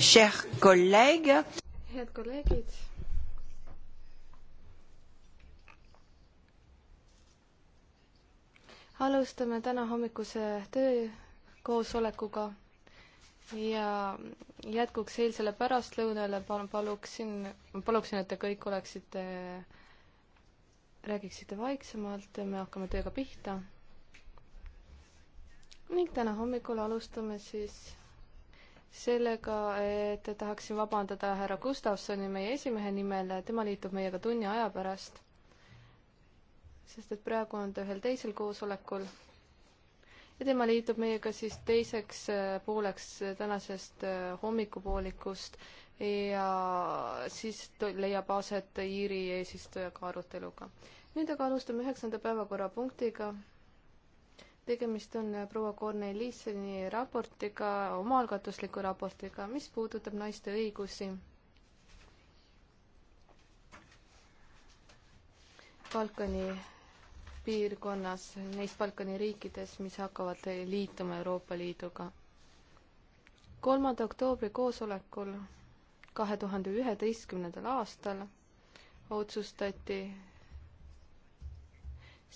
chers collègues. Head kolleegid. alustame täna hommikuse töökoosolekuga ja jätkuks eilsele pärastlõunale paluksin, paluksin, et te kõik oleksite, räägiksite vaiksemalt ja me hakkame tööga pihta. ning täna hommikul alustame siis sellega, et tahaksin vabandada härra Gustavsoni, meie esimehe nimel, tema liitub meiega tunni aja pärast, sest et praegu on ta ühel teisel koosolekul ja tema liitub meiega siis teiseks äh, pooleks tänasest äh, hommikupoolikust ja siis leiab aset Iiri eesistujaga aruteluga. nüüd aga alustame üheksanda päevakorrapunktiga tegemist on äh, proua Kornelisseni raportiga, omaalgatusliku raportiga, mis puudutab naiste õigusi. Balkani piirkonnas, neis Balkani riikides, mis hakkavad liituma Euroopa Liiduga. kolmanda oktoobri koosolekul kahe tuhande üheteistkümnendal aastal otsustati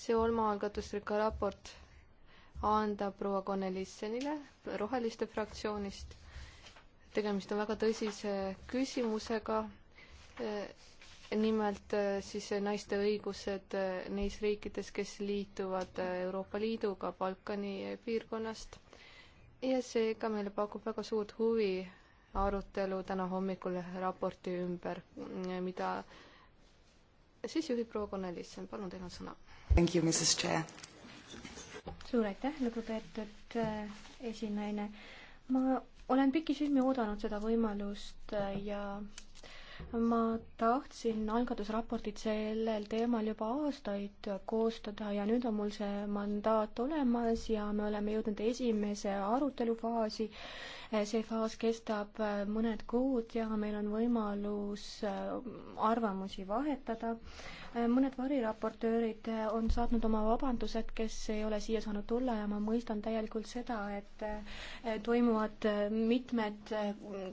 see olmaalgatuslik raport anda proua Connelissonile Roheliste fraktsioonist. tegemist on väga tõsise küsimusega. Eh, nimelt eh, siis naiste õigused eh, neis riikides, kes liituvad Euroopa Liiduga Balkani piirkonnast. ja seega meile pakub väga suurt huvi arutelu täna hommikul raporti ümber, mida siis juhib proua Connellisson, palun, teil on sõna. Thank you, Mrs Chair suur aitäh, lugupeetud äh, esinaine. ma olen pikisilmi oodanud seda võimalust äh, ja ma tahtsin algatusraportit sellel teemal juba aastaid koostada ja nüüd on mul see mandaat olemas ja me oleme jõudnud esimese arutelufaasi see faas kestab äh, mõned kuud ja meil on võimalus äh, arvamusi vahetada. Äh, mõned variraportöörid on saatnud oma vabandused, kes ei ole siia saanud tulla ja ma mõistan täielikult seda, et toimuvad mitmed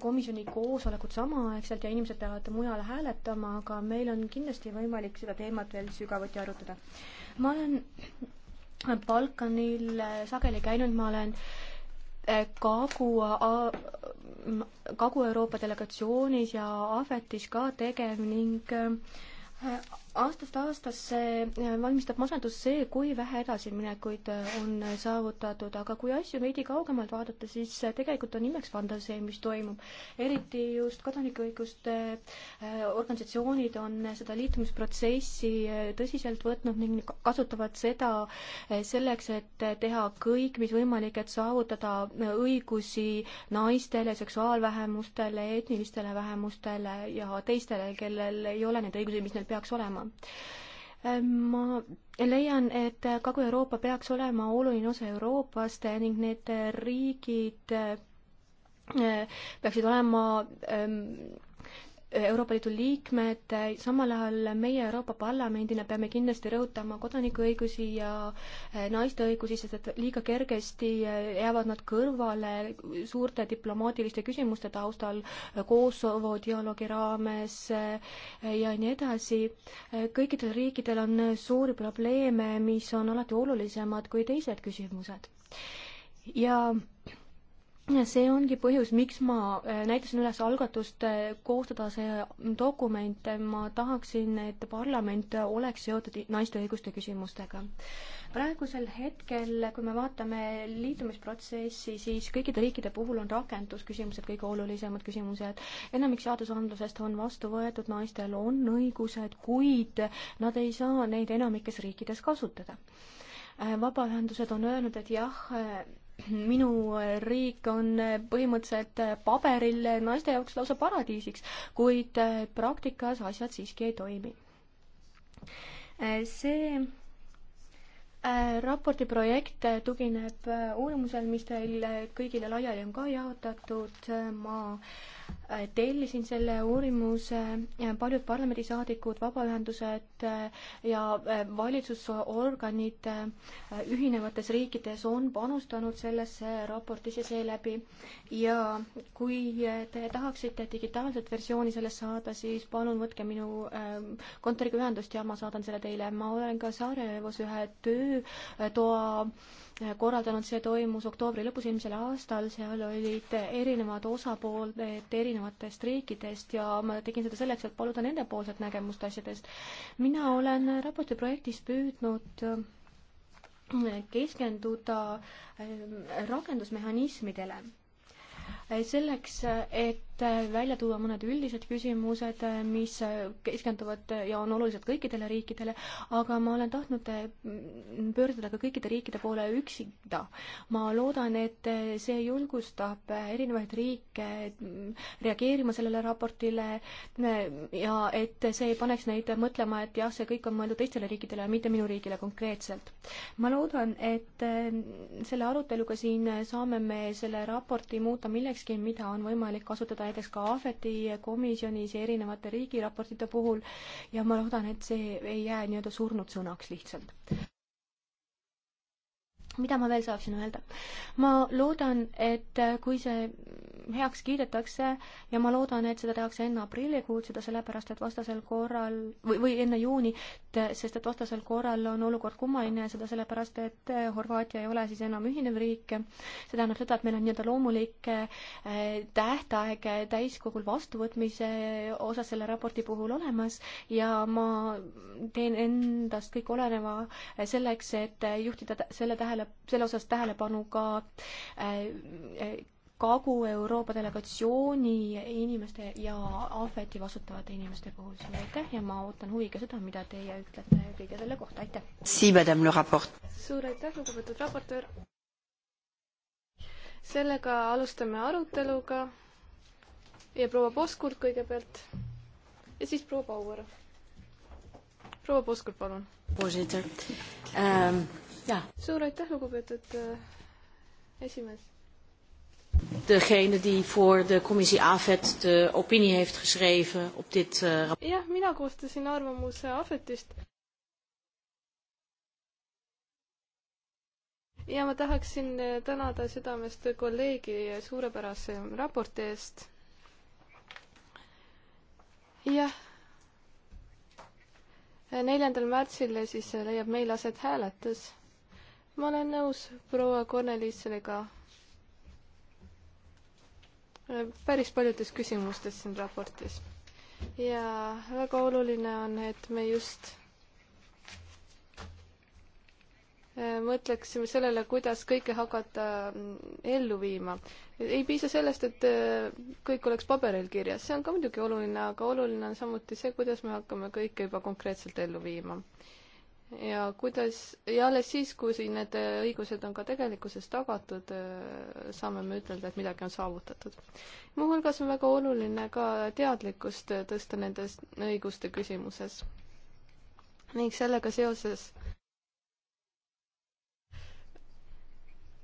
komisjoni koosolekud samaaegselt ja inimesed peavad mujal hääletama, aga meil on kindlasti võimalik seda teemat veel sügavuti arutada. ma olen Balkanil sageli käinud, ma olen Kagu, Kagu-Euroopa delegatsioonis ja Ahvetis ka tegev ning äh, aastast aastasse äh, valmistab masendus see, kui vähe edasiminekuid äh, on saavutatud, aga kui asju veidi kaugemalt vaadata, siis äh, tegelikult on imeks pandav see, mis toimub. eriti just kodanikuõiguste organisatsioonid on seda liitumisprotsessi tõsiselt võtnud ning kasutavad seda selleks, et teha kõik, mis võimalik, et saavutada õigusi naistele, seksuaalvähemustele, etnilistele vähemustele ja teistele, kellel ei ole neid õigusi, mis neil peaks olema toetama. Ehm, ma leian, et Kagu-Euroopa peaks olema oluline osa Euroopast ning need riigid eh, peaksid olema ehm, Euroopa Liidu liikmed, samal ajal meie Euroopa Parlamendina peame kindlasti rõhutama kodanikuõigusi ja eh, naiste õigusi, sest et liiga kergesti eh, jäävad nad kõrvale suurte diplomaatiliste küsimuste taustal eh, Kosovo dialoogi raames ja nii edasi. kõikidel riikidel on suuri probleeme, mis on alati olulisemad kui teised küsimused. ja see ongi põhjus, miks ma äh, näitasin üles algatust äh, koostada see äh, dokument, ma tahaksin, et parlament oleks seotud naiste õiguste küsimustega. praegusel hetkel, kui me vaatame liitumisprotsessi, siis kõikide riikide puhul on rakendusküsimused kõige olulisemad küsimused. enamik seadusandlusest on vastu võetud, naistel on õigused, kuid nad ei saa neid enamikes riikides kasutada vabaühendused on öelnud, et jah, minu riik on põhimõtteliselt paberil naiste jaoks lausa paradiisiks, kuid praktikas asjad siiski ei toimi. see äh, raporti projekt tugineb äh, uurimusel, mis teil kõigile laiali on ka jaotatud, ma tellisin selle uurimuse, paljud parlamendisaadikud, vabaühendused äh, ja äh, valitsusorganid äh, ühinevates riikides on panustanud sellesse raportisse seeläbi ja kui te tahaksite digitaalset versiooni sellest saada, siis palun võtke minu kontoriga ühendust ja ma saadan selle teile. ma olen ka Saarevos ühe töötoa korraldanud, see toimus oktoobri lõpus eelmisel aastal, seal olid erinevad osapooled erinevatest riikidest ja ma tegin seda selleks, et paluda nendepoolset nägemust asjadest. mina olen raporti projektis püüdnud keskenduda ähm, rakendusmehhanismidele selleks, et välja tuua mõned üldised küsimused, mis keskenduvad ja on olulised kõikidele riikidele, aga ma olen tahtnud pöörduda ka kõikide riikide poole üksinda. ma loodan, et see julgustab erinevaid riike reageerima sellele raportile ja et see ei paneks neid mõtlema, et jah, see kõik on mõeldud teistele riikidele ja mitte minu riigile konkreetselt. ma loodan, et selle aruteluga siin saame me selle raporti muuta millekski, millekski, mida on võimalik kasutada näiteks ka Ahveti komisjonis ja erinevate riigiraportite puhul ja ma loodan, et see ei jää nii-öelda surnud sõnaks lihtsalt mida ma veel saaksin öelda? ma loodan, et kui see heaks kiidetakse ja ma loodan, et seda tehakse enne aprillikuud, seda sellepärast, et vastasel korral või, või enne juunit, sest et vastasel korral on olukord kummaline ja seda sellepärast, et Horvaatia ei ole siis enam ühinev riik. see tähendab seda, et meil on nii-öelda loomulik äh, tähtaeg täiskogul vastuvõtmise osas selle raporti puhul olemas ja ma teen endast kõik oleneva selleks, et juhtida selle tähele, selle osas tähelepanu ka äh, äh, Kagu-Euroopa delegatsiooni inimeste ja ahveti vastutavate inimeste puhul suur aitäh ja ma ootan huviga seda, mida teie ütlete kõige selle kohta, aitäh! suur aitäh, lugupeetud raportöör! sellega alustame aruteluga ja proua Poskurt kõigepealt ja siis proua Bauer. proua Poskurt, palun! Ehm, suur aitäh, lugupeetud äh, esimees! degene die voor de commissie AFET de opinie heeft geschreven op dit eh, rapport. jah, mina koostasin arvamuse AFETist. ja ma tahaksin eh, tänada südamest kolleegi suurepärase raporti eest. jah. neljandal märtsil siis leiab meil aset hääletus. ma olen nõus proua Kornelissoniga päris paljudes küsimustes siin raportis. ja väga oluline on, et me just äh, mõtleksime sellele, kuidas kõike hakata mm, ellu viima. ei piisa sellest, et äh, kõik oleks paberil kirjas, see on ka muidugi oluline, aga oluline on samuti see, kuidas me hakkame kõike juba konkreetselt ellu viima ja kuidas, ja alles siis, kui need õigused on ka tegelikkuses tagatud, äh, saame me ütelda, et midagi on saavutatud. muuhulgas on väga oluline ka teadlikkust tõsta nendes õiguste küsimuses. ning sellega seoses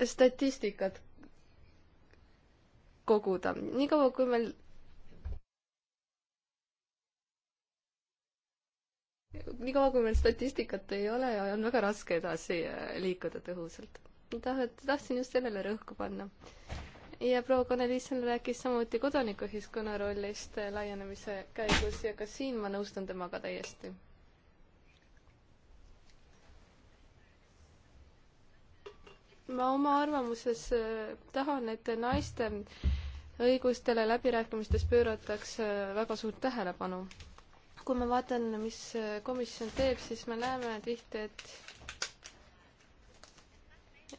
statistikat koguda. niikaua, kui meil niikaua, kui meil statistikat ei ole, on väga raske edasi äh, liikuda tõhusalt. tahet, tahtsin just sellele rõhku panna. ja proua Koneliisson rääkis samuti kodanikuühiskonna rollist äh, laienemise käigus ja ka siin ma nõustun temaga täiesti. ma oma arvamuses äh, tahan, et naiste õigustele läbirääkimistes pööratakse väga suurt tähelepanu kui ma vaatan, mis komisjon teeb, siis me näeme tihti, et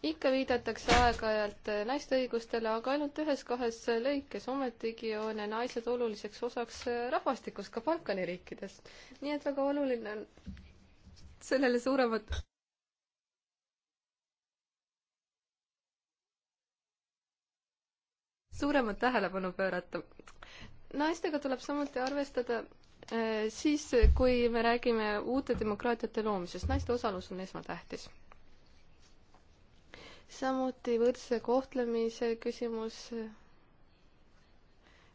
ikka viidatakse aeg-ajalt naiste õigustele, aga ainult ühes-kahes lõikes, ometigi on naised oluliseks osaks rahvastikust ka Balkani riikides. nii et väga oluline on sellele suuremat suuremat tähelepanu pöörata. naistega tuleb samuti arvestada Äh, siis, kui me räägime uute demokraatiate loomisest, naiste osalus on esmatähtis. samuti võrdse kohtlemise küsimus,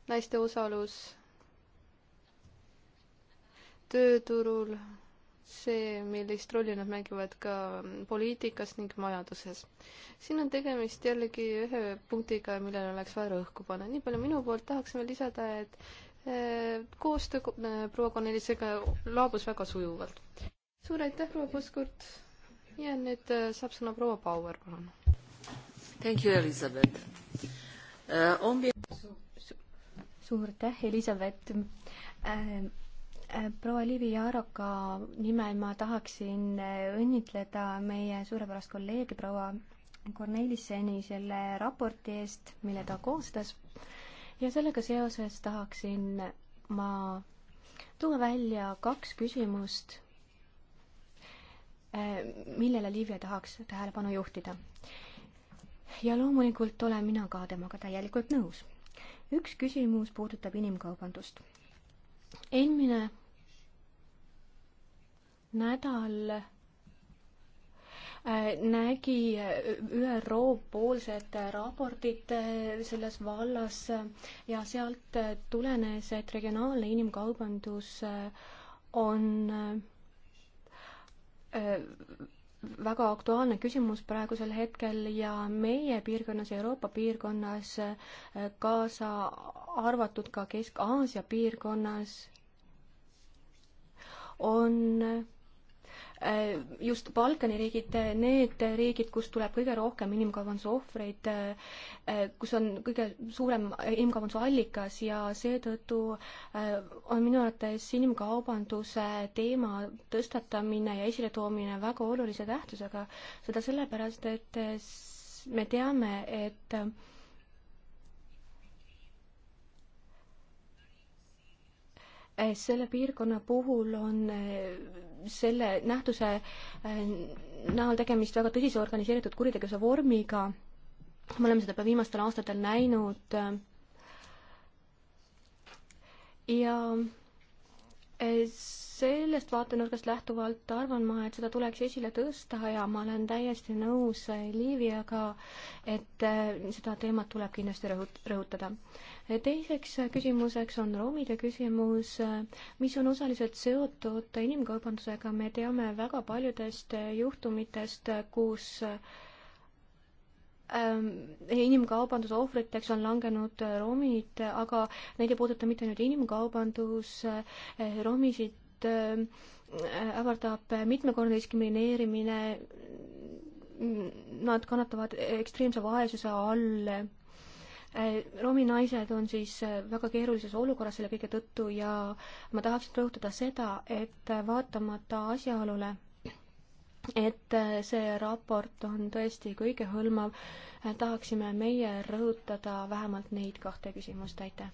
naiste osalus tööturul, see, millist rolli nad mängivad ka poliitikas ning majanduses. siin on tegemist jällegi ühe punktiga, millele oleks vaja rõhku panna. nii palju minu poolt tahaksime lisada, et koostöö äh, proua Kornelisega laabus väga sujuvalt. suur aitäh, proua Puskurt ja nüüd äh, saab sõna proua Bauer, palun. Thank you, Elizabeth uh,. On... Su suur aitäh, Elizabeth uh, proua Liivi Jaaroka nimel ma tahaksin õnnitleda meie suurepärast kolleegi proua Kornelisseni selle raporti eest, mille ta koostas ja sellega seoses tahaksin ma tuua välja kaks küsimust, äh, millele Livia tahaks tähelepanu juhtida. ja loomulikult olen mina ka temaga täielikult nõus. üks küsimus puudutab inimkaubandust. eelmine nädal Äh, nägi äh, ÜRO poolset äh, raportit selles vallas ja sealt tulenes, et regionaalne inimkaubandus on väga aktuaalne küsimus praegusel hetkel ja meie piirkonnas, Euroopa piirkonnas, kaasa arvatud ka Kesk-Aasia piirkonnas, on Äh, just Balkani riigid, need riigid, kus tuleb kõige rohkem inimkaubanduse ohvreid, äh, kus on kõige suurem inimkaubanduse allikas ja seetõttu äh, on minu arvates inimkaubanduse teema tõstatamine ja esiletoomine väga olulise tähtsusega. seda sellepärast, et me teame, et Eh, selle piirkonna puhul on eh, selle nähtuse eh, näol tegemist väga tõsise organiseeritud kuritegevuse vormiga. me oleme seda juba viimastel aastatel näinud. ja sellest vaatenurgast lähtuvalt arvan ma, et seda tuleks esile tõsta ja ma olen täiesti nõus eh, Liiviaga, et eh, seda teemat tuleb kindlasti rõhut-, rõhutada. Eh, teiseks küsimuseks on roomide küsimus, mis on osaliselt seotud inimkaubandusega, me teame väga paljudest juhtumitest, kus Ähm, inimkaubanduse ohvriteks on langenud äh, romid, aga neid ei puuduta mitte ainult inimkaubandus, äh, romisid äh, ähvardab mitmekordne diskrimineerimine, nad kannatavad ekstreemse vaesuse all romi naised on siis väga keerulises olukorras selle kõige tõttu ja ma tahaksin rõhutada seda, et vaatamata asjaolule, et äh, see raport on tõesti kõigehõlmav. Äh, tahaksime meie rõhutada vähemalt neid kahte küsimust, aitäh.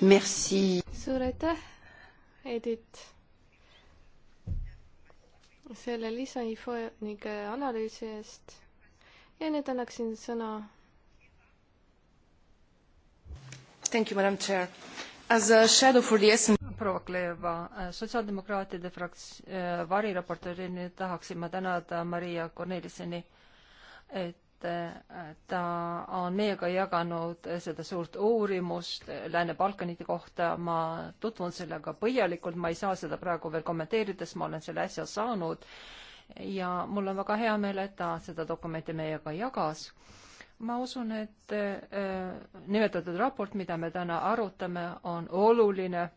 Merci. suur aitäh, Edith, selle lisainfo ning analüüsi eest. ja nüüd annaksin sõna. Thank you, madam chair. As a shadow for the SM- proua Kleeva, äh, sotsiaaldemokraatide fraks-, äh, variraportöörini tahaksin ma tänada Maria Kornelisseni, et äh, ta on meiega jaganud seda suurt uurimust Lääne-Balkanite kohta, ma tutvun sellega põhjalikult, ma ei saa seda praegu veel kommenteerida, sest ma olen selle äsja saanud ja mul on väga hea meel, et ta seda dokumenti meiega jagas ma usun, et äh, nimetatud raport, mida me täna arutame, on oluline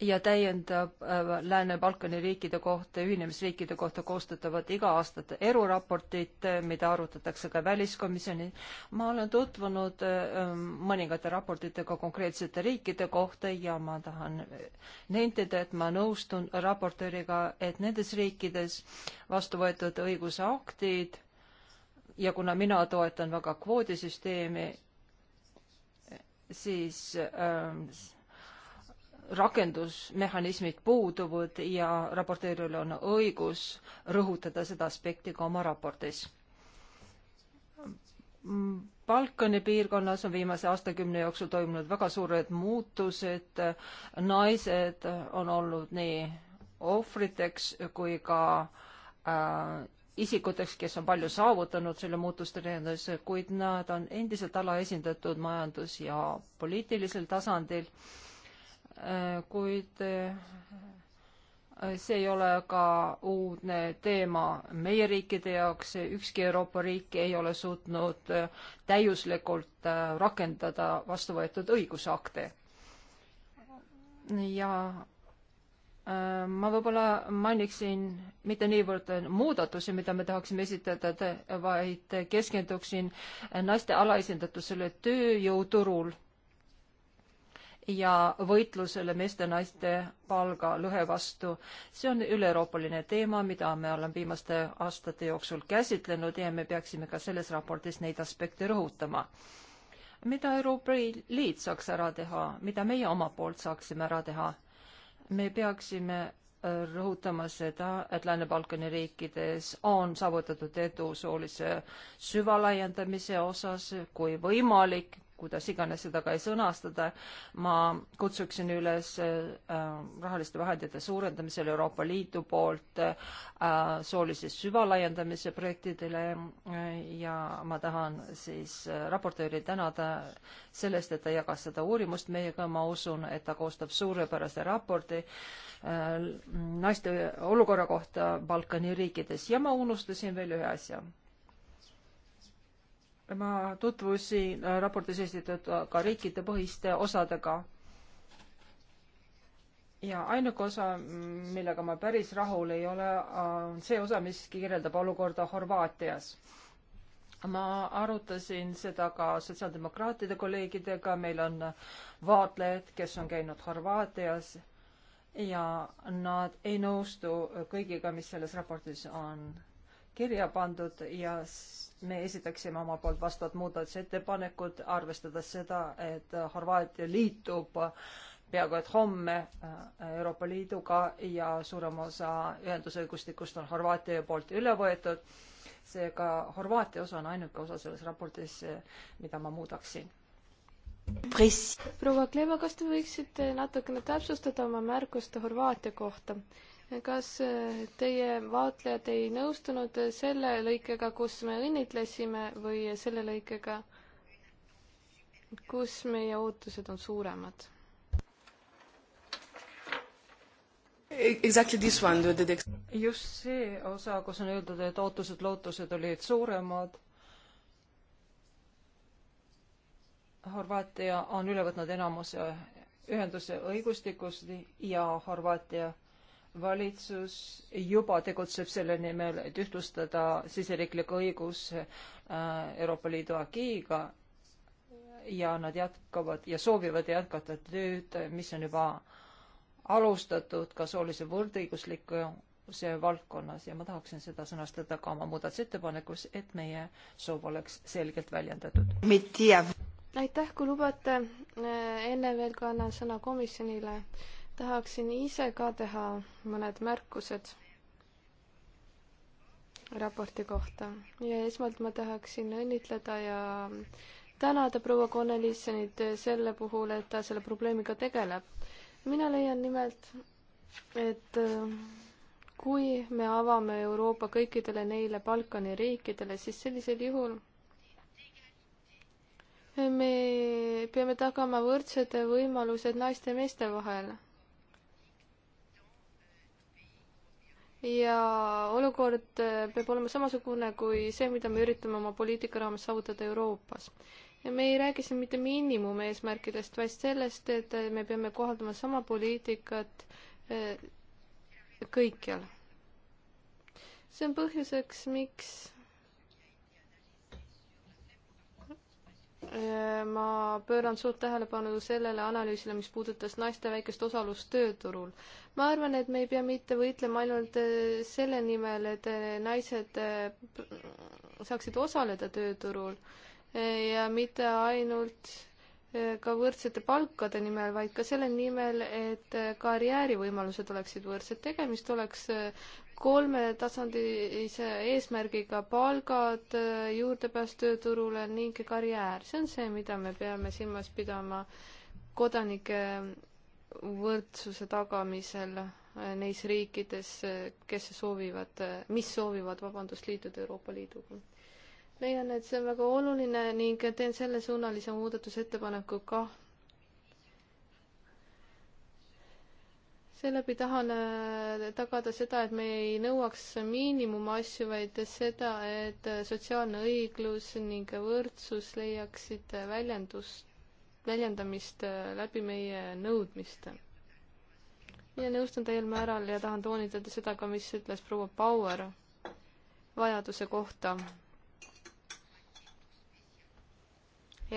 ja täiendab äh, Lääne-Balkani riikide kohta, ühinemisriikide kohta koostatavat iga-aastat eruraportit, äh, mida arutatakse ka väliskomisjoni. ma olen tutvunud äh, ähm, mõningate raportitega konkreetsete riikide kohta ja ma tahan nentida, et ma nõustun raportööriga, et nendes riikides vastu võetud õigusaktid ja kuna mina toetan väga kvoodisüsteemi, siis äh, rakendusmehhanismid puuduvad ja raporteerijal on õigus rõhutada seda aspekti ka oma raportis. Balkani piirkonnas on viimase aastakümne jooksul toimunud väga suured muutused, naised on olnud nii ohvriteks kui ka äh, isikuteks, kes on palju saavutanud selle muutuste rendes, kuid nad on endiselt alaesindatud majandus- ja poliitilisel tasandil äh, Äh, kuid äh, see ei ole ka uudne teema meie riikide jaoks, ükski Euroopa riik ei ole suutnud äh, täiuslikult rakendada vastu võetud õigusakte. ja ma võib-olla mainiksin mitte niivõrd muudatusi, mida me tahaksime esitada, vaid keskenduksin naiste alaesindatusele tööjõuturul ja võitlusele meeste-naiste palgalõhe vastu. see on üleeuroopaline teema, mida me oleme viimaste aastate jooksul käsitlenud ja me peaksime ka selles raportis neid aspekte rõhutama. mida Euroopa Liit saaks ära teha, mida meie oma poolt saaksime ära teha? me peaksime äh, rõhutama seda, et Lääne-Balkani riikides on saavutatud edu soolise süvalaiendamise osas, kui võimalik kuidas iganes seda ka ei sõnastada, ma kutsuksin üles äh, rahaliste vahendite suurendamisele Euroopa Liidu poolt äh, soolise süvalaiendamise projektidele äh, ja ma tahan siis raportööri tänada sellest, et ta jagas seda uurimust meiega, ma usun, et ta koostab suurepärase raporti naiste olukorra kohta Balkani riikides ja ma unustasin veel ühe asja ma tutvusin äh, raportis esitatud ka riikide põhiste osadega. ja ainuke osa, millega ma päris rahul ei ole, on see osa, mis kirjeldab olukorda Horvaatias. ma arutasin seda ka sotsiaaldemokraatide kolleegidega, meil on vaatlejad, kes on käinud Horvaatias ja nad ei nõustu kõigiga, mis selles raportis on kirja pandud ja me esitaksime oma poolt vastavad muudatusettepanekud, arvestades seda, et Horvaatia liitub peaaegu et homme äh, Euroopa Liiduga ja suurem osa ühendusõigustikust on Horvaatia poolt üle võetud. seega Horvaatia osa on ainuke osa selles raportis, äh, mida ma muudaksin proua Kleva, kas te võiksite natukene täpsustada oma märkust Horvaatia kohta? kas äh, teie vaatlejad ei nõustunud äh, selle lõikega, kus me õnnitlesime või selle lõikega, kus meie ootused on suuremad? Exactly this one, the next. just see osa, kus on öeldud, et ootused-lootused olid suuremad. Horvaatia on üle võtnud enamuse ühenduse õigustikust ja Horvaatia valitsus juba tegutseb selle nimel, et ühtlustada siseriiklik õigus äh, Euroopa Liidu agiiga ja nad jätkavad ja soovivad jätkata tööd, mis on juba alustatud ka soolise võrdõiguslikkuse valdkonnas ja ma tahaksin seda sõnastada ka oma muudatusettepanekus, et meie soov oleks selgelt väljendatud. aitäh, kui lubate, äh, enne veel ka annan sõna komisjonile tahaksin ise ka teha mõned märkused raporti kohta ja esmalt ma tahaksin õnnitleda ja tänada proua Connelissonit selle puhul, et ta selle probleemiga tegeleb. mina leian nimelt, et äh, kui me avame Euroopa kõikidele neile Balkani riikidele, siis sellisel juhul me peame tagama võrdsed võimalused naiste ja meeste vahel ja olukord äh, peab olema samasugune kui see, mida me üritame oma poliitika raames saavutada Euroopas. ja me ei räägi siin mitte miinimumeesmärkidest, vaid sellest, et äh, me peame kohaldama sama poliitikat äh, kõikjal. see on põhjuseks, miks Äh, ma pööran suurt tähelepanu sellele analüüsile, mis puudutas naiste väikest osalust tööturul. ma arvan, et me ei pea mitte võitlema ainult äh, selle nimel, et äh, naised saaksid osaleda tööturul ja mitte ainult ka võrdsete palkade nimel, vaid ka selle nimel, et karjäärivõimalused oleksid võrdsed. tegemist oleks kolmetasandilise eesmärgiga palgad, juurdepääs tööturule ning karjäär. see on see, mida me peame silmas pidama kodanike võrdsuse tagamisel neis riikides, kes soovivad, mis soovivad, vabandust, liituda Euroopa Liiduga. leian, et see on väga oluline ning teen sellesuunalise muudatusettepaneku kah seeläbi tahan äh, tagada seda, et me ei nõuaks miinimumasju, vaid seda, et sotsiaalne õiglus ning võrdsus leiaksid väljendust, väljendamist äh, läbi meie nõudmiste. ja nõustun täiel määral ja tahan toonitada seda ka, mis ütles proua Bauer vajaduse kohta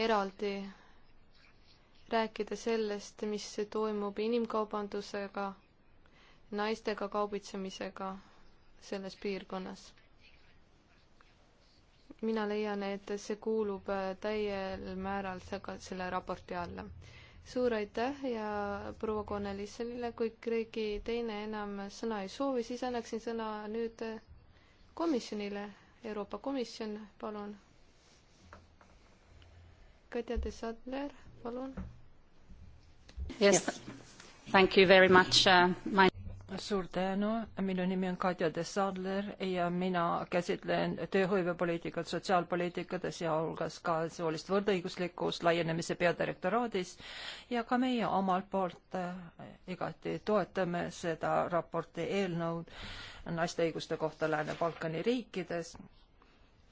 eraldi rääkida sellest, mis toimub inimkaubandusega, naistega kaubitsemisega selles piirkonnas. mina leian, et see kuulub täiel määral selle raporti alla. suur aitäh ja proua Konnelisselile, kui keegi teine enam sõna ei soovi, siis annaksin sõna nüüd komisjonile. Euroopa Komisjon, palun. Katja de Sadler, palun Yes. yes. Thank you very much uh,. My... suur tänu, minu nimi on Kadja de Sadler ja mina käsitlen tööhõivepoliitikat, sotsiaalpoliitikat ja sealhulgas ka soolist võrdõiguslikkust laienemise peadirektoraadis ja ka meie omalt poolt äh, igati toetame seda raporti eelnõu naiste õiguste kohta Lääne-Balkani riikides.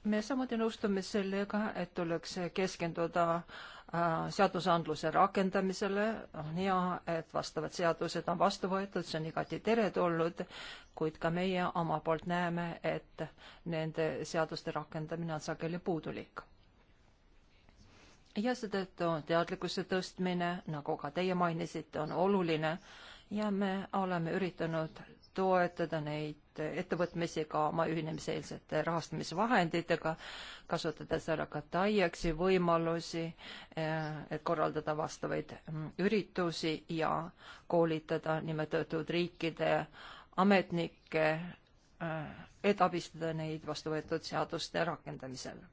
me samuti nõustume sellega, et tuleks keskenduda äh, Äh, seadusandluse rakendamisele. on hea, et vastavad seadused on vastu võetud, see on igati teretulnud, kuid ka meie oma poolt näeme, et nende seaduste rakendamine on sageli puudulik. ja seetõttu teadlikkuse tõstmine, nagu ka teie mainisite, on oluline ja me oleme üritanud toetada neid ettevõtmisi ka oma ühinemiseelsete rahastamisvahenditega, kasutades ära ka TAIEX-i võimalusi, eh, et korraldada vastavaid mm, üritusi ja koolitada nimetatud riikide ametnikke, eh, et abistada neid vastu võetud seaduste rakendamisel.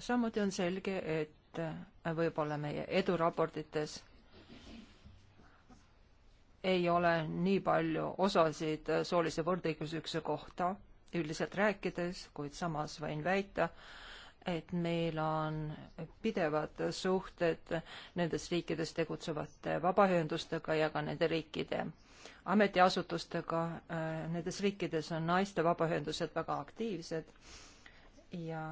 samuti on selge, et eh, võib-olla meie eduraportites ei ole nii palju osasid soolise võrdõiguslikkuse kohta üldiselt rääkides, kuid samas võin väita, et meil on pidevad suhted nendes riikides tegutsevate vabaühendustega ja ka nende riikide ametiasutustega. Nendes riikides on naiste vabaühendused väga aktiivsed ja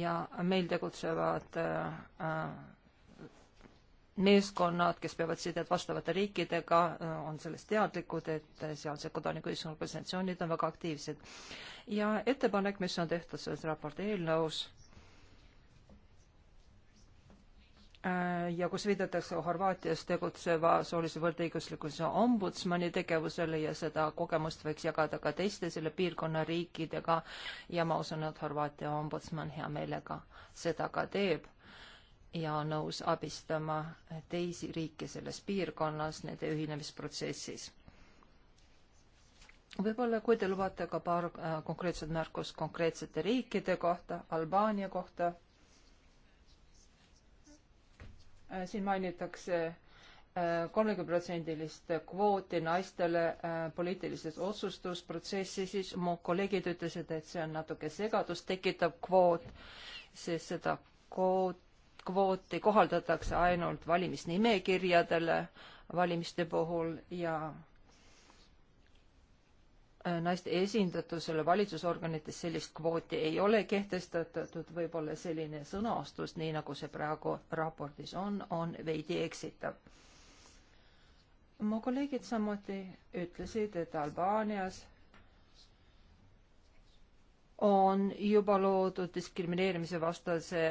ja meil tegutsevad äh, meeskonnad, kes peavad sidet vastavate riikidega, on sellest teadlikud, et sealsed kodanikuühiskonna organisatsioonid on väga aktiivsed. ja ettepanek, mis on tehtud selles raporti eelnõus äh, ja kus viidatakse Horvaatias tegutseva soolise võrdõiguslikkuse ombudsmani tegevusele ja seda kogemust võiks jagada ka teiste selle piirkonna riikidega ja ma usun, et Horvaatia ombudsman hea meelega seda ka teeb ja on nõus abistama teisi riike selles piirkonnas nende ühinemisprotsessis. võib-olla, kui te lubate ka paar äh, konkreetset märkust konkreetsete riikide kohta, Albaania kohta. Äh, siin mainitakse äh, kolmekümneprotsendilist kvooti naistele poliitilises otsustusprotsessis, siis mu kolleegid ütlesid, et see on natuke segadust tekitav kvoot, sest seda kvoot kvooti kohaldatakse ainult valimisnimekirjadele valimiste puhul ja äh, naiste esindatusele valitsusorganites sellist kvooti ei ole kehtestatud, võib-olla selline sõnastus, nii nagu see praegu raportis on, on veidi eksitav. mu kolleegid samuti ütlesid, et Albaanias on juba loodud diskrimineerimise vastase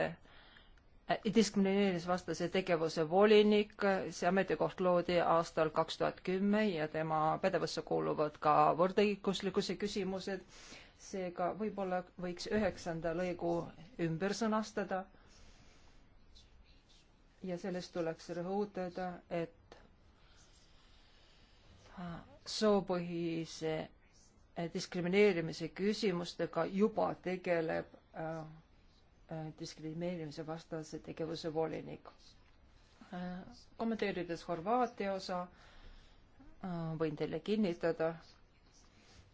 Äh, diskrimineerimisvastase tegevuse volinik, see ametikoht loodi aastal kaks tuhat kümme ja tema pädevusse kuuluvad ka võrdõiguslikkuse küsimused. seega võib-olla võiks üheksanda lõigu ümber sõnastada. ja sellest tuleks rõhutada, et äh, soopõhise äh, diskrimineerimise küsimustega juba tegeleb äh, Äh, diskrimineerimise vastase tegevuse volinik. Äh, kommenteerides Horvaatia osa, äh, võin teile kinnitada,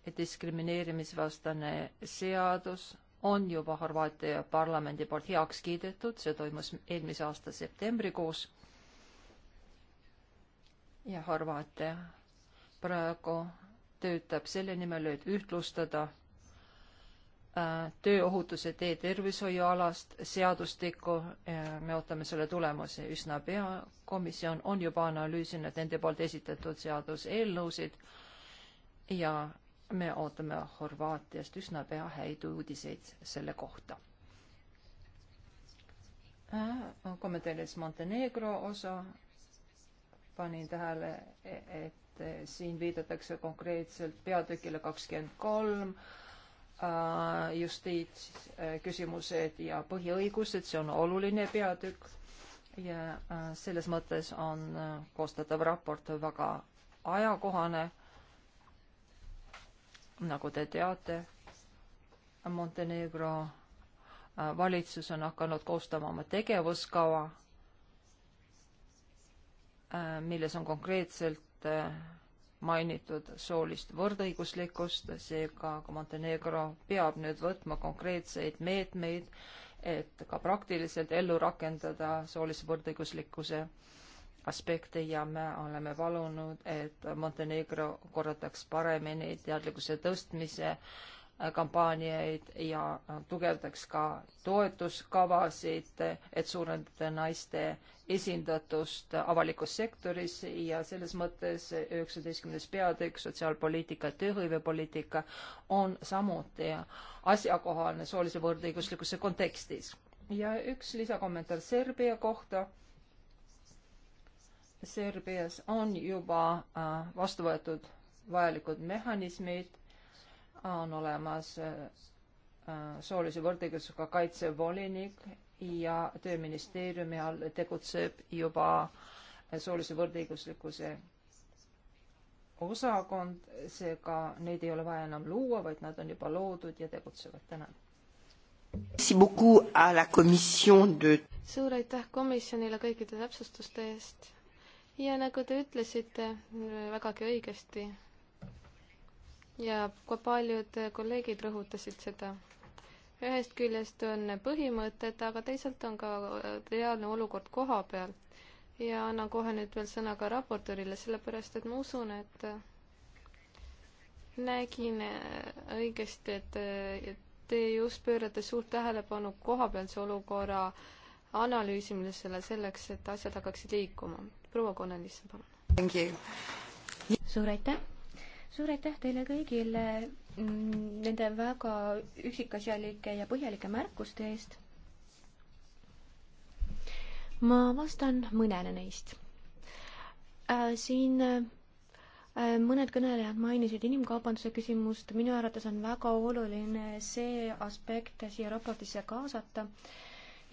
et diskrimineerimisvastane seadus on juba Horvaatia parlamendi poolt heaks kiidetud, see toimus eelmise aasta septembrikuus. ja Horvaatia praegu töötab selle nimel, et ühtlustada Äh, tööohutuse tee tervishoiualast seadustikku, äh, me ootame selle tulemusi üsna pea. komisjon on juba analüüsinud nende poolt esitatud seaduseelnõusid ja me ootame Horvaatiast üsna pea häid uudiseid selle kohta. Äh, kommenteerides Montenegro osa, panin tähele, e, et siin viidatakse konkreetselt peatükile kakskümmend kolm Äh, justiitsküsimused ja põhiõigused, see on oluline peatükk ja äh, selles mõttes on äh, koostatav raport väga ajakohane. nagu te teate, Montenegro valitsus on hakanud koostama oma tegevuskava, milles on konkreetselt mainitud soolist võrdõiguslikkust, seega Montenegro peab nüüd võtma konkreetseid meetmeid, et ka praktiliselt ellu rakendada soolise võrdõiguslikkuse aspekte ja me oleme palunud, et Montenegro korraldaks paremini teadlikkuse tõstmise äh, kampaaniaid ja tugevdaks ka toetuskavasid, et suurendada naiste esindatust avalikus sektoris ja selles mõttes üheksateistkümnes peatükk sotsiaalpoliitika, tööhõivepoliitika on samuti asjakohane soolise võrdõiguslikkuse kontekstis. ja üks lisakommentaar Serbia kohta. Serbias on juba äh, vastu võetud vajalikud mehhanismid on olemas äh, soolise võrdõigusega kaitsevolinik ja Tööministeeriumi all tegutseb juba äh, soolise võrdõiguslikkuse osakond, seega neid ei ole vaja enam luua, vaid nad on juba loodud ja tegutsevad. tänan. suur aitäh komisjonile kõikide täpsustuste eest ja nagu te ütlesite vägagi õigesti ja ka paljud kolleegid rõhutasid seda. ühest küljest on põhimõtted, aga teisalt on ka reaalne olukord koha peal. ja annan kohe nüüd veel sõna ka raportöörile, sellepärast et ma usun, et nägin õigesti, et te just pöörate suurt tähelepanu kohapealse olukorra analüüsimisele selleks, et asjad hakkaksid liikuma. proua Konnelis, palun. suur aitäh suur aitäh teile kõigile mm, nende väga üksikasjalike ja põhjalike märkuste eest. ma vastan mõnele neist. Äh, siin äh, mõned kõnelejad mainisid inimkaubanduse küsimust, minu arvates on väga oluline see aspekt siia raportisse kaasata.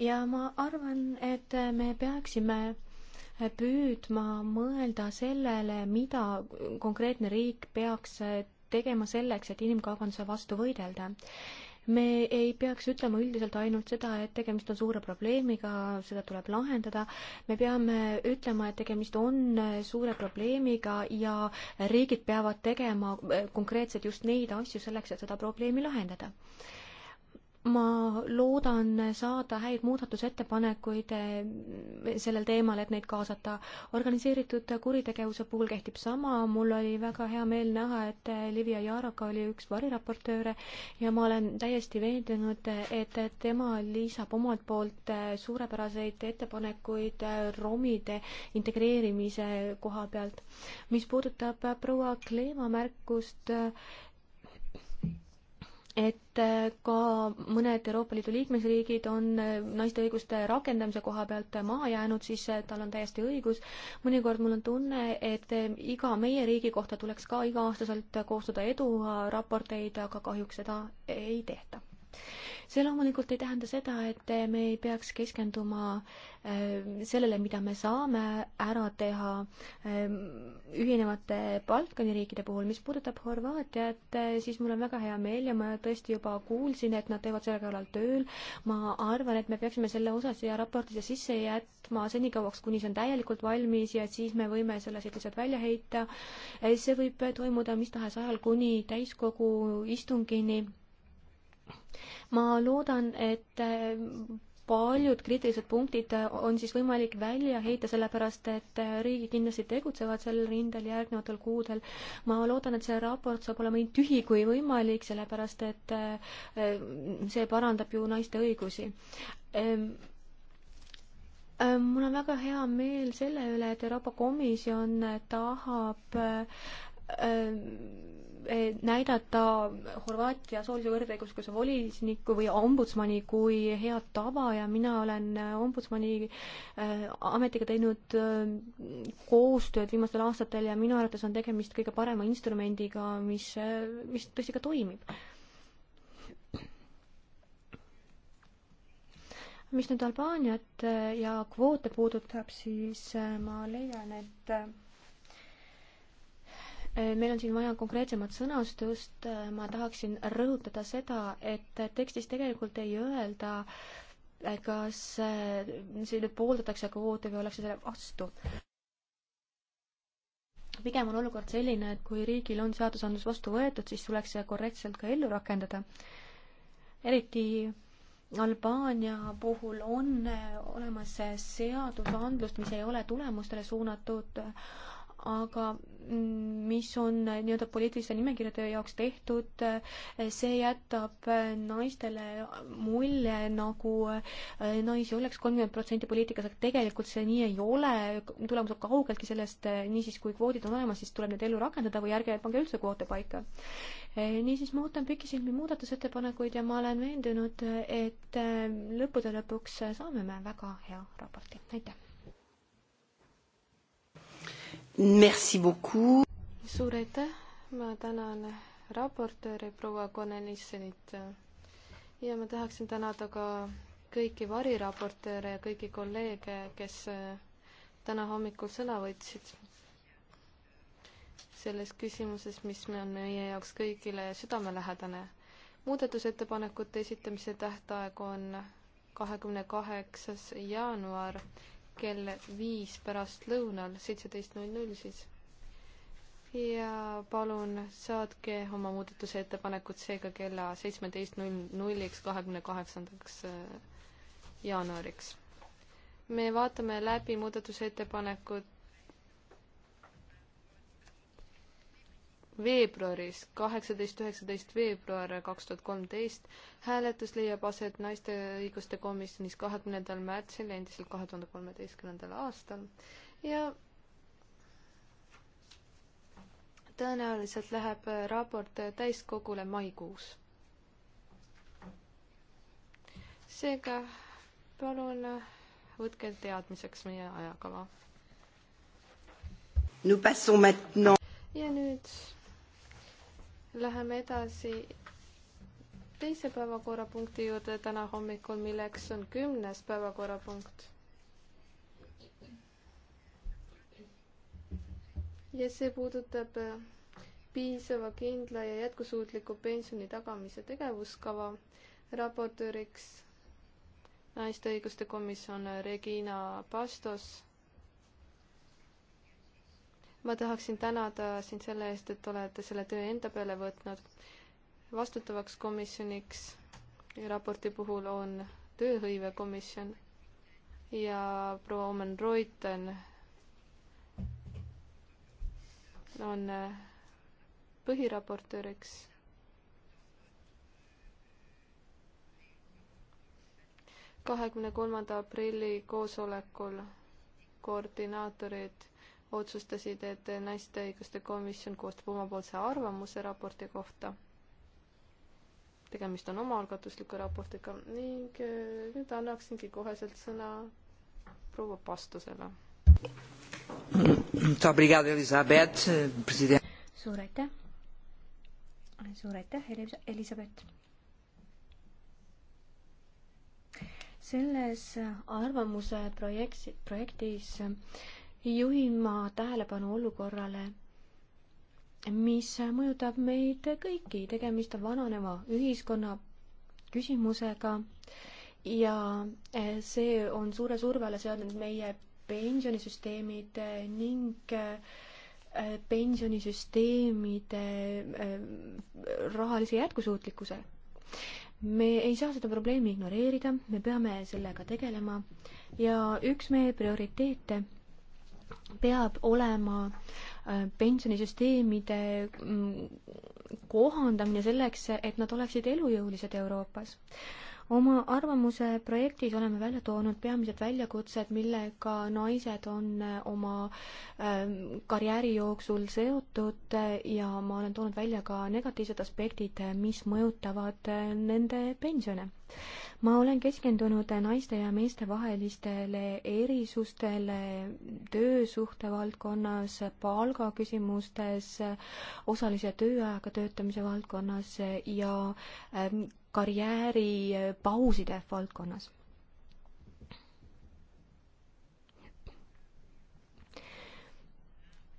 ja ma arvan, et me peaksime püüdma mõelda sellele, mida konkreetne riik peaks tegema selleks, et inimkaubanduse vastu võidelda me ei peaks ütlema üldiselt ainult seda, et tegemist on suure probleemiga, seda tuleb lahendada, me peame ütlema, et tegemist on suure probleemiga ja riigid peavad tegema konkreetselt just neid asju selleks, et seda probleemi lahendada ma loodan saada häid muudatusettepanekuid eh, sellel teemal, et neid kaasata. organiseeritud kuritegevuse puhul kehtib sama, mul oli väga hea meel näha, et eh, Livia Jaroka oli üks variraportööre ja ma olen täiesti veendunud, et tema lisab omalt poolt eh, suurepäraseid ettepanekuid romide integreerimise koha pealt. mis puudutab proua Kleema märkust, et äh, ka mõned Euroopa Liidu liikmesriigid on äh, naiste õiguste rakendamise koha pealt äh, maha jäänud, siis tal on täiesti õigus. mõnikord mul on tunne, et iga meie riigi kohta tuleks ka iga-aastaselt koostada eduraporteid, aga kahjuks seda ei tehta see loomulikult ei tähenda seda, et me ei peaks keskenduma äh, sellele, mida me saame ära teha ähm, ühinevate Balkani riikide puhul. mis puudutab Horvaatiat, äh, siis mul on väga hea meel ja ma tõesti juba kuulsin, et nad teevad selle kallal tööl. ma arvan, et me peaksime selle osa siia raportisse sisse jätma senikauaks, kuni see on täielikult valmis ja siis me võime selle siit lihtsalt välja heita. Äh, see võib toimuda mis tahes ajal kuni täiskogu istungini ma loodan, et äh, paljud kriitilised punktid äh, on siis võimalik välja heita, sellepärast et äh, riigid kindlasti tegutsevad sel rindel järgnevatel kuudel. ma loodan, et see raport saab olema nii tühi kui võimalik, sellepärast et see parandab ju naiste õigusi. Ähm, mul on väga hea meel selle üle, et Euroopa Komisjon tahab Eh, näidata Horvaatia soolise võrdõiguslikkuse volinikku või ombudsmani kui head tava ja mina olen ombudsmani eh, ametiga teinud eh, koostööd viimastel aastatel ja minu arvates on tegemist kõige parema instrumendiga, mis, mis tõesti ka toimib. mis nüüd Albaaniat ja kvoote puudutab, siis ma leian, et Äh, meil on siin vaja konkreetsemat sõnastust, äh, ma tahaksin rõhutada seda, et tekstis tegelikult ei öelda, äh, kas see nüüd pooldatakse kvoote või ollakse selle vastu. pigem on olukord selline, et kui riigil on seadusandlus vastu võetud, siis tuleks see korrektselt ka ellu rakendada. eriti Albaania puhul on olemas seadusandlust, mis ei ole tulemustele suunatud aga mm, mis on nii-öelda poliitiliste nimekirjade jaoks tehtud, see jätab naistele mulje, nagu äh, naisi oleks kolmkümmend protsenti poliitikas, aga tegelikult see nii ei ole, tulemus on kaugeltki sellest, äh, niisiis kui kvoodid on olemas, siis tuleb need ellu rakendada või ärge pange üldse kvoote paika. Äh, niisiis ma ootan pikisilmi muudatusettepanekuid ja ma olen veendunud, et lõppude lõpuks saame me väga hea raporti, aitäh! suur aitäh, ma tänan raportööri proua Konenissenit ja ma tahaksin tänada ka kõiki variraportööre ja kõiki kolleege, kes äh, täna hommikul sõna võtsid selles küsimuses, mis on meie jaoks kõigile südamelähedane. muudatusettepanekute esitamise tähtaeg on kahekümne kaheksas jaanuar kell viis pärastlõunal, seitseteist null null siis. ja palun saatke oma muudatusettepanekud seega kella seitsmeteist null nulliks kahekümne kaheksandaks äh, jaanuariks. me vaatame läbi muudatusettepanekud veebruaris, kaheksateist, üheksateist veebruar kaks tuhat kolmteist. hääletus leiab aset naiste õiguste komisjonis kahekümnendal märtsil, endiselt kahe tuhande kolmeteistkümnendal aastal ja tõenäoliselt läheb raport täiskogule maikuus. seega palun võtke teadmiseks meie ajakava. ja nüüd Läheme edasi teise päevakorrapunkti juurde täna hommikul, milleks on kümnes päevakorrapunkt. ja see puudutab piisava, kindla ja jätkusuutliku pensioni tagamise tegevuskava. raportööriks naiste õiguste komisjon Regina Pastos ma tahaksin tänada sind selle eest, et olete selle töö enda peale võtnud. vastutavaks komisjoniks raporti puhul on tööhõivekomisjon ja proua Omen Reuten on põhiraportööriks kahekümne kolmanda aprilli koosolekul koordinaatorid otsustasid, et Naiste Õiguste Komisjon koostab omapoolse arvamuse raporti kohta. tegemist on omaalgatusliku raportiga ning äh, nüüd annaksingi koheselt sõna proua Pastusele. suur aitäh. suur aitäh, Elisabeth. selles arvamuse projekti, projektis juhin ma tähelepanu olukorrale, mis mõjutab meid kõiki, tegemist on vananeva ühiskonna küsimusega ja eh, see on suure surve alla seadnud meie pensionisüsteemid ning eh, pensionisüsteemide eh, rahalise jätkusuutlikkuse. me ei saa seda probleemi ignoreerida, me peame sellega tegelema ja üks meie prioriteete peab olema äh, pensionisüsteemide mm, kohandamine selleks, et nad oleksid elujõulised Euroopas oma arvamuse projektis oleme välja toonud peamised väljakutsed, millega naised on äh, oma ähm, karjääri jooksul seotud äh, ja ma olen toonud välja ka negatiivsed aspektid, äh, mis mõjutavad nende pensione ma olen keskendunud naiste ja meeste vahelistele erisustele töösuhte valdkonnas, palgaküsimustes, osalise tööajaga töötamise valdkonnas ja ähm, karjääripauside eh, valdkonnas.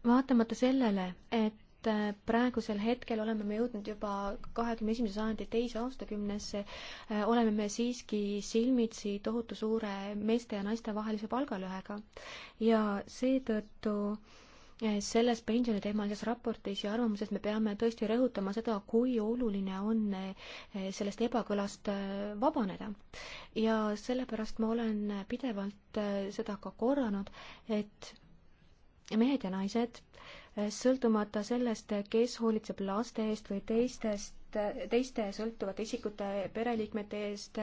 vaatamata sellele, et eh, praegusel hetkel oleme me jõudnud juba kahekümne esimese sajandi teise aastakümnesse, eh, oleme me siiski silmitsi tohutu suure meeste ja naiste vahelise palgalõhega ja seetõttu äh, selles pensioniteemalises raportis ja arvamuses me peame tõesti rõhutama seda, kui oluline on eh, sellest ebakõlast eh, vabaneda. ja sellepärast ma olen pidevalt eh, seda ka korranud, et mehed ja naised, sõltumata sellest, kes hoolitseb laste eest või teistest, teiste sõltuvate isikute pereliikmete eest,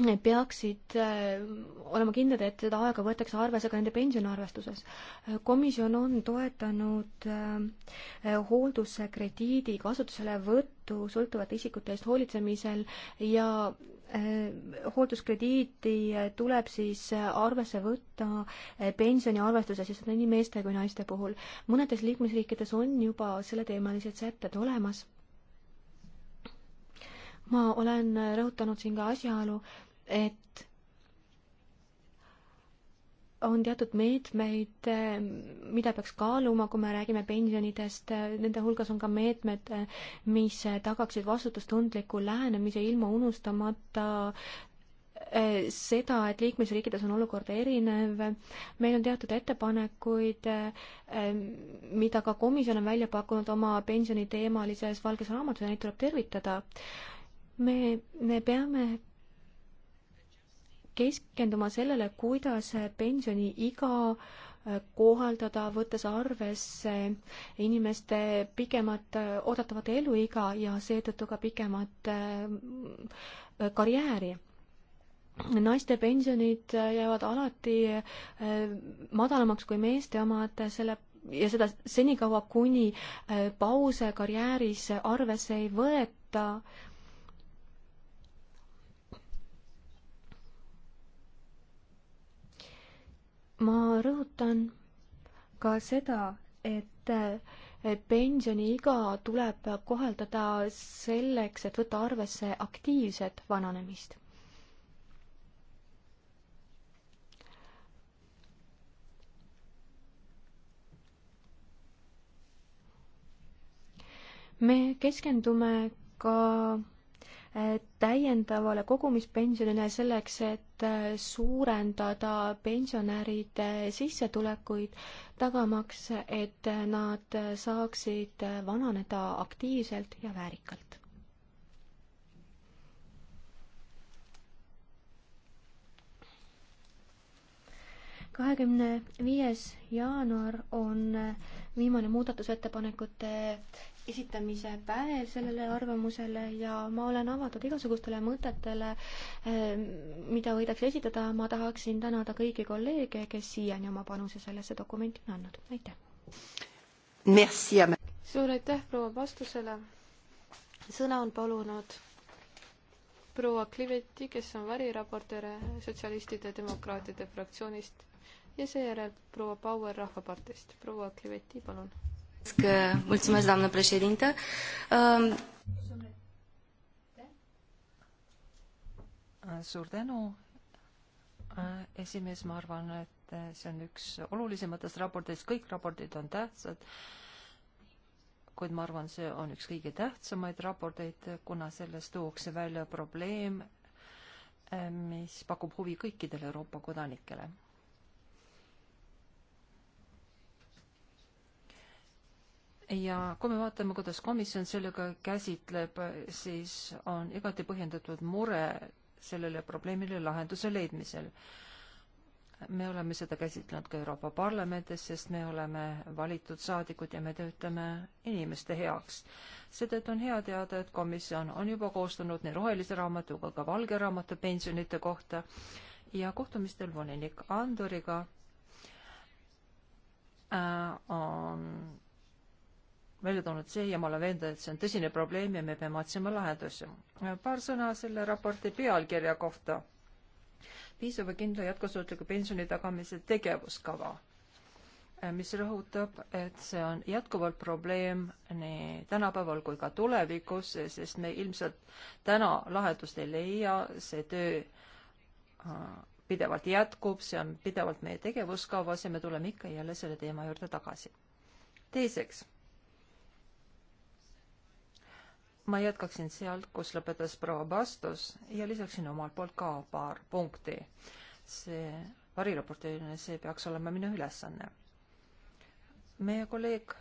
peaksid äh, olema kindlad, et seda aega võetakse arvesse ka nende pensioniarvestuses. komisjon on toetanud äh, hoolduskrediidi kasutuselevõttu sõltuvate isikute eest hoolitsemisel ja äh, hoolduskrediiti tuleb siis arvesse võtta pensioniarvestuses ja seda nii meeste kui naiste puhul. mõnedes liikmesriikides on juba selleteemalised sätted olemas ma olen rõhutanud siin ka asjaolu, et on teatud meetmeid, mida peaks kaaluma, kui me räägime pensionidest, nende hulgas on ka meetmed, mis tagaksid vastutustundliku lähenemise ilma unustamata seda, et liikmesriikides on olukord erinev, meil on teatud ettepanekuid, mida ka komisjon on välja pakkunud oma pensioniteemalises valges raamatus ja neid tuleb tervitada, me, me peame keskenduma sellele, kuidas pensioniiga äh, kohaldada, võttes arvesse inimeste pikemat äh, oodatavat eluiga ja seetõttu ka pikemat äh, karjääri. naiste pensionid jäävad alati madalamaks kui meeste omad, selle ja seda senikaua, kuni pause karjääris arvesse ei võeta ma rõhutan ka seda, et pensioniiga tuleb kohaldada selleks, et võtta arvesse aktiivset vananemist. me keskendume ka täiendavale kogumispensionile selleks, et äh, suurendada pensionäride sissetulekuid, tagamaks, et nad saaksid vananeda aktiivselt ja väärikalt. kahekümne viies jaanuar on äh, viimane muudatusettepanekute esitamise päev sellele arvamusele ja ma olen avatud igasugustele mõtetele, ehm, mida võidakse esitada, ma tahaksin tänada kõiki kolleege, kes siiani oma panuse sellesse dokumenti on andnud, aitäh! suur aitäh proua vastusele, sõna on palunud proua Kliveti, kes on variraportöör Sotsialistide ja Demokraatide fraktsioonist ja seejärel proua Bauer Rahvaparteist. proua Kliveti, palun Mulțumesc, doamnă președintă. suur tänu, esimees, ma arvan, et see on üks olulisematest raportitest, kõik raportid on tähtsad, kuid ma arvan, see on üks kõige tähtsamaid raporteid, kuna selles tuuakse välja probleem, mis pakub huvi kõikidele Euroopa kodanikele ja kui me vaatame, kuidas komisjon sellega käsitleb, siis on igati põhjendatud mure sellele probleemile lahenduse leidmisel. me oleme seda käsitlenud ka Euroopa Parlamendis, sest me oleme valitud saadikud ja me töötame inimeste heaks. seetõttu on hea teada, et komisjon on juba koostanud nii rohelise raamatu kui ka valge raamatu pensionite kohta ja kohtumistel volinik Anduriga äh, on välja toonud see ja ma olen veendunud, et see on tõsine probleem ja me peame otsima lahendusi. paar sõna selle raporti pealkirja kohta. piisava kindla jätkusuutliku pensioni tagamise tegevuskava, mis rõhutab, et see on jätkuvalt probleem nii tänapäeval kui ka tulevikus, sest me ilmselt täna lahendust ei leia, see töö äh, pidevalt jätkub, see on pidevalt meie tegevuskavas ja me tuleme ikka jälle selle teema juurde tagasi. teiseks ma jätkaksin sealt, kus lõpetas proua Bastos ja lisaksin omalt poolt ka paar punkti. see variraporteerimine, see peaks olema minu ülesanne. meie kolleeg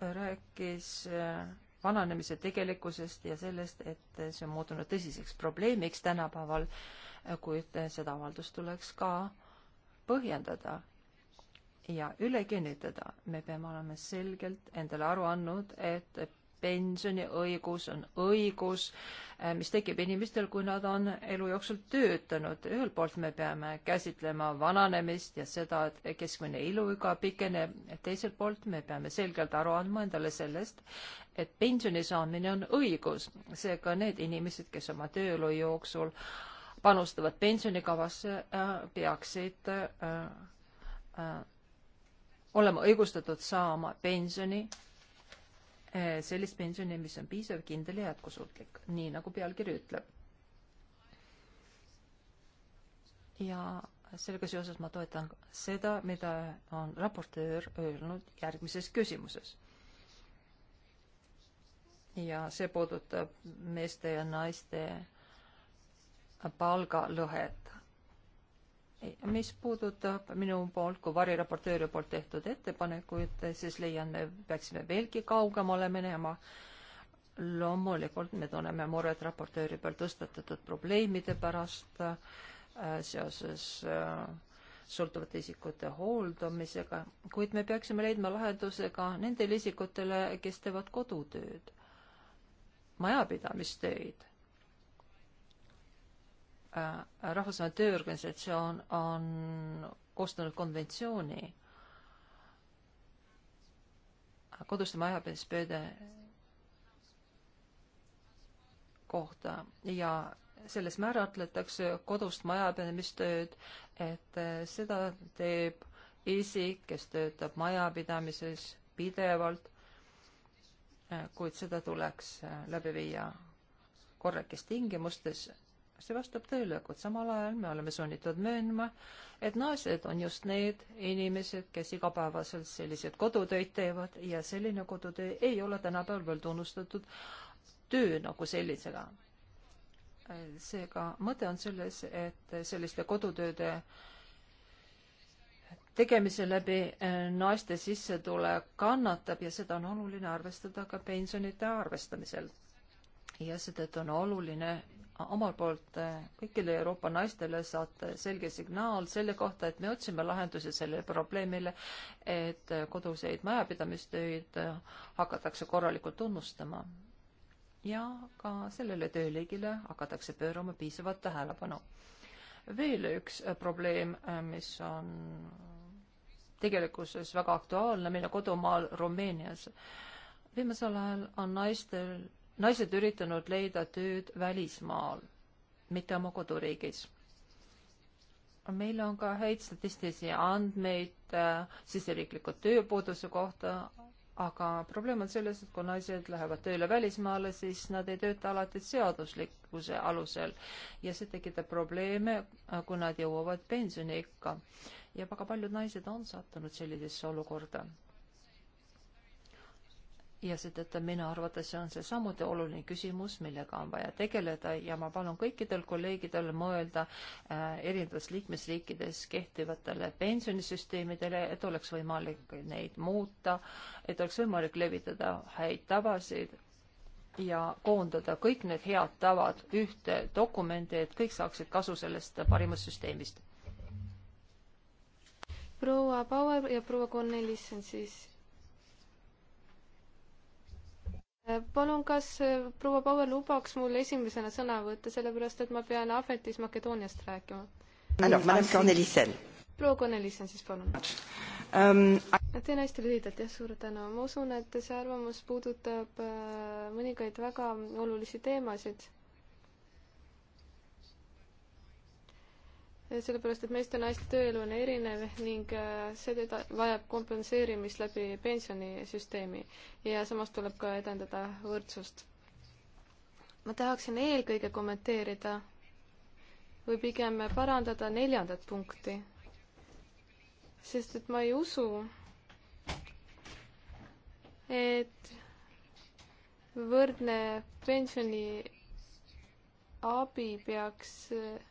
rääkis äh, vananemise tegelikkusest ja sellest, et see on muutunud tõsiseks probleemiks tänapäeval, kuid seda avaldust tuleks ka põhjendada ja üle kinnitada. me peame olema selgelt endale aru andnud, et pensioniõigus on õigus, eh, mis tekib inimestel, kui nad on elu jooksul töötanud. ühelt poolt me peame käsitlema vananemist ja seda, et keskmine eluiga pikeneb, teiselt poolt me peame selgelt aru andma endale sellest, et pensioni saamine on õigus. seega need inimesed, kes oma tööelu jooksul panustavad pensionikavasse, eh, peaksid eh, olema õigustatud saama pensioni Eh, sellist pensioni, mis on piisav, kindel ja jätkusuutlik, nii nagu pealkiri ütleb. ja sellega seoses ma toetan seda, mida on raportöör öelnud järgmises küsimuses. ja see puudutab meeste ja naiste palgalõhet mis puudutab minu poolt kui variraportööri poolt tehtud ettepanekuid, siis leian, me peaksime veelgi kaugemale minema. loomulikult me tunneme muret raportööri peal tõstatatud probleemide pärast äh, seoses äh, sõltuvate isikute hooldamisega, kuid me peaksime leidma lahenduse ka nendele isikutele, kes teevad kodutööd, majapidamistöid Äh, rahvusvaheline tööorganisatsioon on koostanud konventsiooni koduste majapidamispööde kohta ja selles määratletakse kodust majapidamistööd, et äh, seda teeb isik, kes töötab majapidamises pidevalt, äh, kuid seda tuleks läbi viia korralikes tingimustes see vastab tõele, kuid samal ajal me oleme sunnitud möönma, et naised on just need inimesed, kes igapäevaselt selliseid kodutöid teevad ja selline kodutöö ei ole tänapäeval veel tunnustatud töö nagu sellisega. seega mõte on selles, et selliste kodutööde tegemise läbi eh, naiste sissetulek kannatab ja seda on oluline arvestada ka pensionite arvestamisel ja seetõttu on oluline omalt poolt eh, kõikidele Euroopa naistele saata selge signaal selle kohta, et me otsime lahendusi sellele probleemile, et eh, koduseid majapidamistöid eh, hakatakse korralikult tunnustama. ja ka sellele tööliigile hakatakse pöörama piisavat tähelepanu. veel üks probleem, mis on tegelikkuses väga aktuaalne meie kodumaal Rumeenias. viimasel ajal on naistel naised üritanud leida tööd välismaal, mitte oma koduriigis. meil on ka häid statistilisi andmeid äh, siseriikliku tööpuuduse kohta, aga probleem on selles, et kui naised lähevad tööle välismaale, siis nad ei tööta alati seaduslikkuse alusel ja see tekitab probleeme, äh, kui nad jõuavad pensioniikka. ja väga paljud naised on sattunud sellisesse olukorda ja seetõttu minu arvates on see samuti oluline küsimus, millega on vaja tegeleda ja ma palun kõikidel kolleegidel mõelda äh, erinevates liikmesriikides kehtivatele pensionisüsteemidele, et oleks võimalik neid muuta, et oleks võimalik levitada häid tavasid ja koondada kõik need head tavad ühte dokumendi, et kõik saaksid kasu sellest parimast süsteemist. proua Bauer ja proua Cornelis on siis Äh, palun, kas äh, proua Bauer lubaks mul esimesena sõna võtta, sellepärast et ma pean Ahvetis Makedooniast rääkima. proua Kornelissen siis palun um,. teen hästi lühidalt, jah, suur tänu. ma usun, et see arvamus puudutab äh, mõningaid väga olulisi teemasid sellepärast, et meeste ja naiste tööelu on erinev ning äh, see teda vajab kompenseerimist läbi pensionisüsteemi ja samas tuleb ka edendada võrdsust. ma tahaksin eelkõige kommenteerida või pigem parandada neljandat punkti, sest et ma ei usu, et võrdne pensioniabi peaks äh,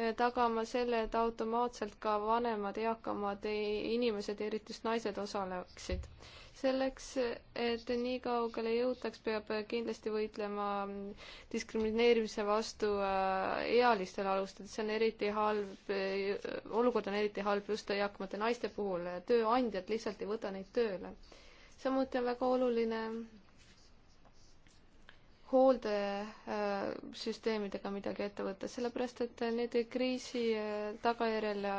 Eh, tagama selle, et automaatselt ka vanemad, eakamad inimesed, eriti just naised, osaleksid. selleks, et nii kaugele jõutaks, peab kindlasti võitlema diskrimineerimise vastu eh, ealistel alustel, see on eriti halb, eh, olukord on eriti halb just eakamate naiste puhul, tööandjad lihtsalt ei võta neid tööle. samuti on väga oluline hooldesüsteemidega midagi ette võtta, sellepärast et need kriisi äh, tagajärjel äh,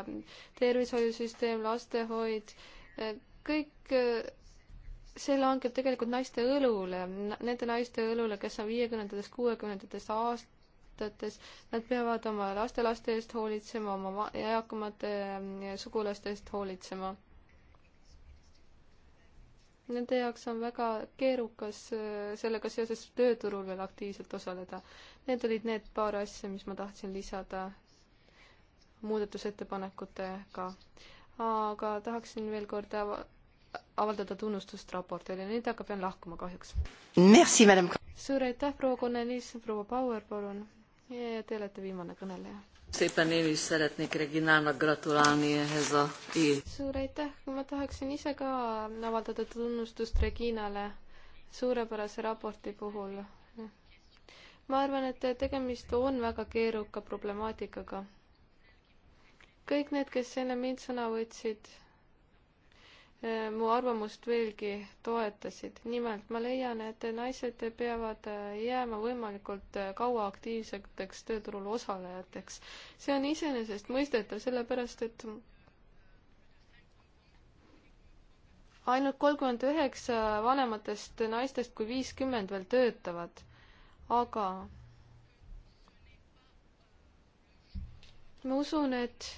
tervishoiusüsteem, lastehoid, äh, kõik see langeb tegelikult naiste õlule, nende naiste õlule, kes on viiekümnendates, kuuekümnendates aastates, nad peavad oma lastelaste eest hoolitsema, oma eakamate sugulaste eest hoolitsema Nende jaoks on väga keerukas äh, sellega seoses tööturul veel aktiivselt osaleda. Need olid need paar asja, mis ma tahtsin lisada muudatusettepanekutega. aga tahaksin veel kord avaldada tunnustust raportile, nüüd aga pean lahkuma kahjuks. suur aitäh, proua Konnelis, proua Bauer, palun. Te olete viimane kõneleja Szépen én is szeretnék Reginának gratulálni ehhez a suur aitäh, ma tahaksin ise ka avaldada tunnustust Reginale suurepärase raporti puhul. ma arvan, et tegemist on väga keeruka problemaatikaga. kõik need, kes enne mind sõna võtsid Äh, mu arvamust veelgi toetasid. nimelt ma leian, et naised peavad äh, jääma võimalikult äh, kaua aktiivseteks tööturul osalejateks. see on iseenesestmõistetav, sellepärast et ainult kolmkümmend üheksa vanematest naistest kui viiskümmend veel töötavad, aga ma usun, et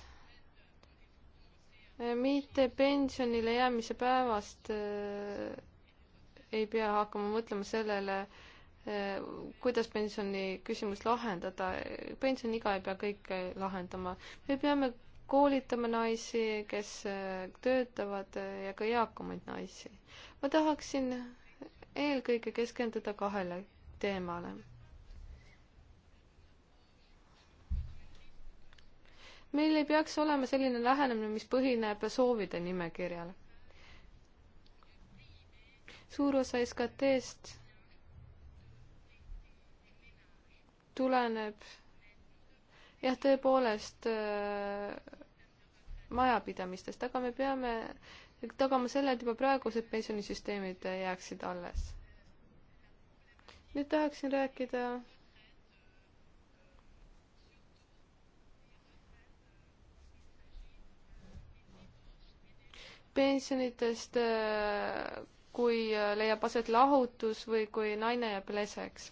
Äh, mitte pensionile jäämise päevast äh, ei pea hakkama mõtlema sellele, äh, kuidas pensioni küsimust lahendada, pensioniiga ei pea kõike lahendama. me peame koolitama naisi, kes töötavad ja ka eakamaid naisi. ma tahaksin eelkõige keskenduda kahele teemale meil ei peaks olema selline lähenemine, mis põhineb soovide nimekirjal. suur osa SKT-st tuleneb jah, tõepoolest äh, majapidamistest, aga me peame tagama selle, et juba praegused pensionisüsteemid jääksid alles. nüüd tahaksin rääkida pensionitest, äh, kui äh, leiab aset lahutus või kui naine jääb leseks.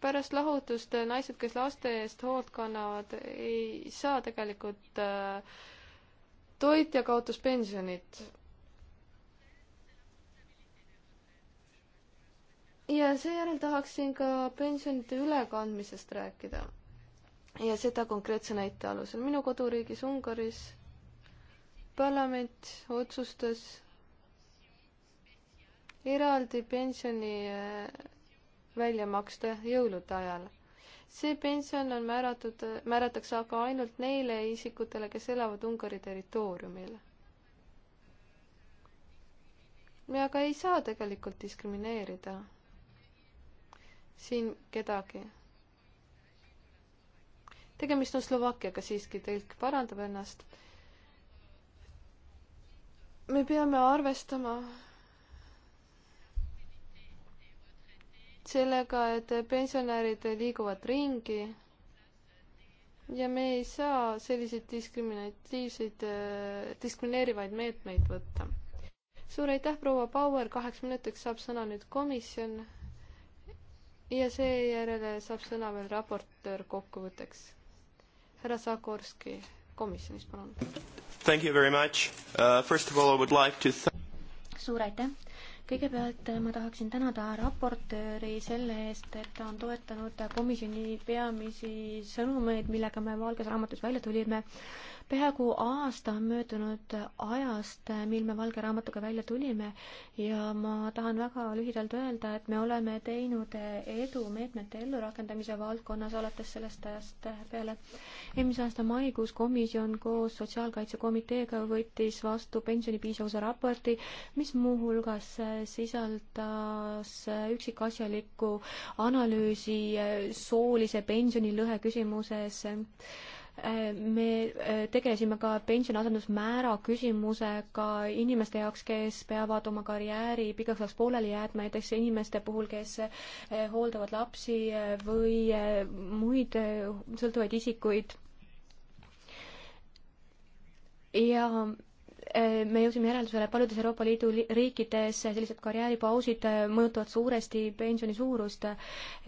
pärast lahutust äh, naised, kes laste eest hoolt kannavad, ei saa tegelikult toitja kaotuspensionit. ja seejärel tahaksin ka pensionite ülekandmisest rääkida ja seda konkreetse näite alusel. minu koduriigis Ungaris parlament otsustas eraldi pensioni äh, välja maksta jõulude ajal. see pension on määratud, määratakse aga ainult neile isikutele, kes elavad Ungari territooriumil. me aga ei saa tegelikult diskrimineerida siin kedagi tegemist on Slovakkiaga siiski, tõlk parandab ennast me peame arvestama sellega, et pensionärid liiguvad ringi ja me ei saa selliseid diskriminatiivseid, diskrimineerivaid meetmeid võtta. suur aitäh, proua Bauer, kaheks minutiks saab sõna nüüd komisjon ja seejärel saab sõna veel raportöör kokkuvõtteks. härra Sakorski komisjonist, palun. Thank you very much uh,. First of all I would like to suur aitäh kõigepealt äh, ma tahaksin tänada raportööri selle eest, et ta on toetanud komisjoni peamisi sõnumeid, millega me Valges Raamatus välja tulime peaaegu aasta on möödunud ajast, mil me valge raamatuga välja tulime ja ma tahan väga lühidalt öelda, et me oleme teinud edu meetmete ellurakendamise valdkonnas alates sellest ajast peale. eelmise aasta maikuus komisjon koos Sotsiaalkaitsekomiteega võttis vastu pensioni piisavuse raporti, mis muuhulgas sisaldas üksikasjalikku analüüsi soolise pensionilõhe küsimuses me äh, tegelesime ka pensioniasendusmäära küsimusega inimeste jaoks, kes peavad oma karjääri pikaks ajaks pooleli jääma, näiteks inimeste puhul, kes äh, hooldavad lapsi äh, või muid sõltuvaid isikuid. ja Äh, me jõudsime järeldusele, paljudes Euroopa Liidu riikides sellised karjääripausid äh, mõjutavad suuresti pensioni suurust.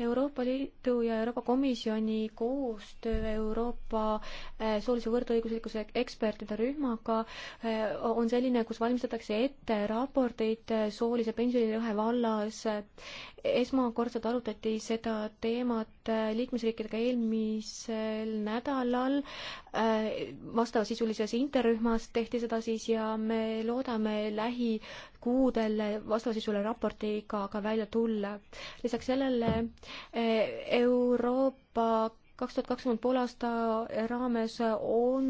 Euroopa Liidu ja Euroopa Komisjoni koostöö Euroopa äh, soolise võrdõiguslikkuse ekspertide rühmaga on selline, kus valmistatakse ette raporteid soolise pensionilõhe vallas. esmakordselt arutati seda teemat liikmesriikidega eelmisel nädalal Äh, vastavasisulises interrühmas tehti seda siis ja me loodame lähikuudel vastavasisule raportiga ka välja tulla. lisaks sellele äh, Euroopa kaks tuhat kakskümmend poolaasta raames on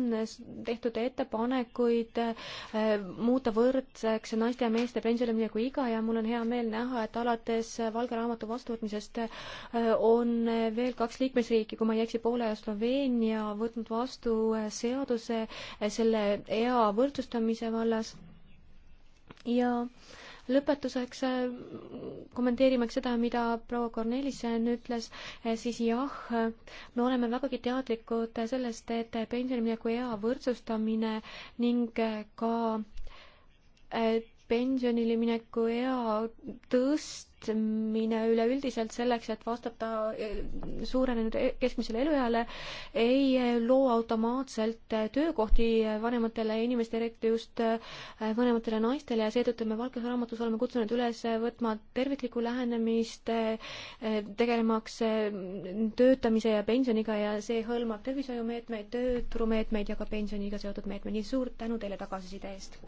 tehtud ettepanekuid eh, muuta võrdseks naiste ja meeste pensionimineku iga ja mul on hea meel näha, et alates Valge raamatu vastuvõtmisest eh, on veel kaks liikmesriiki, kui ma ei eksi, Poola ja Sloveenia võtnud vastu eh, seaduse selle ea võrdsustamise vallas ja äh, lõpetuseks äh, kommenteerimaks seda, mida proua Kornelissen ütles, äh, siis jah, me oleme vägagi teadlikud sellest, et pensionimineku ea võrdsustamine ning äh, ka pensionile mineku ea tõst-, tõstmine üleüldiselt selleks, et vastata eh, suurenenud e-, keskmisele elueale, ei eh, loo automaatselt eh, töökohti vanematele inimestele, eriti just vanematele naistele ja seetõttu me Valges Raamatus oleme kutsunud üles võtma terviklikku lähenemist, tegelemaks töötamise ja pensioniga ja see hõlmab tervishoiumeetmeid, tööturumeetmeid ja ka pensioniga seotud meetmeid, nii suur tänu teile tagasiside eest!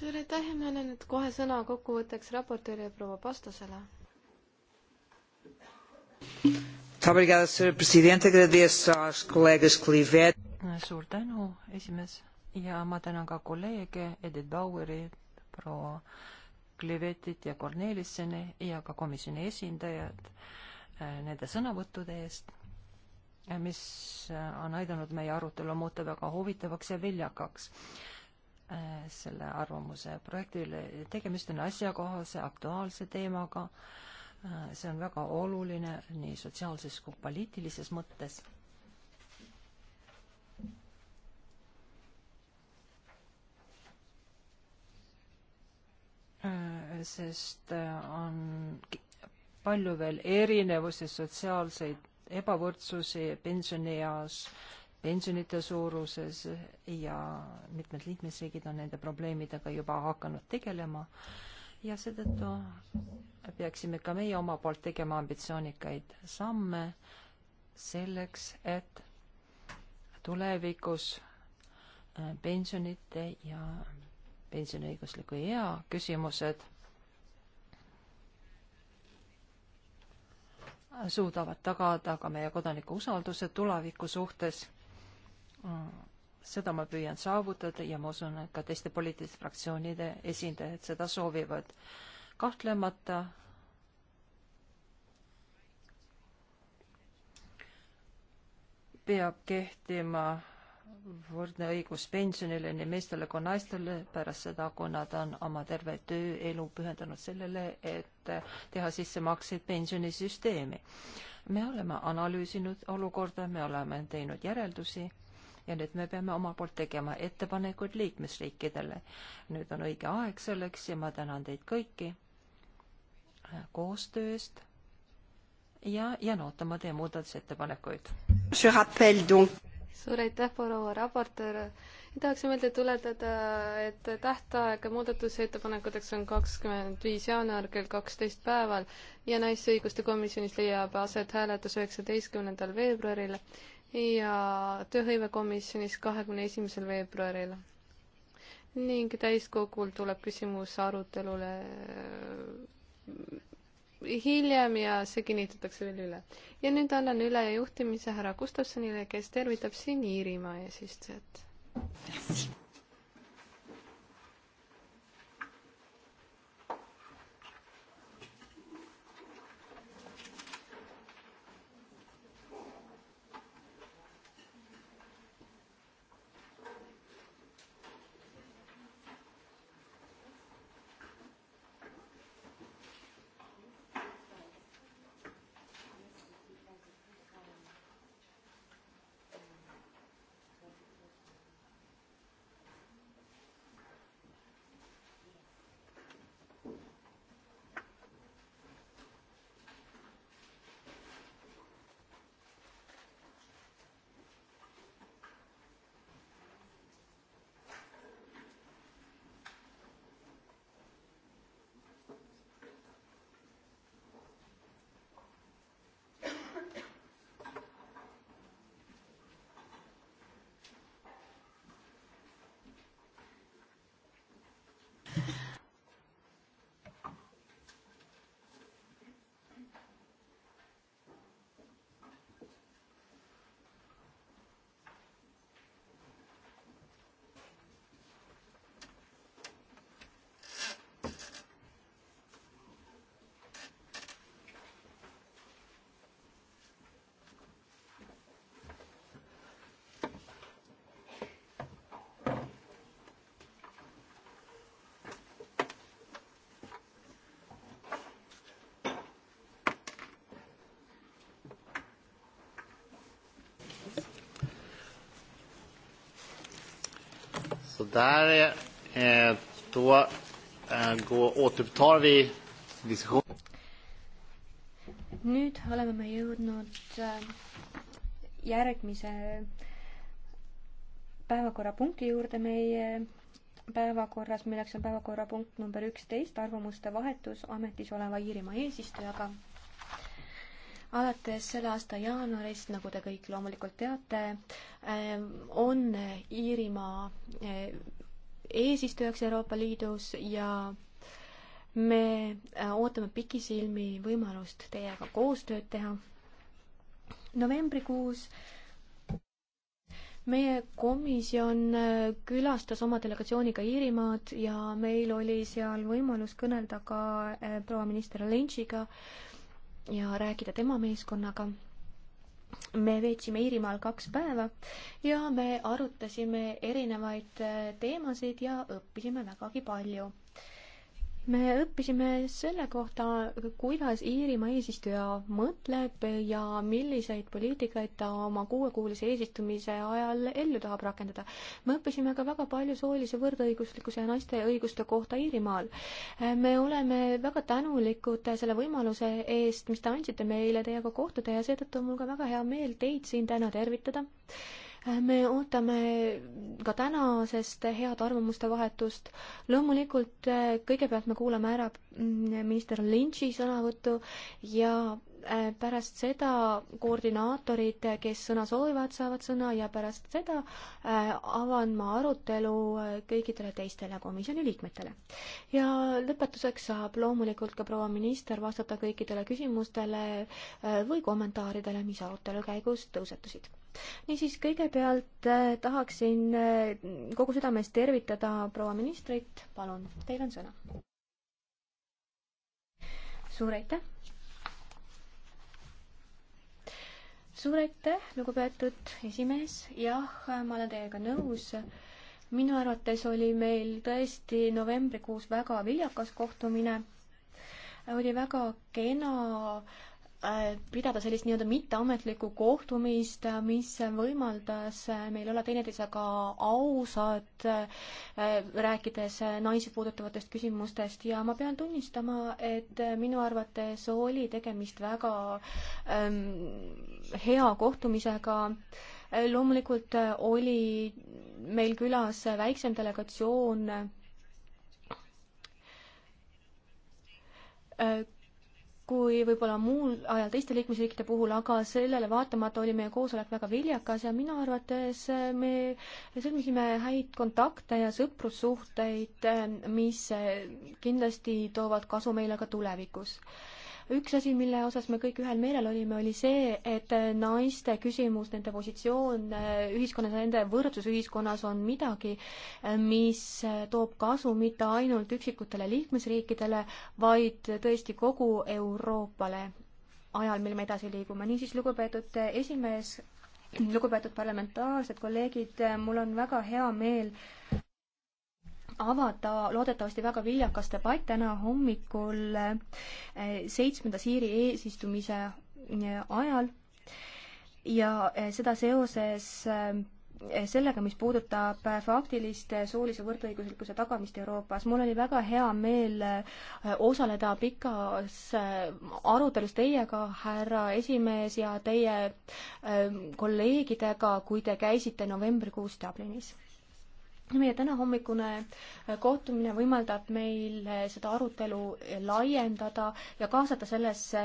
suur aitäh ja ma annan nüüd kohe sõna kokkuvõtteks raportööri proua Pastas Mazzela. Muito obrigada, Sra. Presidente. Agradeço aos colegas que lhe vetem. Suur tänu, esimees. Ja ma tänan ka kolleege Edith Baueri, proua Klivetit ja Cornelisseni ja ka komisjoni esindajad äh, nende sõnavõttude eest, äh, mis äh, on aidanud meie arutelu muuta väga huvitavaks ja viljakaks Äh, selle arvamuse projekti üle. tegemist on asjakohase, aktuaalse teemaga. Äh, see on väga oluline nii sotsiaalses kui poliitilises mõttes. Äh, sest on palju veel erinevusi, sotsiaalseid ebavõrdsusi pensionieas äh, pensionite suuruses ja mitmed liikmesriigid on nende probleemidega juba hakanud tegelema ja seetõttu peaksime ka meie oma poolt tegema ambitsioonikaid samme selleks, et tulevikus äh, pensionite ja pensioniõigusliku ea küsimused suudavad tagada ka meie kodanike usalduse tuleviku suhtes seda ma püüan saavutada ja ma usun, et ka teiste poliitiliste fraktsioonide esindajad seda soovivad. kahtlemata peab kehtima võrdne õigus pensionile nii meestele kui naistele pärast seda, kui nad on oma terve tööelu pühendanud sellele, et teha sissemakseid pensionisüsteemi. me oleme analüüsinud olukorda, me oleme teinud järeldusi ja nüüd me peame oma poolt tegema ettepanekuid liikmesriikidele. nüüd on õige aeg selleks ja ma tänan teid kõiki koostöö eest ja jään ootama teie muudatusettepanekuid. suur aitäh, proua raportöör. tahaksin meelde tuletada, et tähtaeg muudatusettepanekuteks on kakskümmend viis jaanuar kell kaksteist päeval ja Naisõiguste Komisjonis leiab aset hääletus üheksateistkümnendal veebruaril ja tööhõivekomisjonis kahekümne esimesel veebruaril. ning täiskogul tuleb küsimus arutelule äh, hiljem ja see kinnitatakse veel üle. ja nüüd annan üle juhtimise härra Gustavsonile, kes tervitab siin Iirimaa eesistujat. Så där eh, då eh, går, återupptar vi diskussionen. nüüd oleme me jõudnud eh, järgmise päevakorrapunkti juurde meie päevakorras, milleks on päevakorrapunkt number üksteist, arvamuste vahetus ametis oleva Iirimaa eesistujaga alates selle aasta jaanuarist, nagu te kõik loomulikult teate, ähm, on Iirimaa äh, eesistujaks Euroopa Liidus ja me äh, ootame pikisilmi võimalust teiega koostööd teha. novembrikuus meie komisjon äh, külastas oma delegatsiooniga Iirimaad ja meil oli seal võimalus kõnelda ka proua minister Lynch'iga äh, ja rääkida tema meeskonnaga. me veetsime Iirimaal kaks päeva ja me arutasime erinevaid äh, teemasid ja õppisime vägagi palju me õppisime selle kohta, kuidas Iirimaa eesistuja mõtleb ja milliseid poliitikaid ta oma kuuekuulise eesistumise ajal ellu tahab rakendada. me õppisime ka väga palju soolise võrdõiguslikkuse ja naiste õiguste kohta Iirimaal. me oleme väga tänulikud selle võimaluse eest, mis te andsite meile teiega kohtuda ja seetõttu on mul ka väga hea meel teid siin täna tervitada me ootame ka tänasest head arvamuste vahetust. loomulikult äh, kõigepealt me kuulame ära mm, minister Lynch'i sõnavõttu ja äh, pärast seda koordinaatorid, kes sõna soovivad, saavad sõna ja pärast seda äh, avan ma arutelu kõikidele teistele komisjoni liikmetele. ja lõpetuseks saab loomulikult ka proua minister vastata kõikidele küsimustele või kommentaaridele, mis arutelu käigus tõusetusid niisiis, kõigepealt äh, tahaksin äh, kogu südamest tervitada proua ministrit, palun, teil on sõna. suur aitäh! suur aitäh, lugupeetud esimees, jah, ma olen teiega nõus minu arvates oli meil tõesti novembrikuus väga viljakas kohtumine. oli väga kena Äh, pidada sellist nii-öelda mitteametlikku kohtumist, mis võimaldas meil olla teineteisega ausad, äh, rääkides naisi puudutavatest küsimustest ja ma pean tunnistama, et minu arvates oli tegemist väga ähm, hea kohtumisega äh, loomulikult oli meil külas väiksem delegatsioon kui võib-olla muul ajal teiste liikmesriikide puhul, aga sellele vaatamata oli meie koosolek väga viljakas ja minu arvates me sõlmisime häid kontakte ja sõprussuhteid, mis kindlasti toovad kasu meile ka tulevikus üks asi, mille osas me kõik ühel meelel olime, oli see, et naiste küsimus, nende positsioon äh, ühiskonnas, nende võrdsus ühiskonnas on midagi, äh, mis äh, toob kasu mitte ainult üksikutele liikmesriikidele, vaid tõesti kogu Euroopale ajal, mil me edasi liigume. niisiis, lugupeetud esimees, lugupeetud parlamentaarsed kolleegid, mul on väga hea meel avada loodetavasti väga viljakas debatt täna hommikul eh, seitsmenda Siiri eesistumise eh, ajal ja eh, seda seoses sellega, mis puudutab faktilist soolise võrdõiguslikkuse tagamist Euroopas. mul oli väga hea meel osaleda pikas arutelus teiega, härra esimees, ja teie kolleegidega, kui te käisite novembrikuus Dublinis meie tänahommikune äh, kohtumine võimaldab meil äh, seda arutelu laiendada ja kaasata sellesse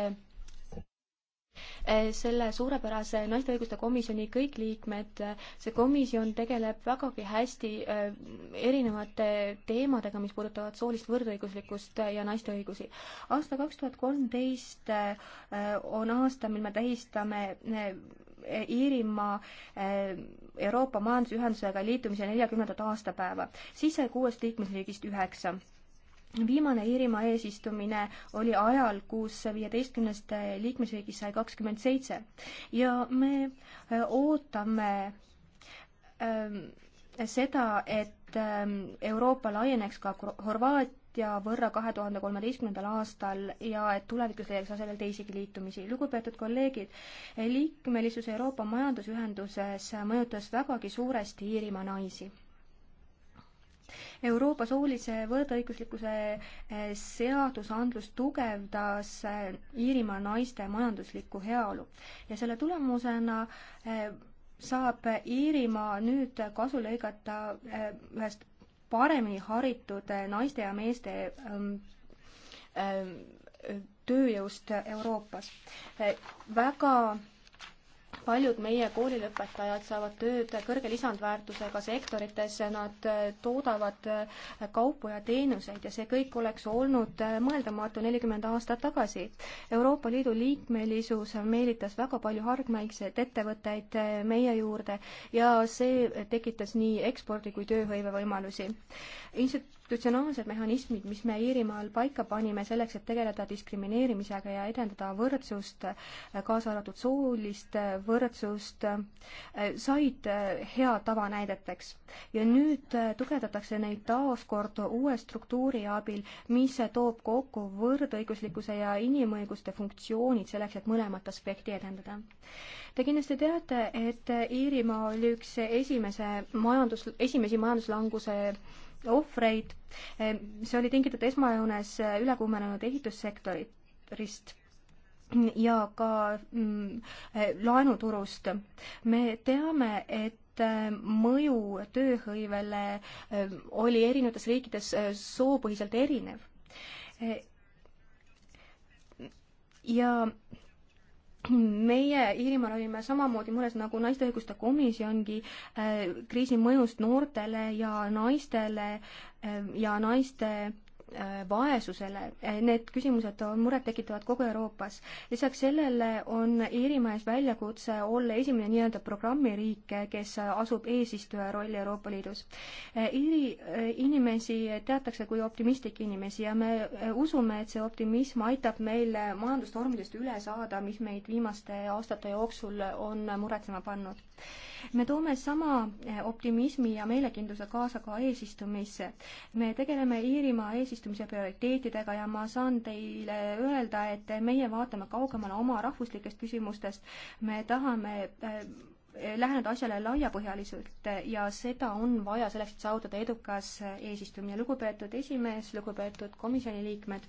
äh, selle suurepärase naiste õiguste komisjoni kõik liikmed, see komisjon tegeleb vägagi hästi erinevate teemadega, mis puudutavad soolist võrdõiguslikkust ja naiste õigusi. aasta kaks tuhat kolmteist on aasta, mil me tähistame Iirimaa eh, Euroopa Majandusühendusega liitumise neljakümnendat aastapäeva. siis sai kuuest liikmesriigist üheksa viimane Iirimaa eesistumine oli ajal, kus viieteistkümnest eh, liikmesriigist sai kakskümmend seitse ja me eh, ootame ähm, seda, et ähm, Euroopa laieneks ka Horvaatia võitja võrra kahe tuhande kolmeteistkümnendal aastal ja et tulevikus leiaks asemel teisigi liitumisi. lugupeetud kolleegid, liikmelisus Euroopa Majandusühenduses mõjutas vägagi suuresti Iirimaa naisi Euroopa soolise võrdõiguslikkuse eh, seadusandlus tugevdas eh, Iirimaa naiste majanduslikku heaolu ja selle tulemusena eh, saab Iirimaa nüüd kasu lõigata ühest paremini haritud naiste ja meeste ähm, ähm, tööjõust Euroopas. Äh, väga paljud meie koolilõpetajad saavad tööd kõrge lisandväärtusega sektorites, nad äh, toodavad äh, kaupu ja teenuseid ja see kõik oleks olnud äh, mõeldamatu nelikümmend aastat tagasi. Euroopa Liidu liikmelisus meelitas väga palju hargmaigseid ettevõtteid meie juurde ja see tekitas nii ekspordi kui tööhõive võimalusi. Instituut institutsionaalsed mehhanismid, mis me Iirimaal paika panime selleks, et tegeleda diskrimineerimisega ja edendada võrdsust, kaasa arvatud soolist võrdsust, said eh, hea tava näideteks. ja nüüd eh, tugevdatakse neid taaskord uue struktuuri abil, mis toob kokku võrdõiguslikkuse ja inimõiguste funktsioonid selleks, et mõlemat aspekti edendada. Te kindlasti teate, et Iirimaa oli üks esimese majandus, esimesi majanduslanguse ohvreid. Eh, see oli tingitud esmajoones eh, ülekuumenenud ehitussektorist ja ka mm, eh, laenuturust. me teame, et mõju tööhõivele oli erinevates riikides soopõhiselt erinev. ja meie Iirimaal olime samamoodi mures nagu naiste õiguste komisjongi äh, kriisi mõjust noortele ja naistele äh, ja naiste Äh, vaesusele. Äh, need küsimused on murettekitavad kogu Euroopas. lisaks sellele on Iirimaa ees väljakutse olla esimene nii-öelda programmiriik, kes asub eesistuja rolli Euroopa Liidus. Äh, Iiri inimesi teatakse kui optimistlikke inimesi ja me usume, et see optimism aitab meil majandustormidest üle saada, mis meid viimaste aastate jooksul on muretsema pannud me toome sama eh, optimismi ja meelekindluse kaasa ka eesistumisse. me tegeleme Iirimaa eesistumise prioriteetidega ja ma saan teile öelda, et meie vaatame kaugemale oma rahvuslikest küsimustest. me tahame eh, läheneda asjale laiapõhjaliselt ja seda on vaja selleks, et saavutada edukas eesistumine. lugupeetud esimees, lugupeetud komisjoni liikmed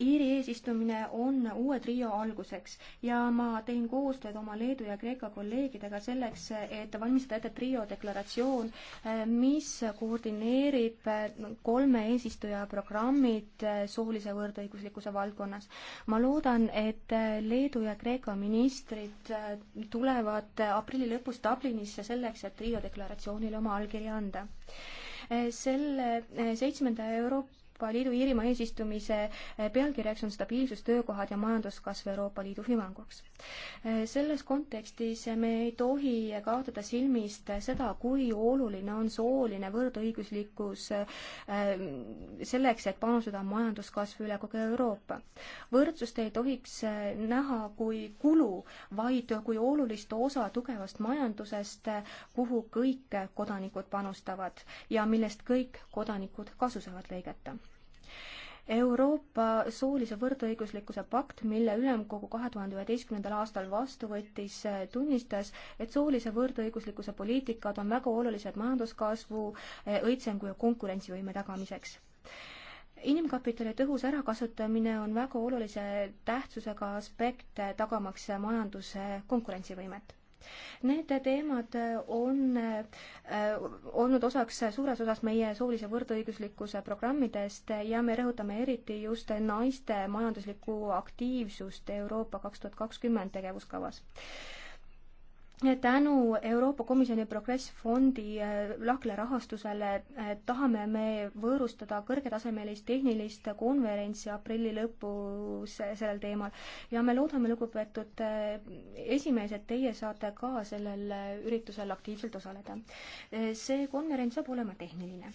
Iiri eesistumine on uue trio alguseks ja ma teen koostööd oma Leedu ja Kreeka kolleegidega selleks, et valmistada ette trio deklaratsioon, mis koordineerib kolme eesistuja programmid soolise võrdõiguslikkuse valdkonnas. ma loodan, et Leedu ja Kreeka ministrid tulevad aprilli lõpus Dublinisse selleks, et trio deklaratsioonile oma allkirja anda selle seitsmenda Euroopa Euroopa Liidu Iirimaa eesistumise eh, pealkirjaks on stabiilsus, töökohad ja majanduskasv Euroopa Liidu hüvanguks. Eh, selles kontekstis me ei tohi kaotada silmist seda, kui oluline on sooline võrdõiguslikkus eh, selleks, et panustada majanduskasvu üle kogu Euroopa. võrdsust ei tohiks näha kui kulu, vaid kui olulist osa tugevast majandusest, kuhu kõik kodanikud panustavad ja millest kõik kodanikud kasu saavad lõigata. Euroopa soolise võrdõiguslikkuse pakt, mille ülemkogu kahe tuhande üheteistkümnendal aastal vastu võttis, eh, tunnistas, et soolise võrdõiguslikkuse poliitikad on väga olulised majanduskasvu, eh, õitsengu ja konkurentsivõime tagamiseks inimkapitali tõhus ärakasutamine on väga olulise tähtsusega aspekt, eh, tagamaks majanduse konkurentsivõimet Need teemad on äh, olnud osaks suures osas meie soolise võrdõiguslikkuse programmidest ja me rõhutame eriti just naiste majanduslikku aktiivsust Euroopa kaks tuhat kakskümmend tegevuskavas tänu Euroopa Komisjoni progressfondi äh, lahklerahastusele äh, tahame me võõrustada kõrgetasemelist tehnilist konverentsi aprilli lõpus äh, sellel teemal ja me loodame, lugupeetud esimees, et teie saate ka sellel üritusel aktiivselt osaleda. see konverents saab olema tehniline.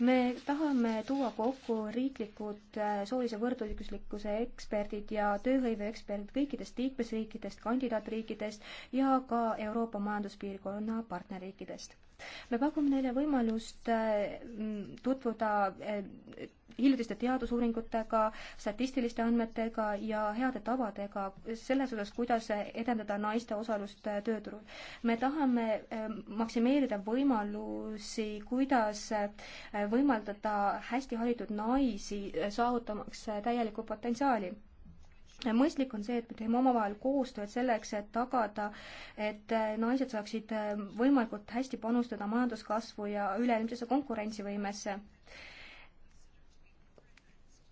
me tahame tuua kokku riiklikud soolise võrdõiguslikkuse eksperdid ja tööhõive eksperdid kõikidest liikmesriikidest, kandidaatriikidest ja ka Euroopa Majanduspiirkonna partnerriikidest. me pakume neile võimalust äh, tutvuda äh, hiljutiste teadusuuringutega, statistiliste andmetega ja heade tavadega selles osas, kuidas edendada naiste osalust äh, tööturul. me tahame maksimeerida võimalusi, kuidas võimaldada hästi haritud naisi saavutamaks täielikku potentsiaali mõistlik on see, et me teeme omavahel koostööd selleks, et tagada, et äh, naised saaksid äh, võimalikult hästi panustada majanduskasvu ja üleilmsesse konkurentsivõimesse.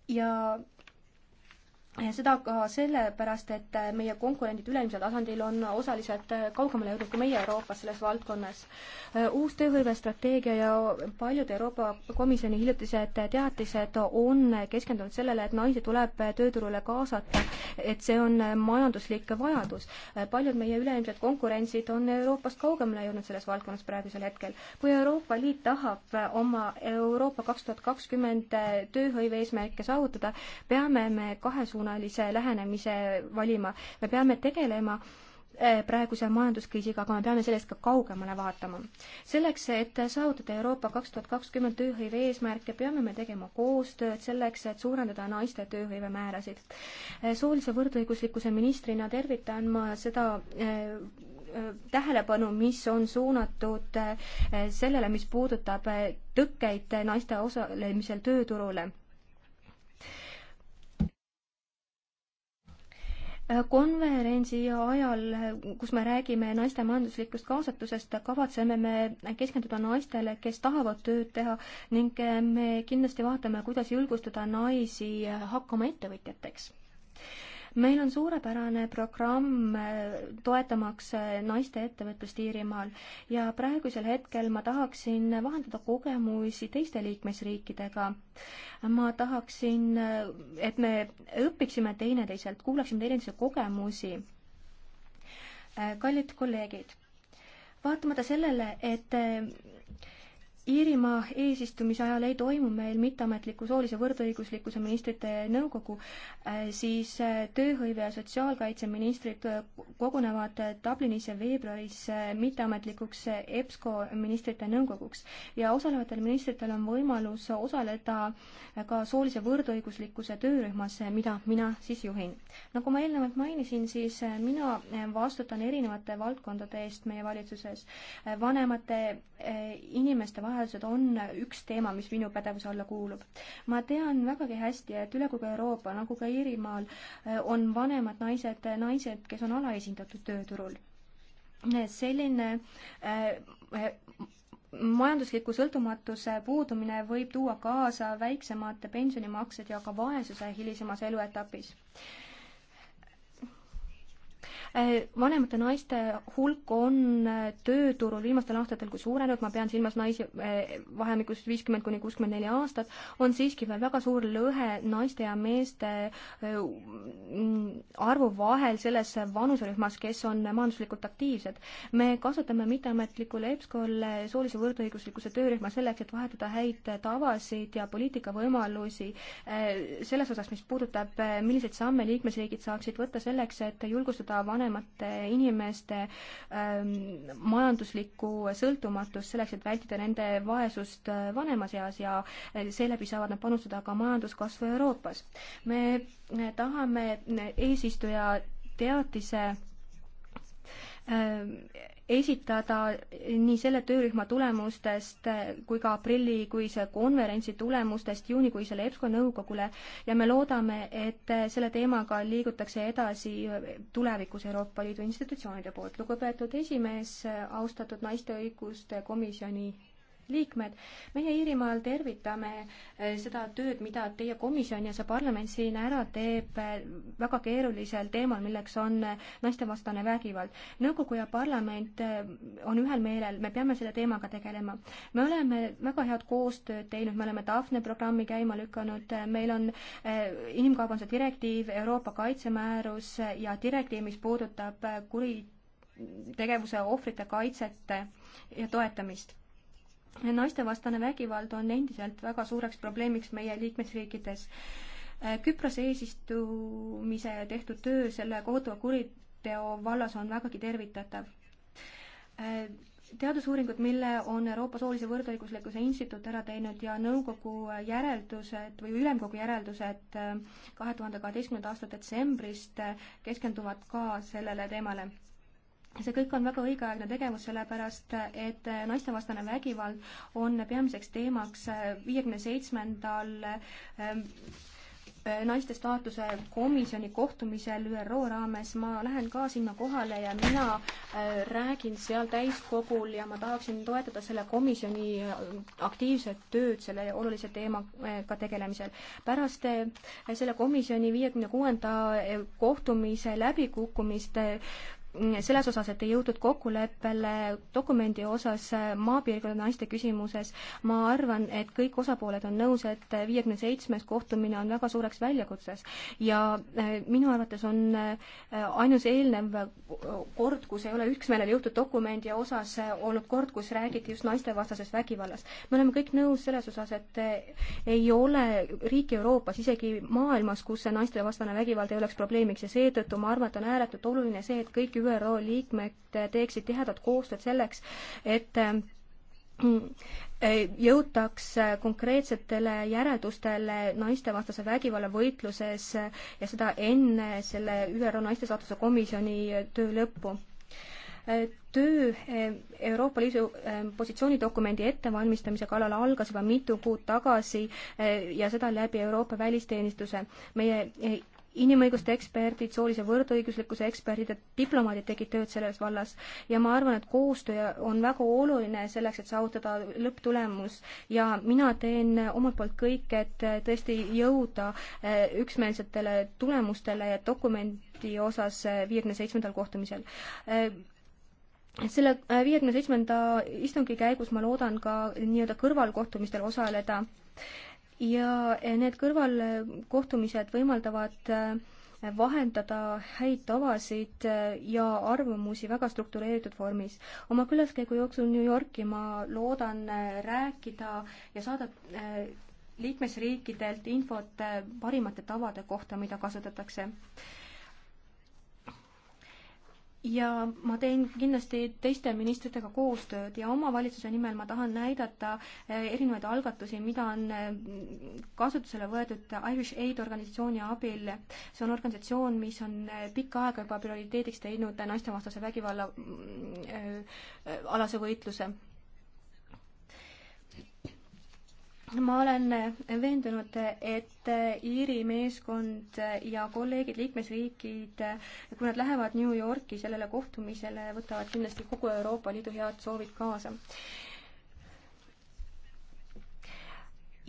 ja seda ka sellepärast, et meie konkurendid ülemisel tasandil on osaliselt kaugemale jõudnud kui meie Euroopas selles valdkonnas. uus tööhõivestrateegia ja paljud Euroopa Komisjoni hiljutised teatised on keskendunud sellele, et naisi tuleb tööturule kaasata, et see on majanduslik vajadus. paljud meie üleilmsed konkurentsid on Euroopast kaugemale jõudnud selles valdkonnas praegusel hetkel. kui Euroopa Liit tahab oma Euroopa kaks tuhat kakskümmend tööhõive eesmärke saavutada, peame me kahe suuna pikaajalise lähenemise valima. me peame tegelema eh, praeguse majanduskriisiga, aga me peame sellest ka kaugemale vaatama. selleks, et saavutada Euroopa kaks tuhat kakskümmend tööhõive eesmärke, peame me tegema koostööd selleks, et suurendada naiste tööhõive määrasid. Eh, soolise võrdõiguslikkuse ministrina tervitan ma seda eh, tähelepanu, mis on suunatud sellele, mis puudutab tõkkeid naiste osalemisel tööturule konverentsi ajal, kus me räägime naiste majanduslikust kaasatusest, kavatseme me keskenduda naistele, kes tahavad tööd teha ning me kindlasti vaatame, kuidas julgustada naisi hakkama ettevõtjateks meil on suurepärane programm eh, toetamaks eh, naiste ettevõtlust Iirimaal ja praegusel hetkel ma tahaksin vahendada kogemusi teiste liikmesriikidega. ma tahaksin, eh, et me õpiksime teineteiselt, kuulaksime teineteise kogemusi. kallid kolleegid, vaatamata sellele, et Iirimaa eesistumise ajal ei toimu meil mitteametliku soolise võrdõiguslikkuse ministrite nõukogu, äh, siis äh, tööhõive ja sotsiaalkaitseministrid äh, kogunevad Dublinis veebruaris mitteametlikuks EBSCO ministrite nõukoguks ja osalevatel ministritel on võimalus osaleda ka soolise võrdõiguslikkuse töörühmas, mida mina siis juhin. nagu ma eelnevalt mainisin, siis mina vastutan erinevate valdkondade eest meie valitsuses, vanemate inimeste vahel kriminaalväärtused on üks teema, mis minu pädevuse alla kuulub. ma tean vägagi hästi, et üle kogu Euroopa, nagu ka Iirimaal, eh, on vanemad naised eh, naised, kes on alaesindatud tööturul. Eh, selline äh, majandusliku sõltumatuse puudumine võib tuua kaasa väiksemad pensionimaksed ja ka vaesuse hilisemas eluetapis Eh, vanemate naiste hulk on eh, tööturul viimastel aastatel kui suurenenud, ma pean silmas naisi eh, vahemikus viiskümmend kuni kuuskümmend neli aastat, on siiski veel väga suur lõhe naiste ja meeste mm, arvu vahel selles vanuserühmas, kes on majanduslikult aktiivsed. me kasutame mitteametlikul EBSCO-l soolise võrdõiguslikkuse töörühma selleks, et vahetada häid tavasid ja poliitikavõimalusi selles osas, mis puudutab, milliseid samme liikmesriigid saaksid võtta selleks, et julgustada vanemate vanemate inimeste ähm, majanduslikku sõltumatust selleks, et vältida nende vaesust äh, vanemas eas ja äh, seeläbi saavad nad panustada ka majanduskasvu Euroopas. me äh, tahame eesistuja teatise ähm, esitada nii selle töörühma tulemustest kui ka aprillikuise konverentsi tulemustest juunikuisele EBSCO nõukogule ja me loodame, et selle teemaga liigutakse edasi tulevikus Euroopa Liidu institutsioonide poolt. lugupeetud esimees, austatud naiste õiguste komisjoni liikmed, meie Iirimaal tervitame eh, seda tööd, mida teie komisjon ja see parlament siin ära teeb eh, väga keerulisel teemal, milleks on eh, naistevastane vägivald. nõukogu ja parlament on ühel meelel, me peame selle teemaga tegelema. me oleme väga head koostööd teinud, me oleme Daphne programmi käima lükanud, meil on inimkaubanduse direktiiv, Euroopa kaitsemäärus ja direktiiv, mis puudutab kuri tegevuse ohvrite kaitset ja toetamist naistevastane vägivald on endiselt väga suureks probleemiks meie liikmesriikides. Äh, Küprose eesistumise tehtud töö selle kohutava kuriteo vallas on vägagi tervitatav. Äh, teadusuuringud, mille on Euroopa Soolise Võrdõiguslikkuse Instituut ära teinud ja nõukogu järeldused või ülemkogu järeldused äh, kahe tuhande kaheteistkümnenda aasta detsembrist keskenduvad ka sellele teemale see kõik on väga õigeaegne tegevus, sellepärast et naistevastane vägivald on peamiseks teemaks äh, viiekümne seitsmendal ähm, äh, naiste staatuse komisjoni kohtumisel ÜRO raames. ma lähen ka sinna kohale ja mina äh, räägin seal täiskogul ja ma tahaksin toetada selle komisjoni aktiivset tööd selle olulise teemaga tegelemisel. pärast selle komisjoni viiekümne kuuenda kohtumise läbikukkumist selles osas, et ei jõutud kokkuleppele dokumendi osas äh, maapiirkonna naiste küsimuses, ma arvan, et kõik osapooled on nõus, et äh, viiekümne seitsmes kohtumine on väga suureks väljakutses ja äh, minu arvates on ainus eelnev kord, kus ei ole üksmeelele jõutud dokumendi osas, olnud kord, kus räägiti just naistevastasest vägivallast. me oleme kõik nõus selles osas, et ei ole riiki Euroopas, isegi maailmas, kus see naistevastane vägivald ei oleks probleemiks ja seetõttu ma arvan, et on ääretult oluline see, et kõik kõik ÜRO liikmed teeksid tihedat koostööd selleks, et äh, jõutaks konkreetsetele järeldustele naistevastase vägivalla võitluses ja seda enne selle ÜRO naiste saatuse komisjoni töö lõppu. Äh, töö äh, Euroopa Liidu positsioonidokumendi ettevalmistamise kallal algas juba mitu kuud tagasi ja seda läbi Euroopa välisteenistuse. meie inimõiguste eksperdid, soolise võrdõiguslikkuse eksperdid ja diplomaadid tegid tööd selles vallas ja ma arvan, et koostöö on väga oluline selleks, et saavutada lõpptulemus ja mina teen omalt poolt kõik, et tõesti jõuda eh, üksmeelsetele tulemustele dokumenti osas eh, viiekümne seitsmendal kohtumisel eh, selle viiekümne seitsmenda istungi käigus ma loodan ka nii-öelda kõrvalkohtumistel osaleda ja eh, need kõrvalkohtumised võimaldavad eh, vahendada häid tavasid eh, ja arvamusi väga struktureeritud vormis. oma külaskäigu jooksul New Yorki ma loodan rääkida ja saada liikmesriikidelt infot parimate tavade kohta, mida kasutatakse ja ma teen kindlasti teiste ministritega koostööd ja oma valitsuse nimel ma tahan näidata eh, erinevaid algatusi, mida on eh, kasutusele võetud Irish Aid organisatsiooni abil. see on organisatsioon, mis on eh, pikka aega juba prioriteediks teinud naistevastase vägivalla mm, alase võitluse ma olen veendunud, et Iiri meeskond ja kolleegid liikmesriigid, kui nad lähevad New Yorki sellele kohtumisele, võtavad kindlasti kogu Euroopa Liidu head soovid kaasa.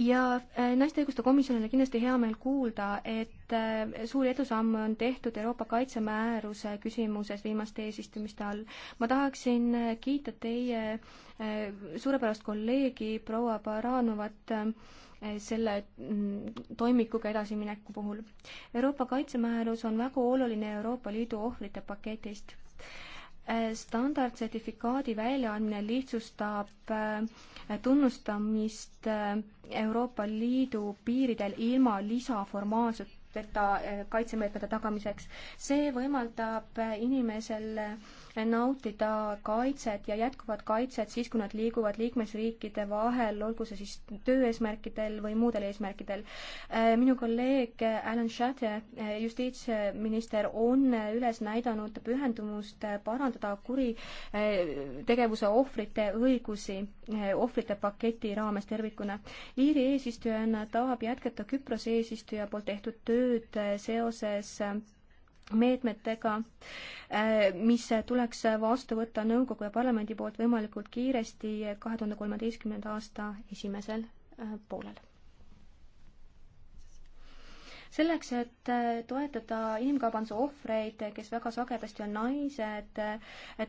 ja äh, naiste õiguste komisjonil on kindlasti hea meel kuulda, et äh, suuri edusamme on tehtud Euroopa kaitsemääruse küsimuses viimaste eesistumiste all. ma tahaksin äh, kiita teie suurepärast kolleegi proua Baranovat selle mm, toimikuga edasimineku puhul. Euroopa kaitsemäärus on väga oluline Euroopa Liidu ohvrite paketist standardsertifikaadi väljaandmine lihtsustab äh, tunnustamist äh, Euroopa Liidu piiridel ilma lisaformaalseteta äh, kaitsemeetmete tagamiseks. see võimaldab inimesel nautida kaitset ja jätkuvat kaitset siis, kui nad liiguvad liikmesriikide vahel, olgu see siis tööeesmärkidel või muudel eesmärkidel. Äh, minu kolleeg Alan Shatter, äh, justiitsminister, on üles näidanud pühendumust parandada kuritegevuse äh, ohvrite õigusi ohvrite paketi raames tervikuna. Iiri eesistujana tahab jätkata Küprose eesistuja poolt tehtud tööd seoses meetmetega, äh, mis tuleks vastu võtta nõukogu ja parlamendi poolt võimalikult kiiresti kahe tuhande kolmeteistkümnenda aasta esimesel äh, poolel. selleks, et äh, toetada inimkaubanduse ohvreid, kes väga sagedasti on naised,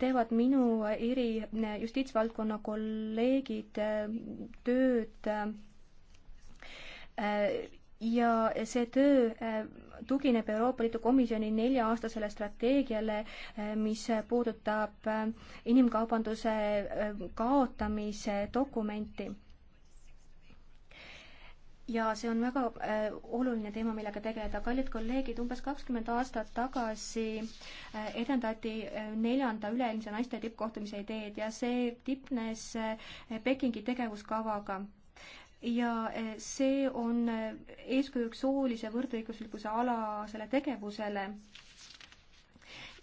teevad minu eri justiitsvaldkonna kolleegid tööd ja see töö äh, tugineb Euroopa Liidu Komisjoni nelja-aastasele strateegiale, äh, mis puudutab äh, inimkaubanduse kaotamise dokumenti. ja see on väga äh, oluline teema, millega tegeleda. kallid kolleegid, umbes kakskümmend aastat tagasi äh, edendati äh, neljanda üleilmse naiste tippkohtumise ideed ja see tipnes äh, Pekingi tegevuskavaga ja eh, see on eh, eeskujuks soolise võrdõiguslikkuse alasele tegevusele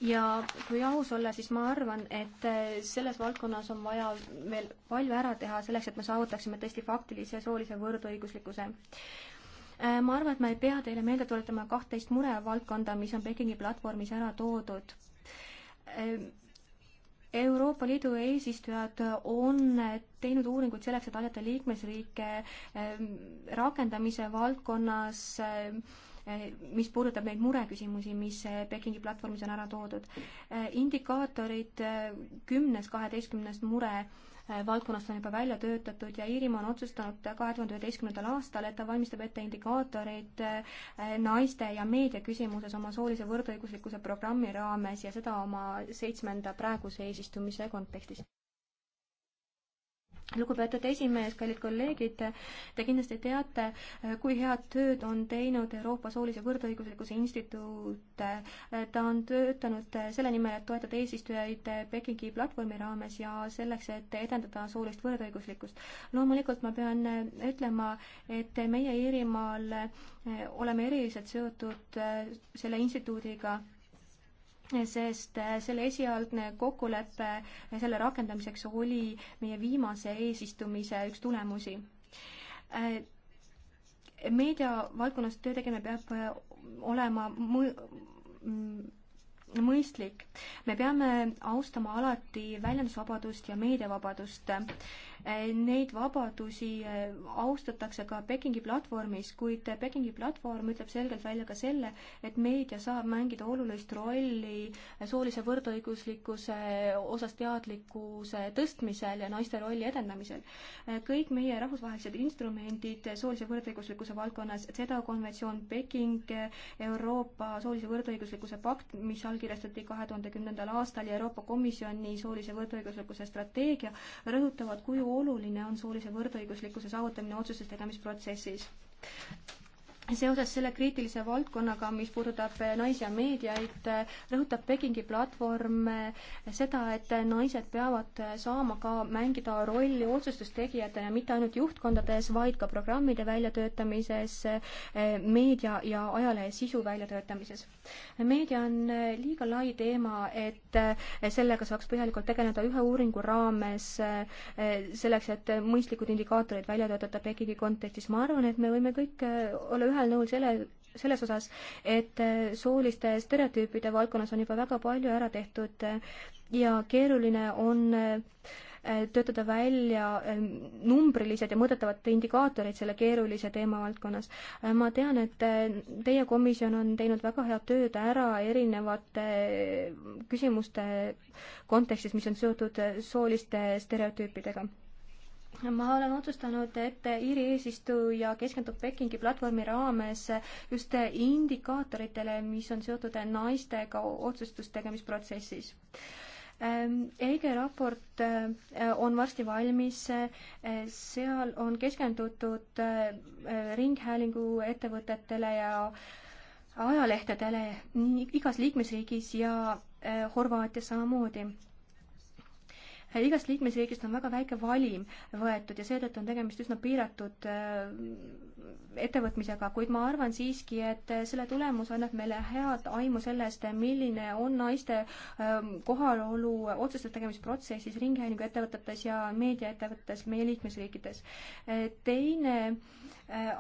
ja kui aus olla, siis ma arvan, et eh, selles valdkonnas on vaja veel palju ära teha selleks, et me saavutaksime tõesti faktilise soolise võrdõiguslikkuse. ma arvan, et ma ei pea teile meelde tuletama kahtteist murevaldkonda, mis on Pekingi platvormis ära toodud Euroopa Liidu eesistujad on teinud uuringuid selleks, et aidata liikmesriike ähm, rakendamise valdkonnas, ähm, mis puudutab neid mureküsimusi, mis äh, Pekingi platvormis on ära toodud. Äh, indikaatorid äh, kümnes, kaheteistkümnes mure Äh, valdkonnast on juba välja töötatud ja Iirimaa on otsustanud kahe tuhande üheteistkümnendal aastal, et ta valmistab ette indikaatoreid äh, naiste ja meedia küsimuses oma soolise võrdõiguslikkuse programmi raames ja seda oma seitsmenda praeguse eesistumise kontekstis lugupeetud esimees, kallid kolleegid, te kindlasti teate, kui head tööd on teinud Euroopa Soolise Võrdõiguslikkuse Instituut. ta on töötanud selle nimel, et toetada eesistujaid Pekingi platvormi raames ja selleks, et edendada soolist võrdõiguslikkust. loomulikult ma pean ütlema, et meie Iirimaal oleme eriliselt seotud selle instituudiga sest äh, selle esialgne kokkulepe selle rakendamiseks oli meie viimase eesistumise üks tulemusi. Äh, meediavaldkonnas töö tegemine peab äh, olema mm, mõistlik. me peame austama alati väljendusvabadust ja meediavabadust Eh, neid vabadusi eh, austatakse ka Pekingi platvormis, kuid Pekingi platvorm ütleb selgelt välja ka selle, et meedia saab mängida olulist rolli eh, soolise võrdõiguslikkuse osas teadlikkuse tõstmisel ja naiste rolli edendamisel. kõik meie rahvusvahelised instrumendid soolise võrdõiguslikkuse valdkonnas, CEDAW konventsioon, Peking, Euroopa soolise võrdõiguslikkuse pakt, mis allkirjastati kahe tuhande kümnendal aastal ja Euroopa Komisjoni soolise võrdõiguslikkuse strateegia, rõhutavad, kui oluline on soolise võrdõiguslikkuse saavutamine otsuste tegemisprotsessis seoses selle kriitilise valdkonnaga, mis puudutab eh, naisi ja meediaid, eh, rõhutab Pekingi platvorm eh, seda, et naised peavad saama ka mängida rolli otsustustegijatena, mitte ainult juhtkondades, vaid ka programmide väljatöötamises, meedia ja ajalehe sisu väljatöötamises. meedia on liiga lai teema, et sellega saaks põhjalikult tegeleda ühe uuringu raames, selleks, et mõistlikud indikaatorid välja töötada Pekingi kontekstis. ma arvan, et me võime kõik olla ühe ühel nõul selle, selles osas, et äh, sooliste stereotüüpide valdkonnas on juba väga palju ära tehtud äh, ja keeruline on äh, töötada välja ähm, numbrilised ja mõõdetavad indikaatorid selle keerulise teemavaldkonnas. ma tean, et teie komisjon on teinud väga head tööd ära erinevate küsimuste kontekstis, mis on seotud sooliste stereotüüpidega ma olen otsustanud, et Iiri eesistuja keskendub Pekingi platvormi raames just indikaatoritele, mis on seotud naistega otsustustegemisprotsessis. Ähm, Eige raport äh, on varsti valmis, äh, seal on keskendutud äh, ringhäälinguettevõtetele ja ajalehtedele igas liikmesriigis ja Horvaatias samamoodi Äh, igast liikmesriigist on väga väike valim võetud ja seetõttu on tegemist üsna piiratud äh, ettevõtmisega, kuid ma arvan siiski, et äh, selle tulemus annab meile head aimu sellest, milline on naiste ähm, kohalolu otsuste tegemisprotsessis ringhäälinguettevõtetes ja meediaettevõtetes meie liikmesriikides. teine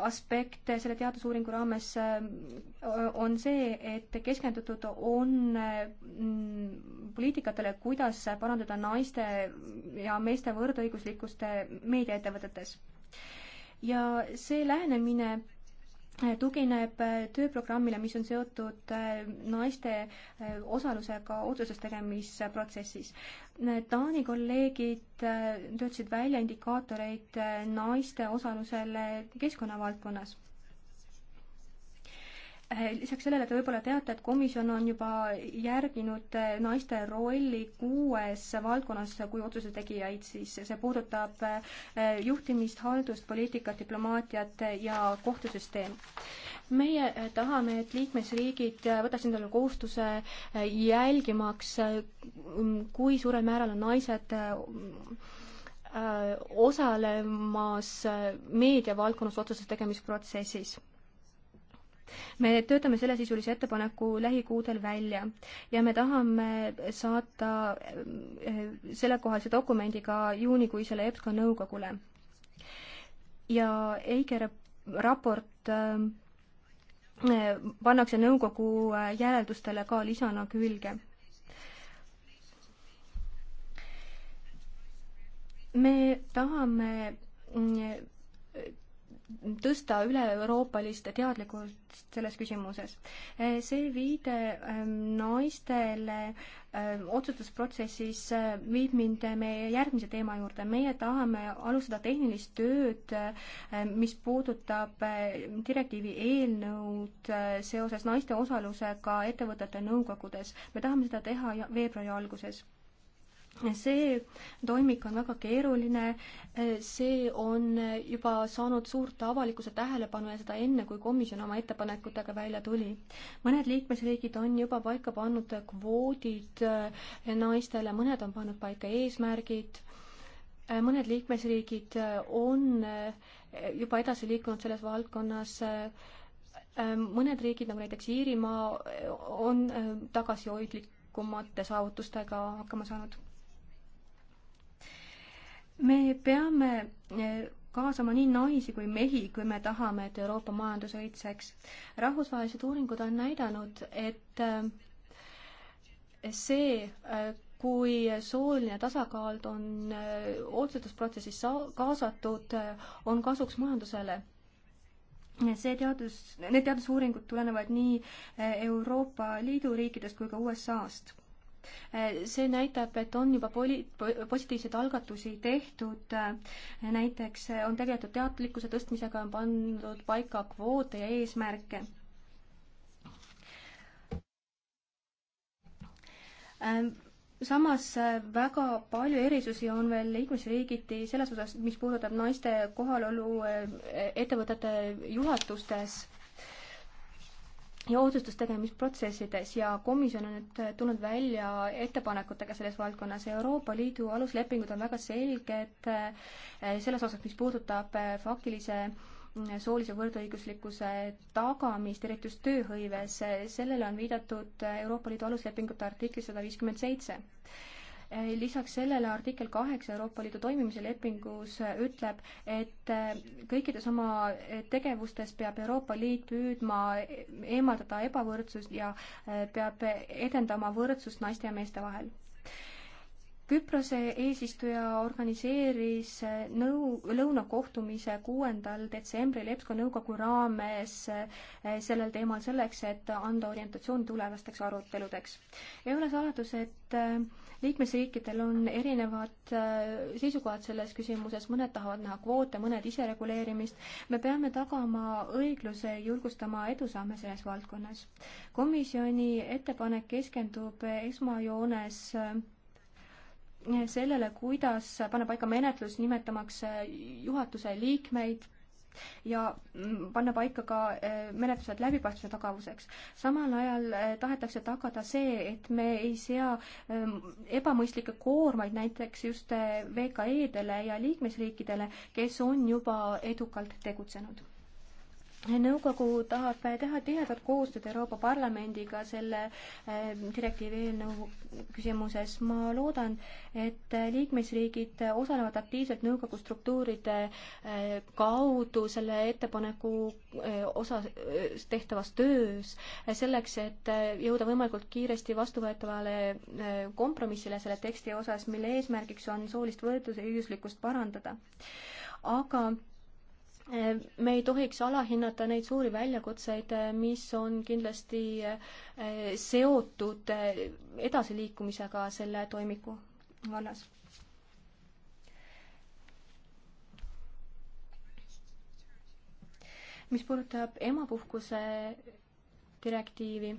aspekt selle teadusuuringu raames äh, on see, et keskendutud on mm, poliitikatele, kuidas parandada naiste ja meeste võrdõiguslikkust meediaettevõtetes. ja see lähenemine tugineb äh, tööprogrammile, mis on seotud äh, naiste äh, osalusega otsuses tegemisprotsessis. Taani kolleegid töötasid välja indikaatoreid naiste osalusele keskkonnavaldkonnas. Eh, lisaks sellele te võib-olla teate, et komisjon on juba järginud eh, naiste rolli kuues valdkonnas, kui otsuse tegijaid, siis see puudutab eh, juhtimist, haldust, poliitikat, diplomaatiat ja kohtusüsteem. meie tahame, et liikmesriigid võtaks endale kohustuse jälgimaks, kui suurel määral on naised osalemas meediavaldkonnas otsuse tegemisprotsessis me töötame sellesisulise ettepaneku lähikuudel välja ja me tahame saata eh, sellekohase dokumendi ka juunikuisele EBSCO nõukogule. ja EIGE raport eh, eh, pannakse nõukogu järeldustele ka lisana külge me tahame mm, tõsta üle-euroopalist teadlikkust selles küsimuses. Eh, see viide ehm, naistele ehm, otsustusprotsessis eh, viib mind meie järgmise teema juurde. meie tahame alustada tehnilist tööd, eh, mis puudutab direktiivi eelnõud seoses naiste osalusega ettevõtete nõukogudes. me tahame seda teha veebruari alguses see toimik on väga keeruline, see on juba saanud suurt avalikkuse tähelepanu ja seda enne, kui komisjon oma ettepanekutega välja tuli. mõned liikmesriigid on juba paika pannud kvoodid naistele, mõned on pannud paika eesmärgid, mõned liikmesriigid on juba edasi liikunud selles valdkonnas mõned riigid, nagu näiteks Iirimaa, on tagasihoidlikumate saavutustega hakkama saanud me peame eh, kaasama nii naisi kui mehi, kui me tahame, et Euroopa majandus õitseks. rahvusvahelised uuringud on näidanud, et eh, see, eh, kui sooline tasakaal on otsustusprotsessis kaasatud, on kasuks majandusele. see teadus, need teadusuuringud tulenevad nii Euroopa Liidu riikidest kui ka USA-st see näitab, et on juba poli-, positiivseid algatusi tehtud, näiteks on tegeletud teadlikkuse tõstmisega, on pandud paika kvoote ja eesmärke. samas väga palju erisusi on veel liikmesriigiti selles osas, mis puudutab naiste kohalolu eh, ettevõtete juhatustes ja otsustustegemisprotsessides ja komisjon on nüüd tulnud välja ettepanekutega selles valdkonnas. Euroopa Liidu aluslepingud on väga selged eh, selles osas, mis puudutab eh, faktilise mm, soolise võrdõiguslikkuse tagamist, eriti just tööhõives, sellele on viidatud Euroopa Liidu aluslepingute artiklis sada viiskümmend seitse Eh, lisaks sellele artikkel kaheksa Euroopa Liidu toimimise lepingus eh, ütleb, et eh, kõikides oma tegevustes peab Euroopa Liit püüdma eemaldada ebavõrdsust ja peab edendama võrdsust naiste ja meeste vahel Küprose eesistuja organiseeris äh, nõu, lõunakohtumise kuuendal detsembril EBSCO nõukogu raames äh, sellel teemal selleks, et anda orientatsioon tulevasteks aruteludeks. ei ole saladus, et äh, liikmesriikidel on erinevad seisukohad selles küsimuses, mõned tahavad näha kvoote, mõned isereguleerimist. me peame tagama õigluse, julgustama edusamme selles valdkonnas. komisjoni ettepanek keskendub esmajoones sellele, kuidas panna paika menetlus nimetamaks äh, juhatuse liikmeid ja mm, panna paika ka äh, menetlused läbipaistvuse tagavuseks. samal ajal äh, tahetakse tagada see, et me ei sea ähm, ebamõistlikke koormaid näiteks just VKE-dele ja liikmesriikidele, kes on juba edukalt tegutsenud nõukogu tahab teha tihedat koostööd Euroopa Parlamendiga selle eh, direktiivi eelnõu küsimuses. ma loodan, et liikmesriigid osalevad aktiivselt nõukogu struktuuride eh, kaudu selle ettepaneku eh, osas tehtavas töös, selleks et jõuda võimalikult kiiresti vastuvõetavale kompromissile selle teksti osas, mille eesmärgiks on soolist võrdluse ja õiguslikkust parandada. aga me ei tohiks alahinnata neid suuri väljakutseid, mis on kindlasti eh, seotud eh, edasiliikumisega selle toimiku vallas. mis puudutab emapuhkuse direktiivi,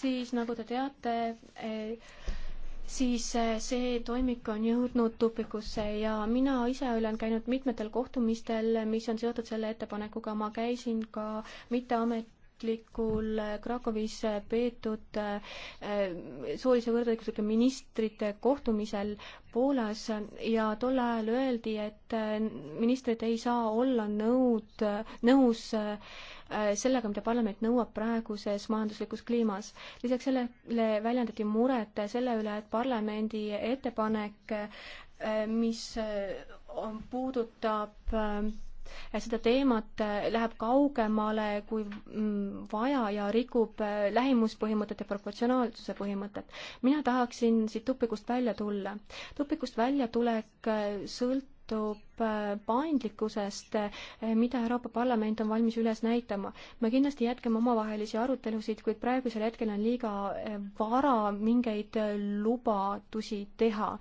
siis nagu te teate, eh, siis see toimik on jõudnud tupikusse ja mina ise olen käinud mitmetel kohtumistel, mis on seotud selle ettepanekuga, ma käisin ka mitteamet-, mitteametlikul äh, Krakowis peetud äh, äh, soolise võrdõiguslike ministrite kohtumisel Poolas ja tol ajal öeldi, et ministrid ei saa olla nõud, nõus sellega, mida parlament nõuab praeguses majanduslikus kliimas. lisaks sellele väljendati muret selle üle, et parlamendi ettepanek, mis puudutab seda teemat äh, läheb kaugemale kui mm, vaja ja rikub äh, lähimuspõhimõtet ja proportsionaalsuse põhimõtet. mina tahaksin siit tupikust välja tulla. tupikust väljatulek äh, sõltub paindlikkusest, mida Euroopa Parlament on valmis üles näitama. me kindlasti jätkame omavahelisi arutelusid, kuid praegusel hetkel on liiga vara mingeid lubadusi teha,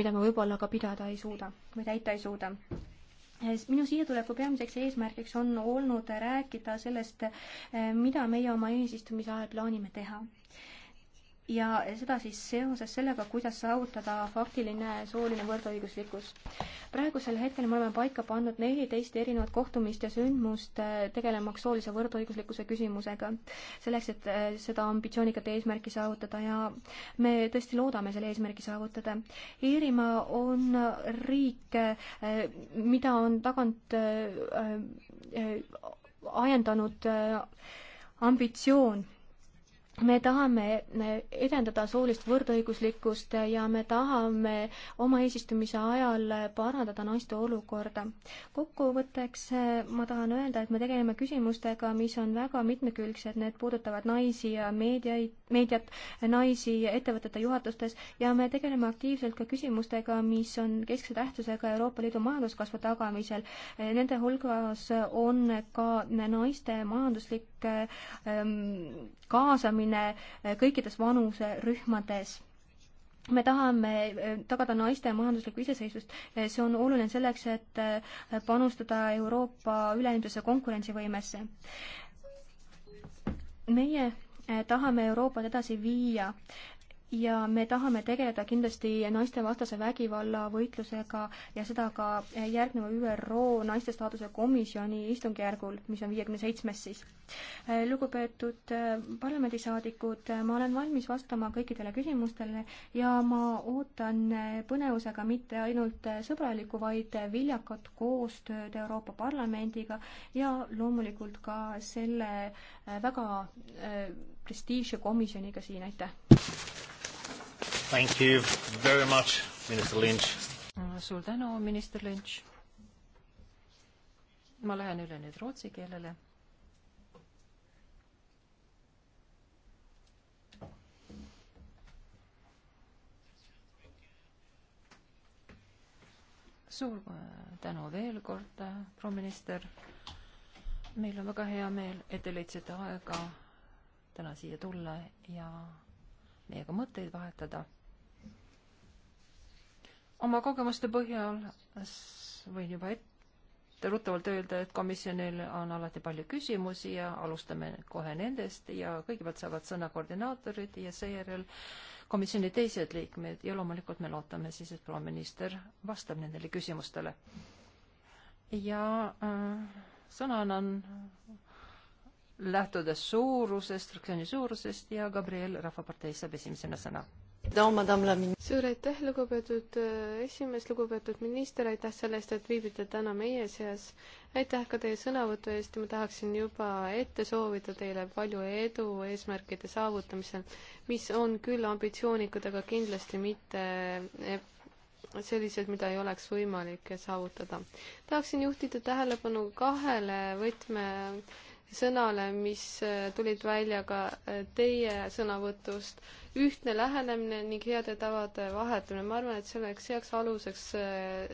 mida me võib-olla ka pidada ei suuda või täita ei suuda minu siiatuleku peamiseks eesmärgiks on olnud rääkida sellest, eh, mida meie oma eesistumise ajal plaanime teha ja seda siis seoses sellega, kuidas saavutada faktiline sooline võrdõiguslikkus. praegusel hetkel me oleme paika pannud neliteist erinevat kohtumist ja sündmust äh, tegelemaks soolise võrdõiguslikkuse küsimusega, selleks, et äh, seda ambitsioonikat eesmärki saavutada ja me tõesti loodame selle eesmärgi saavutada. Iirimaa on riik, äh, mida on tagant ajendanud ambitsioon me tahame äh, edendada soolist võrdõiguslikkust ja me tahame oma eesistumise ajal parandada naiste olukorda. kokkuvõtteks äh, ma tahan öelda, et me tegeleme küsimustega, mis on väga mitmekülgsed, need puudutavad naisi ja meediaid, meediat, naisi ettevõtete juhatustes ja me tegeleme aktiivselt ka küsimustega, mis on keskse tähtsusega Euroopa Liidu majanduskasvu tagamisel. Äh, nende hulgas on ka naiste majanduslik ähm, kaasamine hõlbumine äh, kõikides vanuserühmades me tahame äh, tagada naiste majanduslikku iseseisvust, äh, see on oluline selleks, et panustada Euroopa üleilmsesse konkurentsivõimesse. meie tahame Euroopat edasi viia ja me tahame tegeleda kindlasti naistevastase vägivalla võitlusega ja seda ka järgneva ÜRO naiste staatuse komisjoni istungjärgul, mis on viiekümne seitsmes siis. lugupeetud äh, parlamendisaadikud, ma olen valmis vastama kõikidele küsimustele ja ma ootan äh, põnevusega mitte ainult äh, sõbralikku, vaid viljakat koostööd Euroopa Parlamendiga ja loomulikult ka selle väga prestiižkomisjoniga siin, aitäh! Thank you very much, minister Lynch. suur tänu, minister Lynch. ma lähen üle nüüd rootsi keelele. suur äh, tänu veel kord, äh, proua minister. meil on väga hea meel, et te leidsite aega täna siia tulla ja meiega mõtteid vahetada oma kogemuste põhjal võin juba ette ruttavalt öelda, et komisjonil on alati palju küsimusi ja alustame kohe nendest ja kõigepealt saavad sõna koordinaatorid ja seejärel komisjoni teised liikmed ja loomulikult me loodame siis, et proua minister vastab nendele küsimustele. ja äh, sõna annan lähtudes suurusest, fraktsiooni suurusest ja Gabriel Rahvapartei saab esimesena sõna suur aitäh, lugupeetud äh, esimees, lugupeetud minister, aitäh selle eest, et viibite täna meie seas. aitäh ka teie sõnavõtu eest ja ma tahaksin juba ette soovida teile palju edu eesmärkide saavutamisel, mis on küll ambitsioonikud, aga kindlasti mitte äh, sellised, mida ei oleks võimalik saavutada. tahaksin juhtida tähelepanu kahele võtme sõnale, mis äh, tulid välja ka äh, teie sõnavõtust, ühtne lähenemine ning heade tavade vahetamine, ma arvan, et see oleks heaks aluseks äh,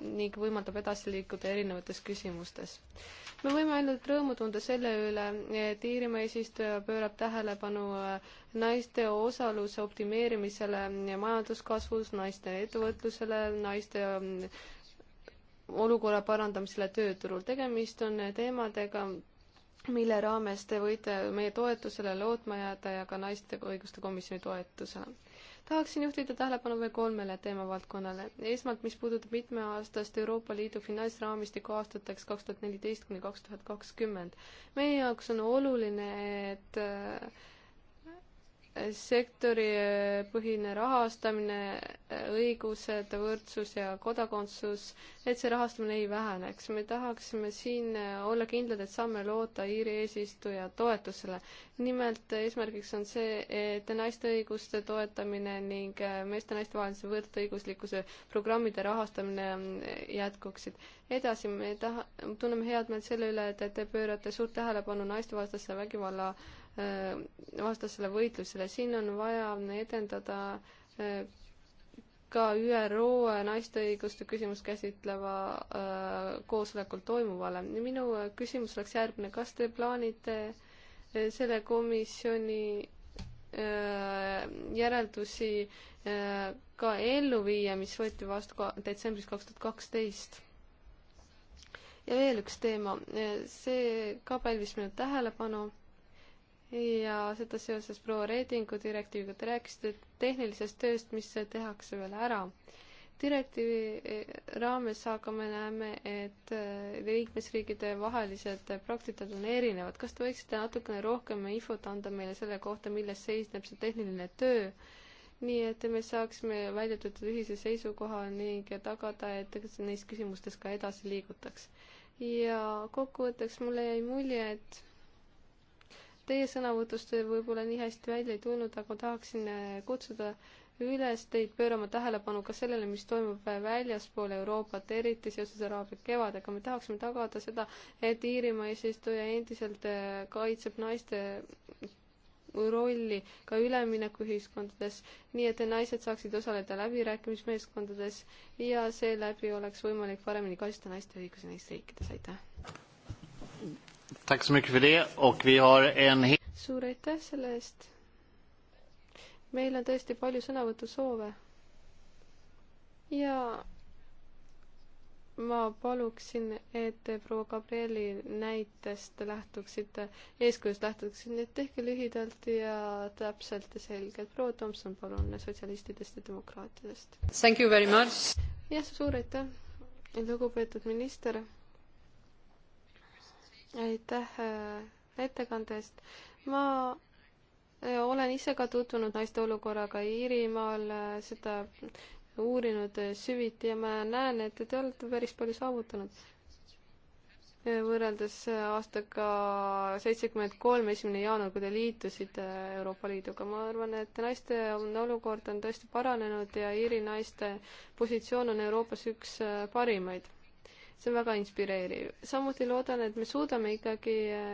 ning võimaldab edasi liikuda erinevates küsimustes. me võime ainult rõõmu tunda selle üle, et Iirimaa eesistuja pöörab tähelepanu naiste osaluse optimeerimisele majanduskasvus, naiste ettevõtlusele, naiste mm, olukorra parandamisele tööturul. tegemist on teemadega, mille raames te võite meie toetusele lootma jääda ja ka naiste õiguste komisjoni toetusele. tahaksin juhtida tähelepanu veel kolmele teemavaldkonnale. esmalt, mis puudutab mitmeaastast Euroopa Liidu finantsraamistiku aastateks kaks tuhat neliteist kuni kaks tuhat kakskümmend. meie jaoks on oluline, et sektoripõhine eh, rahastamine, eh, õigused, võrdsus ja kodakondsus, et see rahastamine ei väheneks. me tahaksime siin eh, olla kindlad, et saame loota Iiri eesistuja toetusele. nimelt eesmärgiks on see, et naiste õiguste toetamine ning meeste-naiste vahelise võrdõiguslikkuse programmide rahastamine jätkuksid. edasi me taha-, tunneme head meelt selle üle, et te pöörate suurt tähelepanu naistevastase vägivalla äh, Äh, vastasele võitlusele. siin on vaja edendada äh, ka ÜRO naiste õiguste küsimust käsitleva äh, koosolekul toimuvale. minu küsimus oleks järgmine, kas te plaanite selle komisjoni järeldusi ka ellu viia, mis võeti vastu detsembris kaks tuhat kaksteist. ja veel üks teema, see ka pälvis minu tähelepanu ja seda seoses proua Reedingu direktiiviga. Te rääkisite tehnilisest tööst, mis tehakse veel ära. direktiivi eh, raames aga me näeme, et eh, liikmesriikide vahelised praktikad on erinevad. kas te võiksite natukene rohkem infot anda meile selle kohta, milles seisneb see tehniline töö? nii et me saaksime välja töötada ühise seisukoha ning tagada, et neis küsimustes ka edasi liigutaks. ja kokkuvõtteks mulle jäi mulje, et Teie sõnavõtust võib-olla nii hästi välja ei tulnud, aga tahaksin äh, kutsuda üles teid pöörama tähelepanu ka sellele, mis toimub äh, väljaspool Euroopat, eriti seoses Araabia kevadega. me tahaksime tagada seda, et Iirimaa eesistuja endiselt äh, kaitseb naiste rolli ka üleminekuühiskondades, nii et naised saaksid osaleda läbirääkimismeeskondades ja seeläbi oleks võimalik paremini kaitsta naiste õigusi neis riikides, aitäh! suur aitäh selle eest. meil on tõesti palju sõnavõtusoove. ja ma paluksin, et proua Gabrieli näitest lähtuksite, eeskujust lähtuksite, nii et tehke lühidalt ja täpselt ja selgelt. proua Tomson, palun, sotsialistidest ja demokraatidest. jah, suur aitäh, lugupeetud minister aitäh äh, ettekande eest. ma äh, olen ise ka tutvunud naiste olukorraga Iirimaal, äh, seda uurinud süviti ja ma näen, et te olete päris palju saavutanud. võrreldes aastaga seitsekümmend kolm, esimene jaanuar, kui te liitusite Euroopa Liiduga, ma arvan, et naiste olukord on tõesti paranenud ja Iiri naiste positsioon on Euroopas üks parimaid see on väga inspireeriv. samuti loodan, et me suudame ikkagi äh,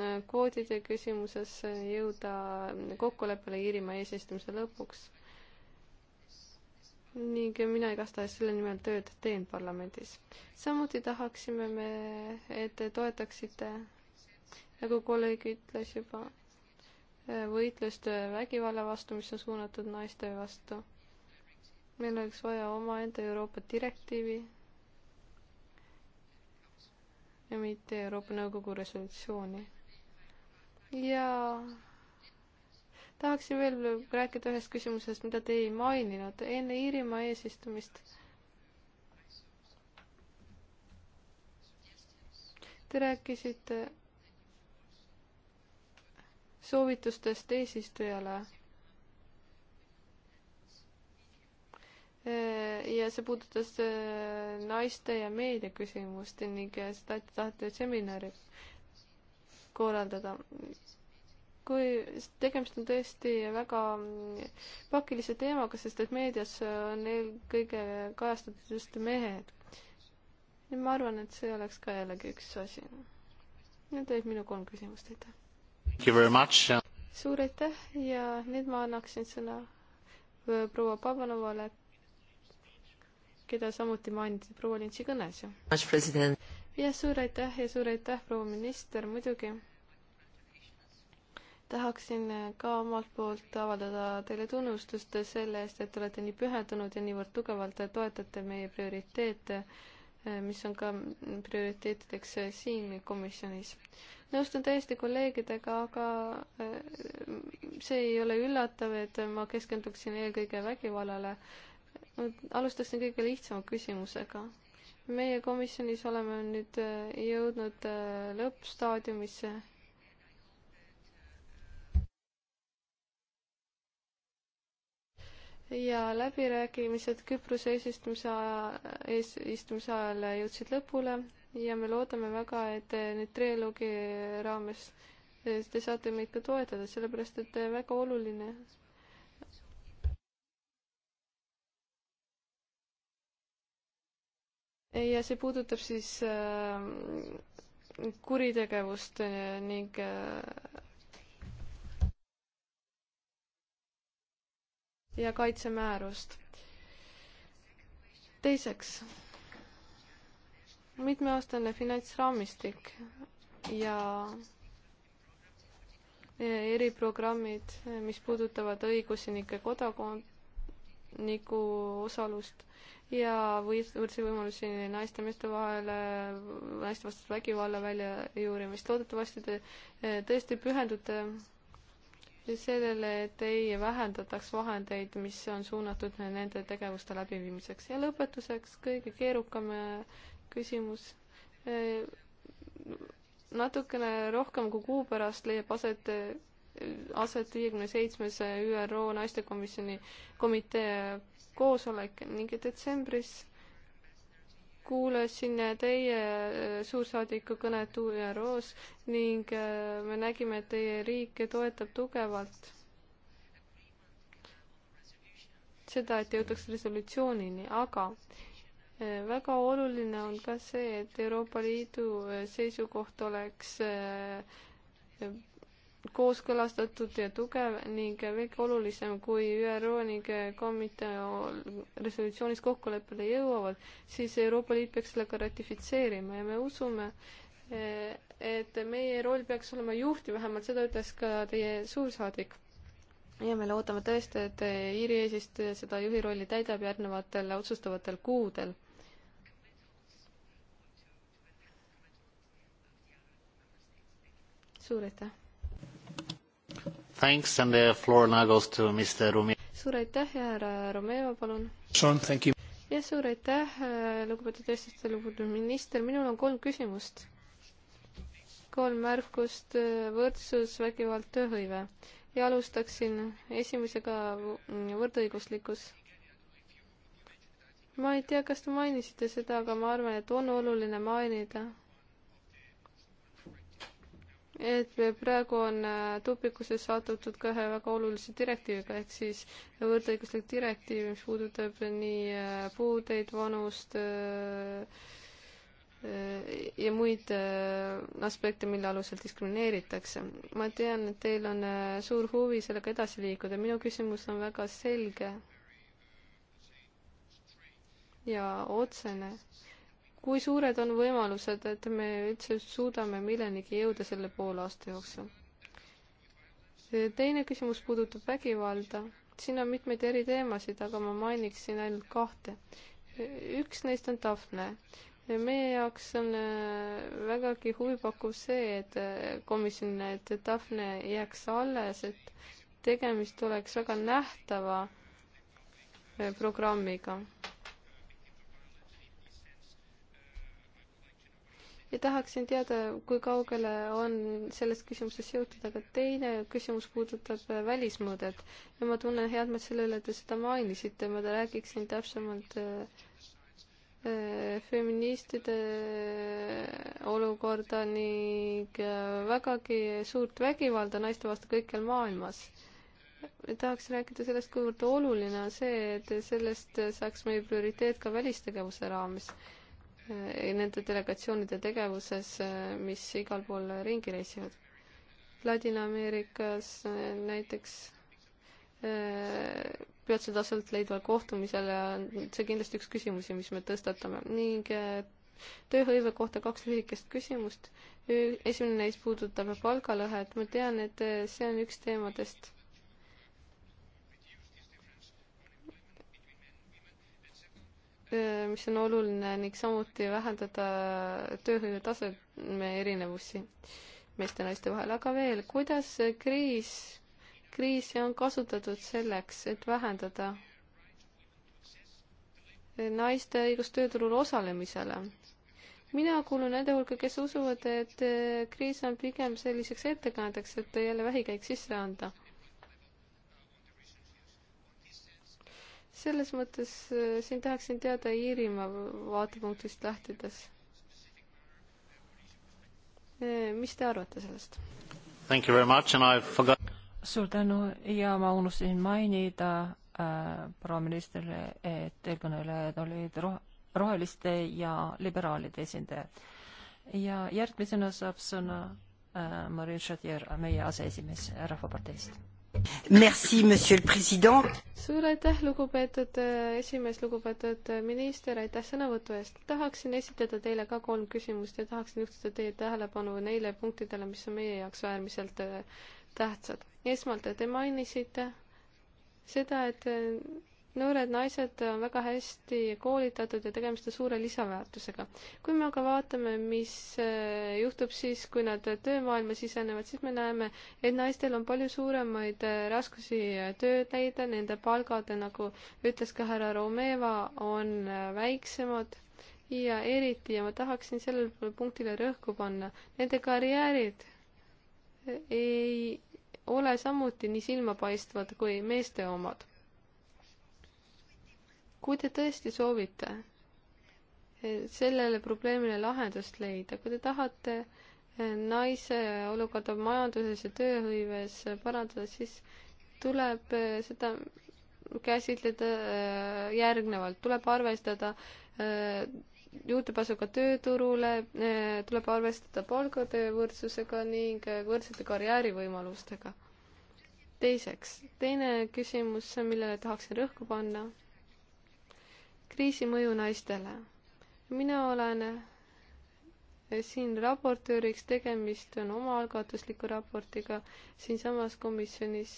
äh, kvoodide küsimuses jõuda kokkuleppele Iirimaa eesistumise lõpuks. ning mina igastahes selle nimel tööd teen parlamendis. samuti tahaksime me, et te toetaksite, nagu kolleeg ütles juba, äh, võitlust vägivalla vastu, mis on suunatud naiste vastu. meil oleks vaja omaenda Euroopa direktiivi ja mitte Euroopa Nõukogu resolutsiooni. ja tahaksin veel rääkida ühest küsimusest, mida te ei maininud enne Iirimaa eesistumist. Te rääkisite soovitustest eesistujale Äh, ja see puudutas äh, naiste ja meedia küsimust ning äh, seda taheti seminari korraldada. kui tegemist on tõesti väga mm, pakilise teemaga, sest et meedias on eelkõige kajastatud just mehed. ja ma arvan, et see oleks ka jällegi üks asi. Need olid minu kolm küsimust, aitäh. suur aitäh ja nüüd ma annaksin sõna proua Pavanovale keda samuti mainiti proua Lintsi kõnes ju. ja suur aitäh ja suur aitäh, proua minister, muidugi. tahaksin ka omalt poolt avaldada teile tunnustust selle eest, et olete nii pühendunud ja niivõrd tugevalt toetate meie prioriteete, mis on ka prioriteetideks siin komisjonis. nõustun täiesti kolleegidega, aga äh, see ei ole üllatav, et ma keskenduksin eelkõige vägivallale alustaksin kõige lihtsama küsimusega. meie komisjonis oleme nüüd äh, jõudnud äh, lõppstaadiumisse. ja läbirääkimised Küprose eesistumise aja, eesistumise ajal jõudsid lõpule ja me loodame väga, et äh, nüüd trialoogi raames te saate meid ka toetada, sellepärast et väga oluline ja see puudutab siis äh, kuritegevust äh, ning äh, ja kaitsemäärust. teiseks, mitmeaastane finantsraamistik ja eriprogrammid, mis puudutavad õigusinike kodakonniku osalust ja võis, võrdse võimalusi naiste ja meeste vahel, naiste vastast vägivalla väljajuurimist. loodetavasti te eh, tõesti pühendute sellele, et ei vähendataks vahendeid, mis on suunatud nende tegevuste läbiviimiseks. ja lõpetuseks kõige keerukam eh, küsimus. Eh, natukene rohkem kui kuu pärast leiab aset aset viiekümne seitsmes ÜRO naistekomisjoni komitee koosolek ning detsembris kuulasin teie äh, suursaadiku kõnet ÜRO-s ning äh, me nägime, et teie riik toetab tugevalt seda, et jõutakse resolutsioonini, aga äh, väga oluline on ka see, et Euroopa Liidu seisukoht oleks kooskõlastatud ja tugev ning veelgi olulisem, kui ÜRO ning komitee resolutsioonis kokkuleppele jõuavad, siis Euroopa Liit peaks selle ka ratifitseerima ja me usume, et meie roll peaks olema juhtiv, vähemalt seda ütles ka teie suursaadik. ja me loodame tõesti, et Iiri eesistuja seda juhi rolli täidab järgnevatel otsustavatel kuudel. suur aitäh! Thanks and the floor now goes to Mr Rumi. suur aitäh ja härra Romeo, palun. Sean, thank you. jah, suur aitäh, lugupeetud eestlaste, lugupeetud minister, minul on kolm küsimust. kolm märkust, võrdsus, vägivald, tööhõive. ja alustaksin esimesega, võrdõiguslikkus ma ei tea, kas te mainisite seda, aga ma arvan, et on oluline mainida, et praegu on äh, tupikusse satutud ka ühe väga olulise direktiiviga, ehk siis võrdõiguslik direktiiv, mis puudutab nii äh, puudeid, vanust äh, ja muid aspekte, mille alusel diskrimineeritakse. ma tean, et teil on suur huvi sellega edasi liikuda, minu küsimus on väga selge ja otsene kui suured on võimalused, et me üldse suudame millenigi jõuda selle poole aasta jooksul? teine küsimus puudutab vägivalda. siin on mitmeid eri teemasid, aga ma mainiksin ainult kahte. üks neist on Tafne. meie jaoks on äh, vägagi huvipakkuv see, et äh, komisjon, et Tafne jääks alles, et tegemist oleks väga nähtava äh, programmiga ja tahaksin teada, kui kaugele on selles küsimuses jõutud, aga teine küsimus puudutab välismõõdet ja ma tunnen head meelt selle üle, et te seda mainisite, ma räägiksin täpsemalt äh, äh, feministide äh, olukorda ning vägagi suurt vägivalda naiste vastu kõikjal maailmas. tahaks rääkida sellest, kuivõrd oluline on see, et sellest saaks meie prioriteet ka välistegevuse raames Eh, nende delegatsioonide tegevuses, eh, mis igal pool ringi reisivad. Ladina-Ameerikas eh, näiteks peatselt aset leidval kohtumisel ja see kindlasti üks küsimusi, mis me tõstatame ning tööhõive kohta kaks lühikest küsimust. esimene neist puudutab palgalõhet, ma tean, et see on üks teemadest mis on oluline ning samuti vähendada tööhõive taseme erinevusi meeste ja naiste vahel, aga veel, kuidas kriis, kriisi on kasutatud selleks, et vähendada naiste õigust tööturul osalemisele. mina kuulun nende hulka, kes usuvad, et kriis on pigem selliseks ettekäändeks, et jälle vähikäik sisse anda selles mõttes äh, siin tahaksin teada Iirimaa vaatepunktist lähtudes. Äh, mis te arvate sellest? suur tänu ja ma unustasin mainida äh, proua ministrile, et eelkõnelejad olid roh-, roheliste ja liberaalide esindajad. ja järgmisena saab sõna äh, Marin Šatjer, meie aseesimees Rahvaparteist Merci, monsieur president. suur aitäh, lugupeetud äh, esimees, lugupeetud äh, minister, aitäh sõnavõtu eest. tahaksin esitada teile ka kolm küsimust ja tahaksin juhtida teie tähelepanu neile punktidele, mis on meie jaoks äärmiselt äh, tähtsad. esmalt, te mainisite seda, et noored naised on väga hästi koolitatud ja tegemist on suure lisaväärtusega. kui me aga vaatame, mis äh, juhtub siis, kui nad töömaailma sisenevad, siis me näeme, et naistel on palju suuremaid äh, raskusi äh, tööd leida, nende palgad, nagu ütles ka härra Romeva, on väiksemad ja eriti ja ma tahaksin sellele punktile rõhku panna, nende karjäärid ei ole samuti nii silmapaistvad kui meeste omad kui te tõesti soovite eh, sellele probleemile lahendust leida, kui te tahate eh, naise olukorda majanduses ja tööhõives parandada, siis tuleb eh, seda käsitleda järgnevalt, tuleb arvestada juurdepääsuga tööturule, tuleb arvestada palgade võrdsusega ning võrdsete karjäärivõimalustega. teiseks, teine küsimus, millele tahaksin rõhku panna kriisi mõju naistele. mina olen eh, siin raportööriks, tegemist on omaalgatusliku raportiga siinsamas komisjonis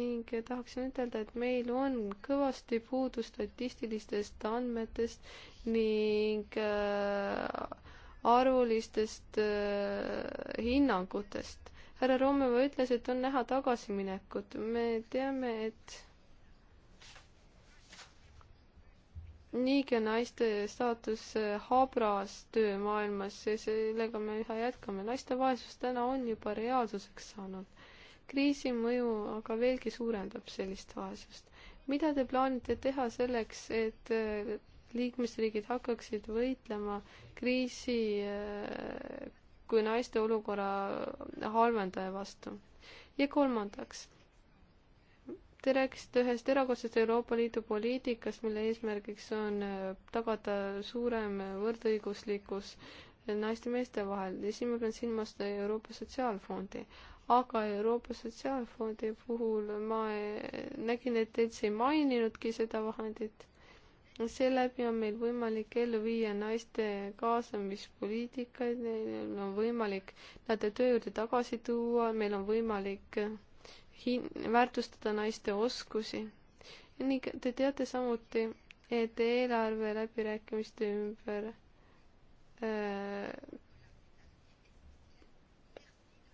ning tahaksin ütelda, et meil on kõvasti puudu statistilistest andmetest ning eh, arvulistest eh, hinnangutest. härra Roomeva ütles, et on näha tagasiminekut, me teame, et niigi on naiste staatus eh, habras töömaailmas ja sellega me üha jätkame. naiste vaesus täna on juba reaalsuseks saanud. kriisi mõju aga veelgi suurendab sellist vaesust. mida te plaanite teha selleks, et eh, liikmesriigid hakkaksid võitlema kriisi eh, kui naiste olukorra halvendaja vastu? ja kolmandaks Te rääkisite ühest erakordsest Euroopa Liidu poliitikast, mille eesmärgiks on äh, tagada suurem võrdõiguslikkus naiste ja meeste vahel ja siin ma pean silmas Euroopa Sotsiaalfondi. aga Euroopa Sotsiaalfondi puhul ma äh, nägin, et te üldse ei maininudki seda vahendit. seeläbi on meil võimalik ellu viia naiste kaasamispoliitikaid, neil on võimalik nad töö juurde tagasi tuua, meil on võimalik äh, hin-, väärtustada naiste oskusi. ning te teate samuti, et eelarve läbirääkimiste ümber äh,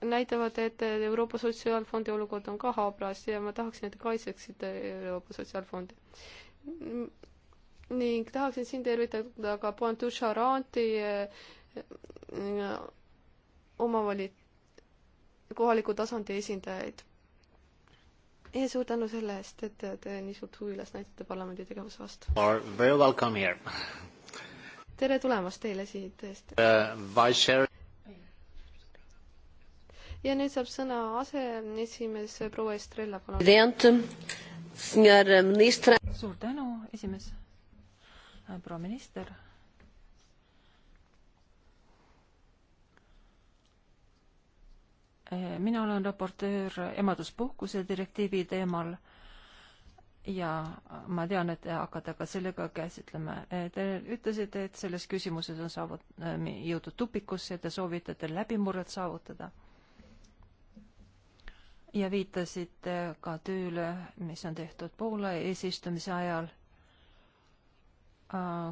näitavad, et Euroopa Sotsiaalfondi olukord on ka habras ja ma tahaksin, et te kaitseksite Euroopa Sotsiaalfondi. ning tahaksin siin tervitada ka Pointuša Ranti äh, äh, omavali-, kohaliku tasandi esindajaid ja suur tänu selle eest, et te nii suurt huvi üles näitate parlamendi tegevuse vastu. Very welcome here. tere tulemast teile siia tõesti uh,. Vice-chair. ja nüüd saab sõna aseesimees proua Estrella, palun. suur tänu, esimees, proua minister mina olen raportöör emaduspuhkuse direktiivi teemal ja ma tean, et te hakkate ka sellega käsitlema. Te ütlesite, et selles küsimuses on saavut-, jõudnud tupikusse, te soovitate läbimurret saavutada. ja viitasite ka tööle, mis on tehtud Poola eesistumise ajal, äh,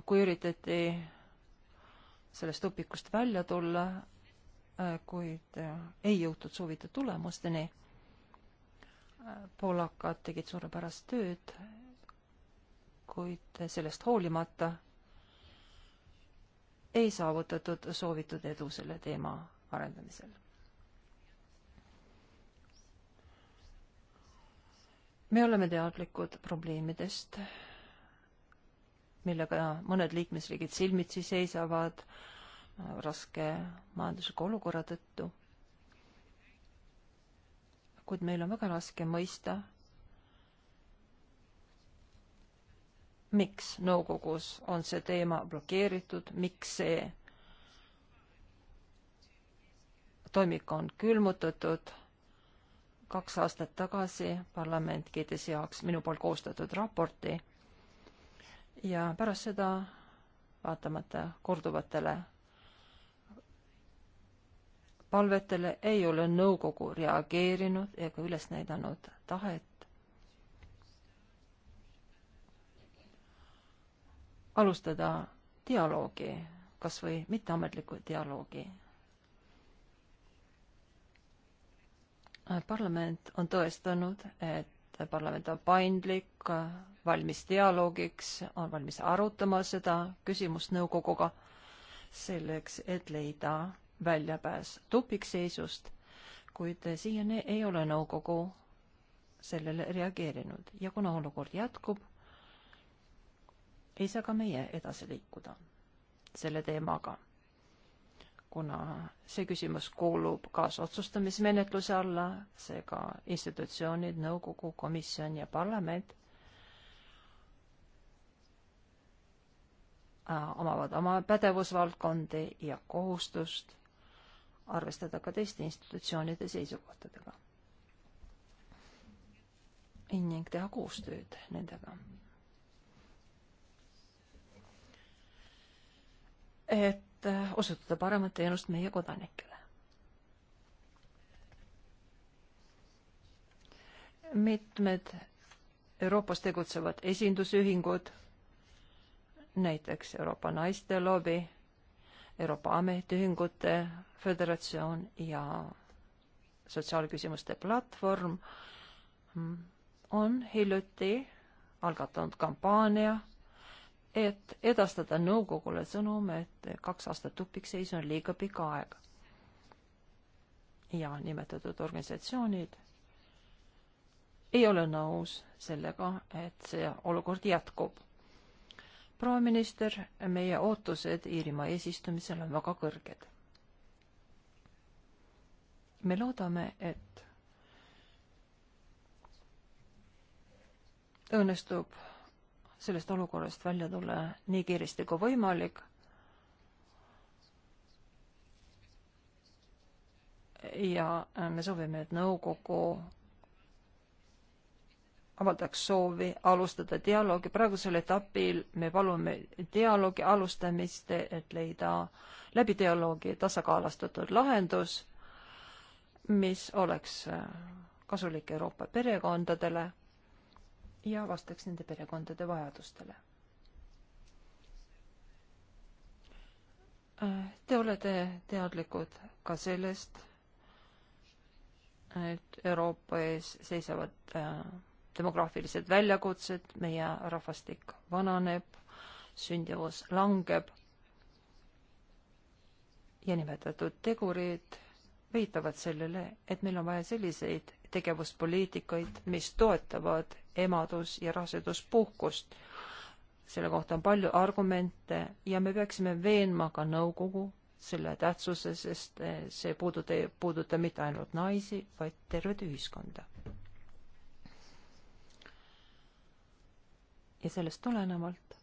kui üritati sellest tupikust välja tulla Äh, kuid äh, ei jõutud soovitud tulemusteni. Äh, poolakad tegid suurepärast tööd, kuid sellest hoolimata ei saavutatud soovitud edu selle teema arendamisel. me oleme teadlikud probleemidest, millega mõned liikmesriigid silmitsi seisavad äh, raske majandusliku olukorra tõttu. kuid meil on väga raske mõista, miks nõukogus on see teema blokeeritud, miks see toimik on külmutatud. kaks aastat tagasi parlament kiitis heaks minu poolt koostatud raporti ja pärast seda vaatamata korduvatele palvetele ei ole nõukogu reageerinud ega üles näidanud tahet alustada dialoogi, kas või mitteametlikku dialoogi. parlament on tõestanud, et parlament on paindlik, valmis dialoogiks, on valmis arutama seda küsimust nõukoguga selleks, et leida väljapääs tupikseisust, kuid siiani ei ole nõukogu sellele reageerinud ja kuna olukord jätkub, ei saa ka meie edasi liikuda selle teemaga, kuna see küsimus kuulub kaasotsustamismenetluse alla, seega institutsioonid, nõukogu, komisjon ja parlament äh, omavad oma pädevusvaldkondi ja kohustust arvestada ka teiste institutsioonide seisukohtadega ning teha koostööd nendega. et osutada paremat teenust meie kodanikele. mitmed Euroopas tegutsevad esindusühingud, näiteks Euroopa Naiste Lobi Euroopa Ametiühingute Föderatsioon ja sotsiaalküsimuste platvorm mm, on hiljuti algatanud kampaania, et edastada nõukogule sõnum, et kaks aastat tupikseis on liiga pikk aeg. ja nimetatud organisatsioonid ei ole nõus sellega, et see olukord jätkub proua minister, meie ootused Iirimaa eesistumisel on väga kõrged. me loodame, et õnnestub sellest olukorrast välja tulla nii kiiresti kui võimalik. ja me soovime, et nõukogu avaldaks soovi alustada dialoogi. praegusel etapil me palume dialoogi alustamist, et leida läbi dialoogi tasakaalustatud lahendus, mis oleks äh, kasulik Euroopa perekondadele ja vastaks nende perekondade vajadustele. Äh, te olete teadlikud ka sellest, et Euroopa ees seisavad äh, demograafilised väljakutsed, meie rahvastik vananeb, sündivus langeb ja nimetatud tegurid viitavad sellele, et meil on vaja selliseid tegevuspoliitikaid, mis toetavad emadus- ja raseduspuhkust. selle kohta on palju argumente ja me peaksime veenma ka nõukogu selle tähtsuse, sest see puuduta, puuduta mitte ainult naisi, vaid tervet ühiskonda ja sellest tulenevalt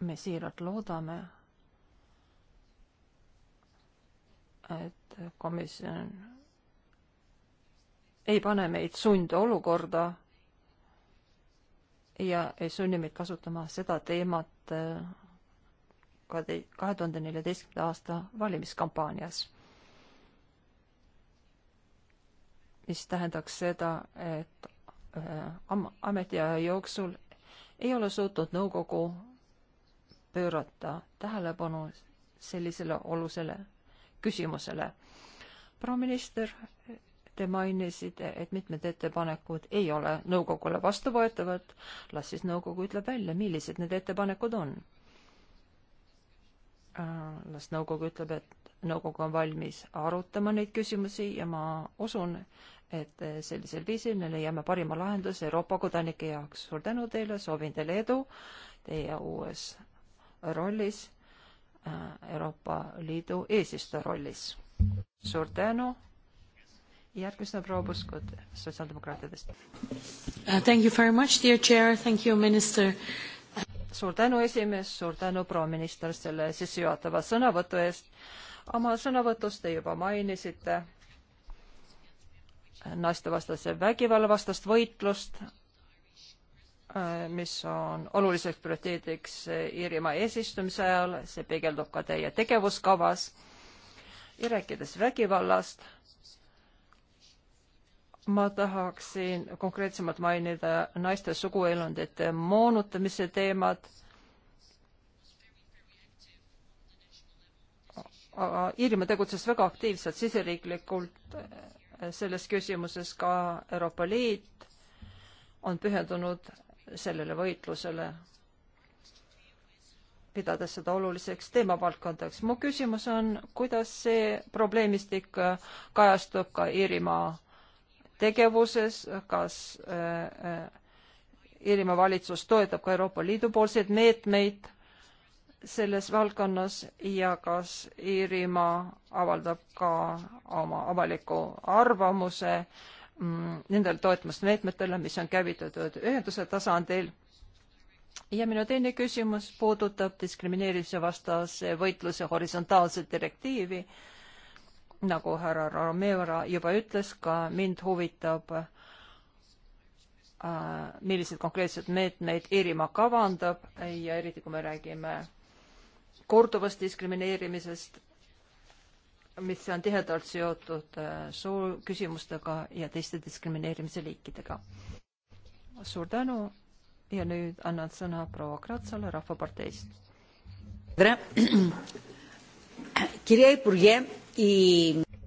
me siiralt loodame, et komisjon ei pane meid sundolukorda ja ei sunni meid kasutama seda teemat äh, kahe tuhande neljateistkümnenda aasta valimiskampaanias. mis tähendaks seda, et Äh, am-, ametiaja jooksul ei ole suutnud nõukogu pöörata tähelepanu sellisele olusele küsimusele. proua minister, te mainisite, et mitmed ettepanekud ei ole nõukogule vastuvõetavad. las siis nõukogu ütleb välja, millised need ettepanekud on. Äh, las nõukogu ütleb, et nõukogu on valmis arutama neid küsimusi ja ma usun, et sellisel viisil me leiame parima lahenduse Euroopa kodanike jaoks. suur tänu teile, soovin teile edu teie uues rollis, äh, Euroopa Liidu eesistuja rollis. suur tänu, järgmisena proua Puskut sotsiaaldemokraatidest. Uh, thank you very much, dear chair, thank you, minister. suur tänu, esimees, suur tänu, proua minister, selle sissejuhatava sõnavõtu eest oma sõnavõtus te juba mainisite naistevastase vägivalla vastast võitlust, äh, mis on oluliseks prioriteediks Iirimaa eesistumise ajal, see peegeldub ka teie tegevuskavas. ja rääkides vägivallast, ma tahaksin konkreetsemalt mainida naiste suguelundite moonutamise teemat aga Iirimaa tegutses väga aktiivselt siseriiklikult eh, selles küsimuses, ka Euroopa Liit on pühendunud sellele võitlusele, pidades seda oluliseks teemavaldkondadeks. mu küsimus on, kuidas see probleemistik eh, kajastub ka Iirimaa tegevuses, kas eh, Iirimaa valitsus toetab ka Euroopa Liidu poolseid meetmeid selles valdkonnas ja kas Iirimaa avaldab ka oma avaliku arvamuse mm, nendele toetusmeetmetele, mis on käivitatud ühenduse tasandil. ja minu teine küsimus puudutab diskrimineerimise vastase võitluse horisontaalset direktiivi. nagu härra Romeva juba ütles, ka mind huvitab äh, millised konkreetsed meetmeid Iirimaa kavandab ja eriti, kui me räägime korduvast diskrimineerimisest, mis on tihedalt seotud äh, soo küsimustega ja teiste diskrimineerimise liikidega. suur tänu ja nüüd annan sõna proua Kratsale Rahvaparteist. tere! kirja ei purje.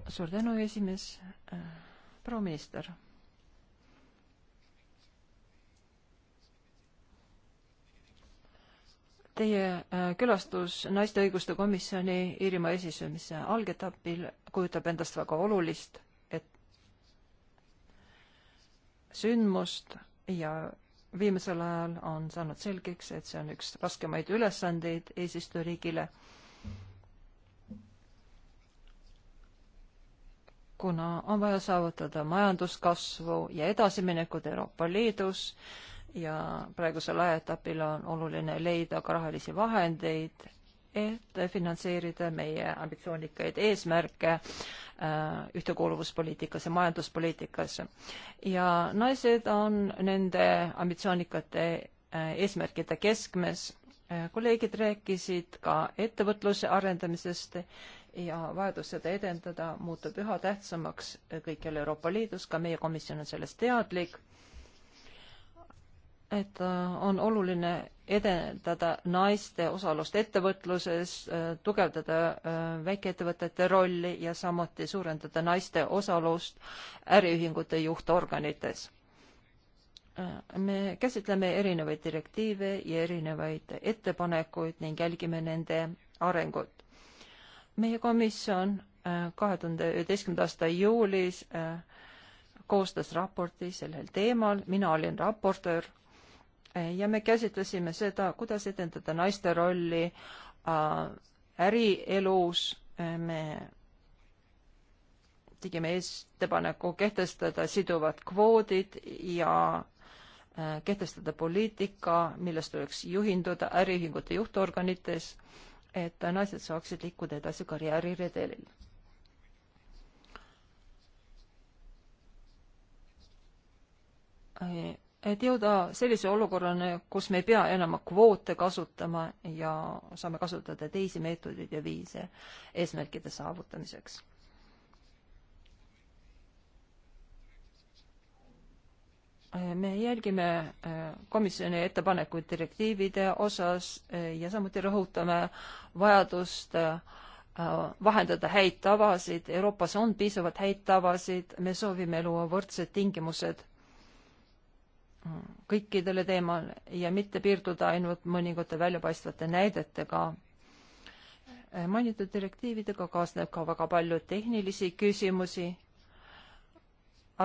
suur tänu, esimees. Äh, proua minister Teie äh, külastus Naiste Õiguste Komisjoni Iirimaa esisemise algetapil kujutab endast väga olulist et sündmust ja viimasel ajal on saanud selgeks, et see on üks raskemaid ülesandeid eesistujariigile, kuna on vaja saavutada majanduskasvu ja edasiminekut Euroopa Liidus ja praegusel ajaetapil on oluline leida ka rahalisi vahendeid, et finantseerida meie ambitsioonikaid eesmärke äh, ühtekuuluvuspoliitikas ja majanduspoliitikas. ja naised on nende ambitsioonikate äh, eesmärkide keskmes. Äh, kolleegid rääkisid ka ettevõtluse arendamisest ja vajadus seda edendada muutub üha tähtsamaks kõikjal Euroopa Liidus, ka meie komisjon on sellest teadlik et äh, on oluline edendada naiste osalust ettevõtluses, äh, tugevdada äh, väikeettevõtete rolli ja samuti suurendada naiste osalust äriühingute juhtorganites. me käsitleme erinevaid direktiive ja erinevaid ettepanekuid ning jälgime nende arengut. meie komisjon kahe tuhande üheteistkümnenda aasta juulis koostas raporti sellel teemal, mina olin raportöör ja me käsitlesime seda, kuidas edendada naiste rolli äh, ärielus, me tegime ettepaneku kehtestada siduvad kvoodid ja äh, kehtestada poliitika, millest tuleks juhinduda äriühingute juhtorganites, et naised saaksid liikuda edasi karjääriredelil. Äh, et jõuda sellise olukorrani, kus me ei pea enam kvoote kasutama ja saame kasutada teisi meetodeid ja viise eesmärkide saavutamiseks. me jälgime eh, komisjoni ettepanekuid direktiivide osas eh, ja samuti rõhutame vajadust eh, vahendada häid tavasid, Euroopas on piisavalt häid tavasid, me soovime luua võrdsed tingimused kõikidele teemal ja mitte piirduda ainult mõningate väljapaistvate näidetega. mainitud direktiividega kaasneb ka väga palju tehnilisi küsimusi,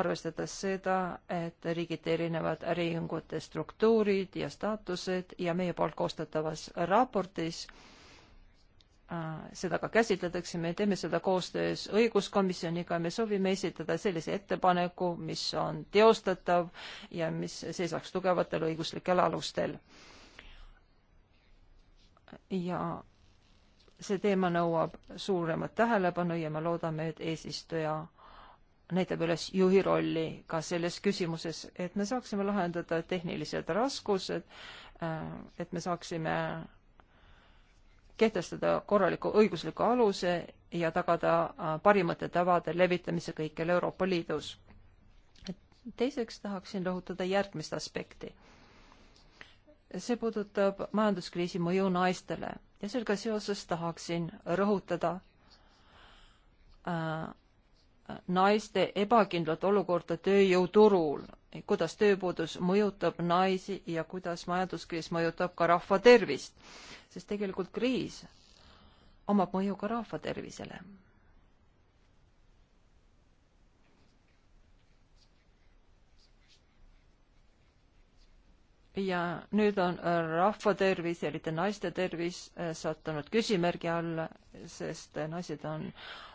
arvestades seda, et riigiti erinevad äriühingute struktuurid ja staatused ja meie poolt koostatavas raportis äh, Äh, seda ka käsitletakse, me teeme seda koostöös õiguskomisjoniga, me soovime esitada sellise ettepaneku, mis on teostatav ja mis seisaks tugevatel õiguslikel alustel. ja see teema nõuab suuremat tähelepanu ja me loodame, et eesistuja näitab üles juhi rolli ka selles küsimuses, et me saaksime lahendada tehnilised raskused, äh, et me saaksime kehtestada korraliku õigusliku aluse ja tagada äh, parimate tavade levitamise kõikjal Euroopa Liidus. teiseks tahaksin rõhutada järgmist aspekti. see puudutab majanduskriisi mõju naistele ja sellega seoses tahaksin rõhutada äh, naiste ebakindlat olukorda tööjõuturul, kuidas tööpuudus mõjutab naisi ja kuidas majanduskriis mõjutab ka rahva tervist, sest tegelikult kriis omab mõju ka rahva tervisele. ja nüüd on rahva tervis, eriti naiste tervis sattunud küsimärgi alla, sest naised on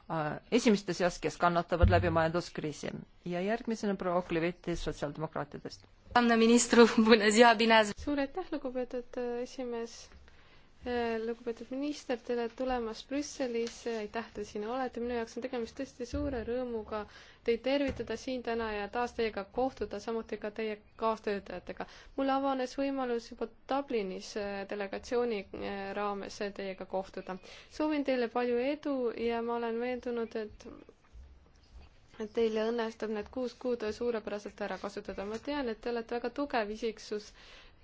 Äh, esimeste seas, kes kannatavad läbi majanduskriisi. ja järgmisena proua Kliveti sotsiaaldemokraatidest. suur aitäh, lugupeetud äh, esimees Äh, lugupeetud minister, tere tulemast Brüsselisse, aitäh, te siin olete, minu jaoks on tegemist tõesti suure rõõmuga teid tervitada siin täna ja taas teiega kohtuda, samuti ka teie kaastöötajatega. mul avanes võimalus juba Dublinis äh, delegatsiooni äh, raames teiega kohtuda. soovin teile palju edu ja ma olen veendunud, et et teile õnnestub need kuus kuud suurepäraselt ära kasutada. ma tean, et te olete väga tugev isiksus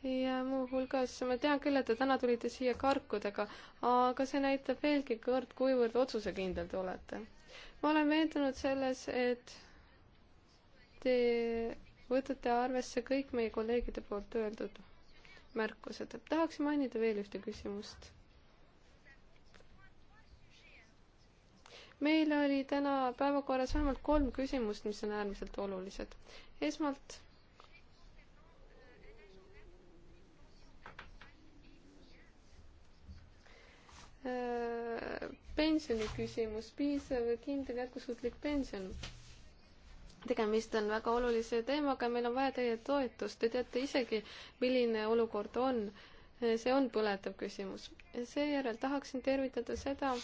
ja muuhulgas ma tean küll, et te täna tulite siia karkudega, aga see näitab veelgi kord, kuivõrd otsusekindel te olete. ma olen veendunud selles, et te võtate arvesse kõik meie kolleegide poolt öeldud märkused. tahaks mainida veel ühte küsimust. meil oli täna päevakorras vähemalt kolm küsimust, mis on äärmiselt olulised. esmalt Äh, pensioni küsimus, piisav ja kindel jätkusuutlik pension. tegemist on väga olulise teemaga, meil on vaja teie toetust, te teate isegi, milline olukord on. see on põletav küsimus. seejärel tahaksin tervitada seda,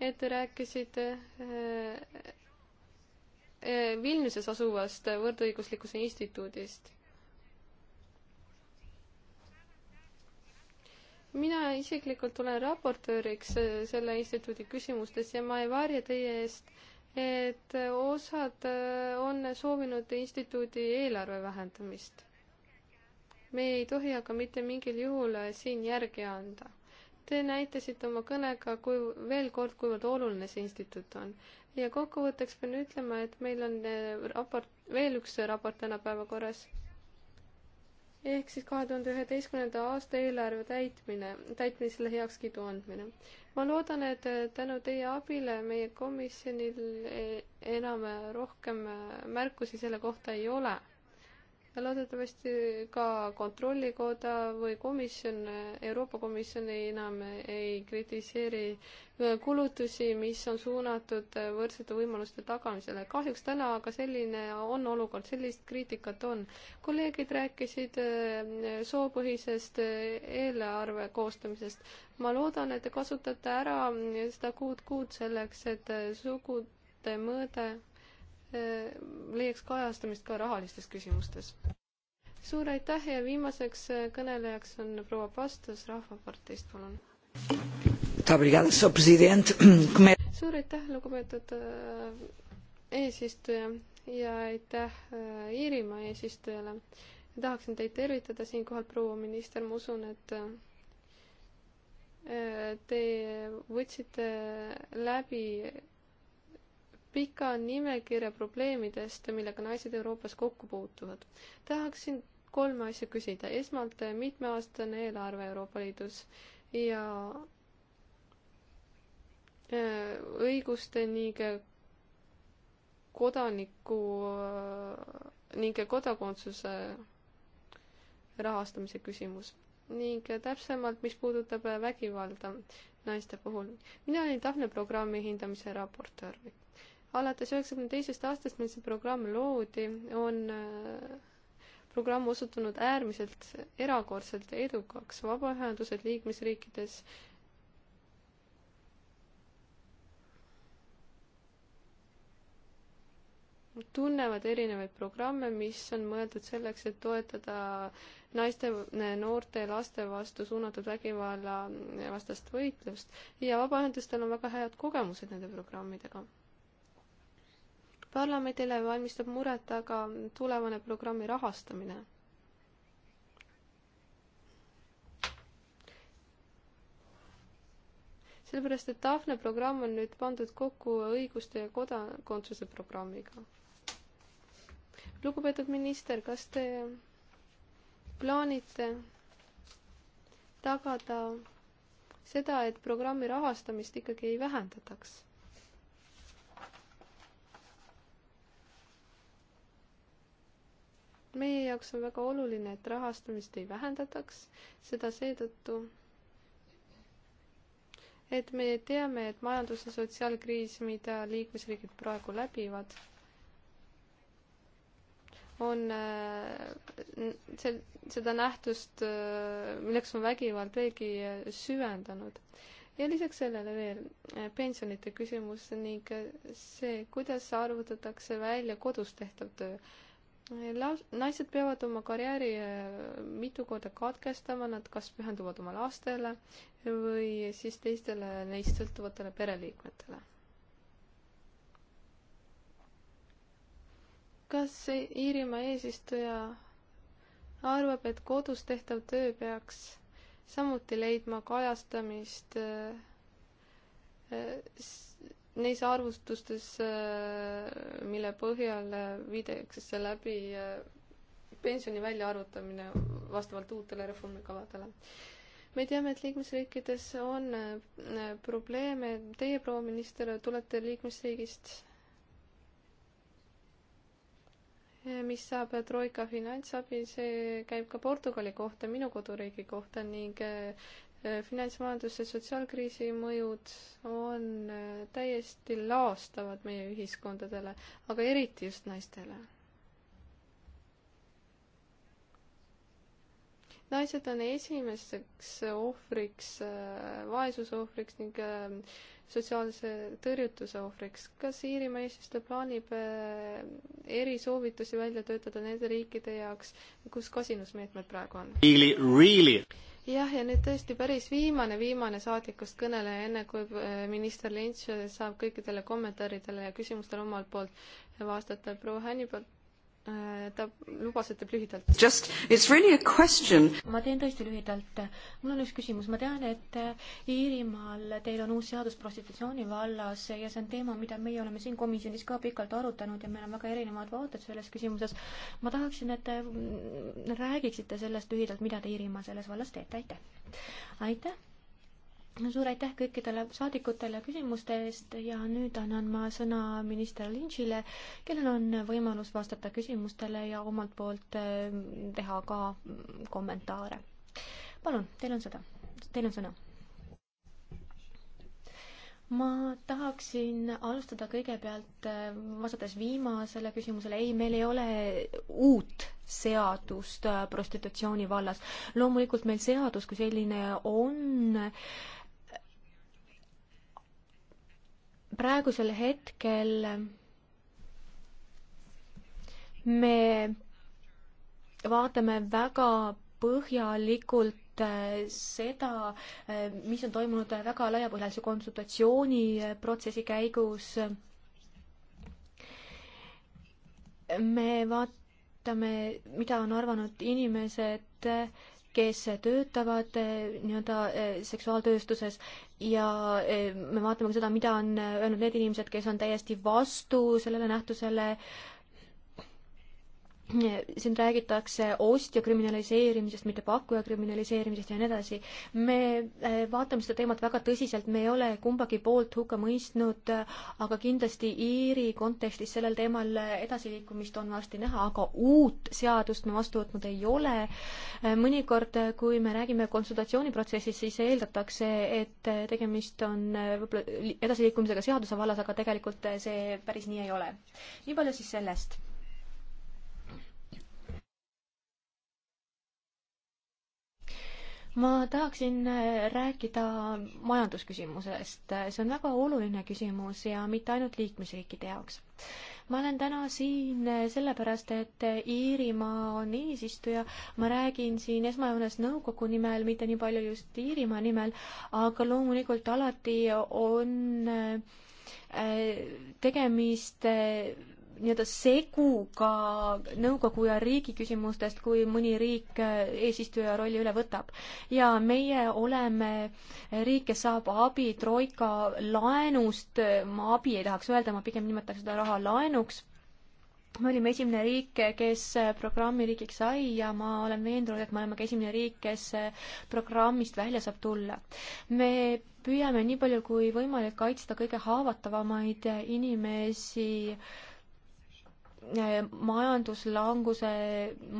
et te rääkisite äh, äh, Vilniuses asuvast võrdõiguslikkuse instituudist mina isiklikult olen raportööriks äh, selle instituudi küsimustes ja ma ei varja teie eest, et osad äh, on soovinud instituudi eelarve vähendamist. me ei tohi aga mitte mingil juhul äh, siin järgi anda. Te näitasite oma kõnega, kui veel kord, kuivõrd oluline see instituut on ja kokkuvõtteks pean ütlema, et meil on raport, veel üks raport täna päevakorras ehk siis kahe tuhande üheteistkümnenda aasta eelarve täitmine, täitmisele heakskiidu andmine. ma loodan, et tänu teie abile meie komisjonil e-, enam rohkem märkusi selle kohta ei ole loodetavasti ka Kontrollikoda või komisjon, Euroopa Komisjon enam ei kritiseeri äh, kulutusi, mis on suunatud äh, võrdsete võimaluste tagamisele. kahjuks täna aga selline on olukord, sellist kriitikat on. kolleegid rääkisid äh, soopõhisest eelarve koostamisest. ma loodan, et te kasutate ära seda kuud-kuud selleks, et sugude mõõde Äh, leiaks kajastamist ka rahalistes küsimustes. suur aitäh ja viimaseks äh, kõnelejaks on proua Pastus Rahvaparteist, palun. suur aitäh, lugupeetud äh, eesistuja ja aitäh Iirimaa eesistujale. tahaksin teid tervitada siinkohal, proua minister, ma usun, et Te võtsite läbi pika nimekirja probleemidest, millega naised Euroopas kokku puutuvad. tahaksin kolme asja küsida. esmalt mitmeaastane eelarve Euroopa Liidus ja äh, õiguste ning kodaniku äh, ning kodakondsuse rahastamise küsimus ning täpsemalt, mis puudutab vägivalda naiste puhul. mina olin Tahne programmi hindamise raportöör alates üheksakümne teisest aastast, mil see programm loodi, on äh, programm osutunud äärmiselt erakordselt edukaks, vabaühendused liikmesriikides tunnevad erinevaid programme, mis on mõeldud selleks, et toetada naiste, noorte, laste vastu suunatud vägivalla vastast võitlust ja vabaühendustel on väga head kogemused nende programmidega parlamendile valmistab muret aga tulevane programmi rahastamine. sellepärast, et Daphne programm on nüüd pandud kokku õiguste ja kodakondsuse programmiga. lugupeetud minister, kas te plaanite tagada seda, et programmi rahastamist ikkagi ei vähendataks? meie jaoks on väga oluline, et rahastamist ei vähendataks, seda seetõttu, et me teame, et majandus- ja sotsiaalkriis, mida liikmesriigid praegu läbivad, on äh, sel-, seda nähtust, äh, milleks on vägivald, veelgi äh, süvendanud. ja lisaks sellele veel pensionite küsimus ning see, kuidas arvutatakse välja kodus tehtav töö naised peavad oma karjääri äh, mitu korda katkestama, nad kas pühenduvad oma lastele või siis teistele neist sõltuvatele pereliikmetele. kas Iirimaa eesistuja arvab, et kodus tehtav töö peaks samuti leidma kajastamist äh, äh, neis arvustustes, äh, mille põhjal äh, viidakse läbi äh, pensioni väljaarvutamine vastavalt uutele reformikavadele. me teame, et liikmesriikides on probleeme, teie, proua minister, tulete liikmesriigist, mis saab Troika finantsabi, see käib ka Portugali kohta, minu koduriigi kohta ning Äh, finantsmajanduse sotsiaalkriisi mõjud on äh, täiesti laastavad meie ühiskondadele, aga eriti just naistele. naised on esimeseks ohvriks, äh, vaesuse ohvriks ning sotsiaalse tõrjutuse ohvriks. kas Iirimaa eesistuja plaanib äh, erisoovitusi välja töötada nende riikide jaoks, kus kasinusmeetmed praegu on really,? Really? jah, ja nüüd tõesti päris viimane, viimane saadikust kõneleja, enne kui äh, minister Lynch saab kõikidele kommentaaridele ja küsimustele omalt poolt vastata. proua Hänni poolt Äh, ta lubas, et teeb lühidalt. Just, it's really a question. ma teen tõesti lühidalt. mul on üks küsimus, ma tean, et äh, Iirimaal teil on uus seadus prostitutsiooni vallas ja see on teema, mida meie oleme siin komisjonis ka pikalt arutanud ja meil on väga erinevad vaated selles küsimuses. ma tahaksin, et te äh, räägiksite sellest lühidalt, mida te Iirimaal selles vallas teete, aitäh. aitäh suur aitäh kõikidele saadikutele küsimuste eest ja nüüd annan ma sõna minister Lynchile, kellel on võimalus vastata küsimustele ja omalt poolt eh, teha ka kommentaare. palun, teil on sõda, teil on sõna ma tahaksin alustada kõigepealt eh, vastates viimasele küsimusele, ei, meil ei ole uut seadust eh, prostitutsiooni vallas. loomulikult meil seadus kui selline on äh, praegusel hetkel me vaatame väga põhjalikult äh, seda, äh, mis on toimunud väga laiapõhjalise konsultatsiooniprotsessi äh, käigus. me vaatame, mida on arvanud inimesed äh, kes töötavad eh, nii-öelda eh, seksuaaltööstuses ja eh, me vaatame ka seda, mida on öelnud need inimesed, kes on täiesti vastu sellele nähtusele siin räägitakse ostja kriminaliseerimisest, mitte pakkuja kriminaliseerimisest ja nii edasi. me äh, vaatame seda teemat väga tõsiselt, me ei ole kumbagi poolt hukka mõistnud, aga kindlasti Iiri kontekstis sellel teemal edasiliikumist on varsti näha, aga uut seadust me vastu võtnud ei ole. Äh, mõnikord, äh, kui me räägime konsultatsiooniprotsessist, siis eeldatakse, et tegemist on võib-olla edasiliikumisega seaduse vallas, aga tegelikult see päris nii ei ole. nii palju siis sellest ma tahaksin äh, rääkida majandusküsimusest. see on väga oluline küsimus ja mitte ainult liikmesriikide jaoks. ma olen täna siin äh, sellepärast, et äh, Iirimaa on eesistuja, ma räägin siin esmajoones nõukogu nimel, mitte nii palju just Iirimaa nimel, aga loomulikult alati on tegemist nii-öelda segu ka nõukogu ja riigi küsimustest, kui mõni riik eesistuja rolli üle võtab. ja meie oleme riik, kes saab abi Troika laenust, ma abi ei tahaks öelda, ma pigem nimetaks seda raha laenuks me olime esimene riik, kes programmi riigiks sai ja ma olen veendunud, et me oleme ka esimene riik, kes programmist välja saab tulla. me püüame nii palju kui võimalik kaitsta kõige haavatavamaid inimesi äh, majanduslanguse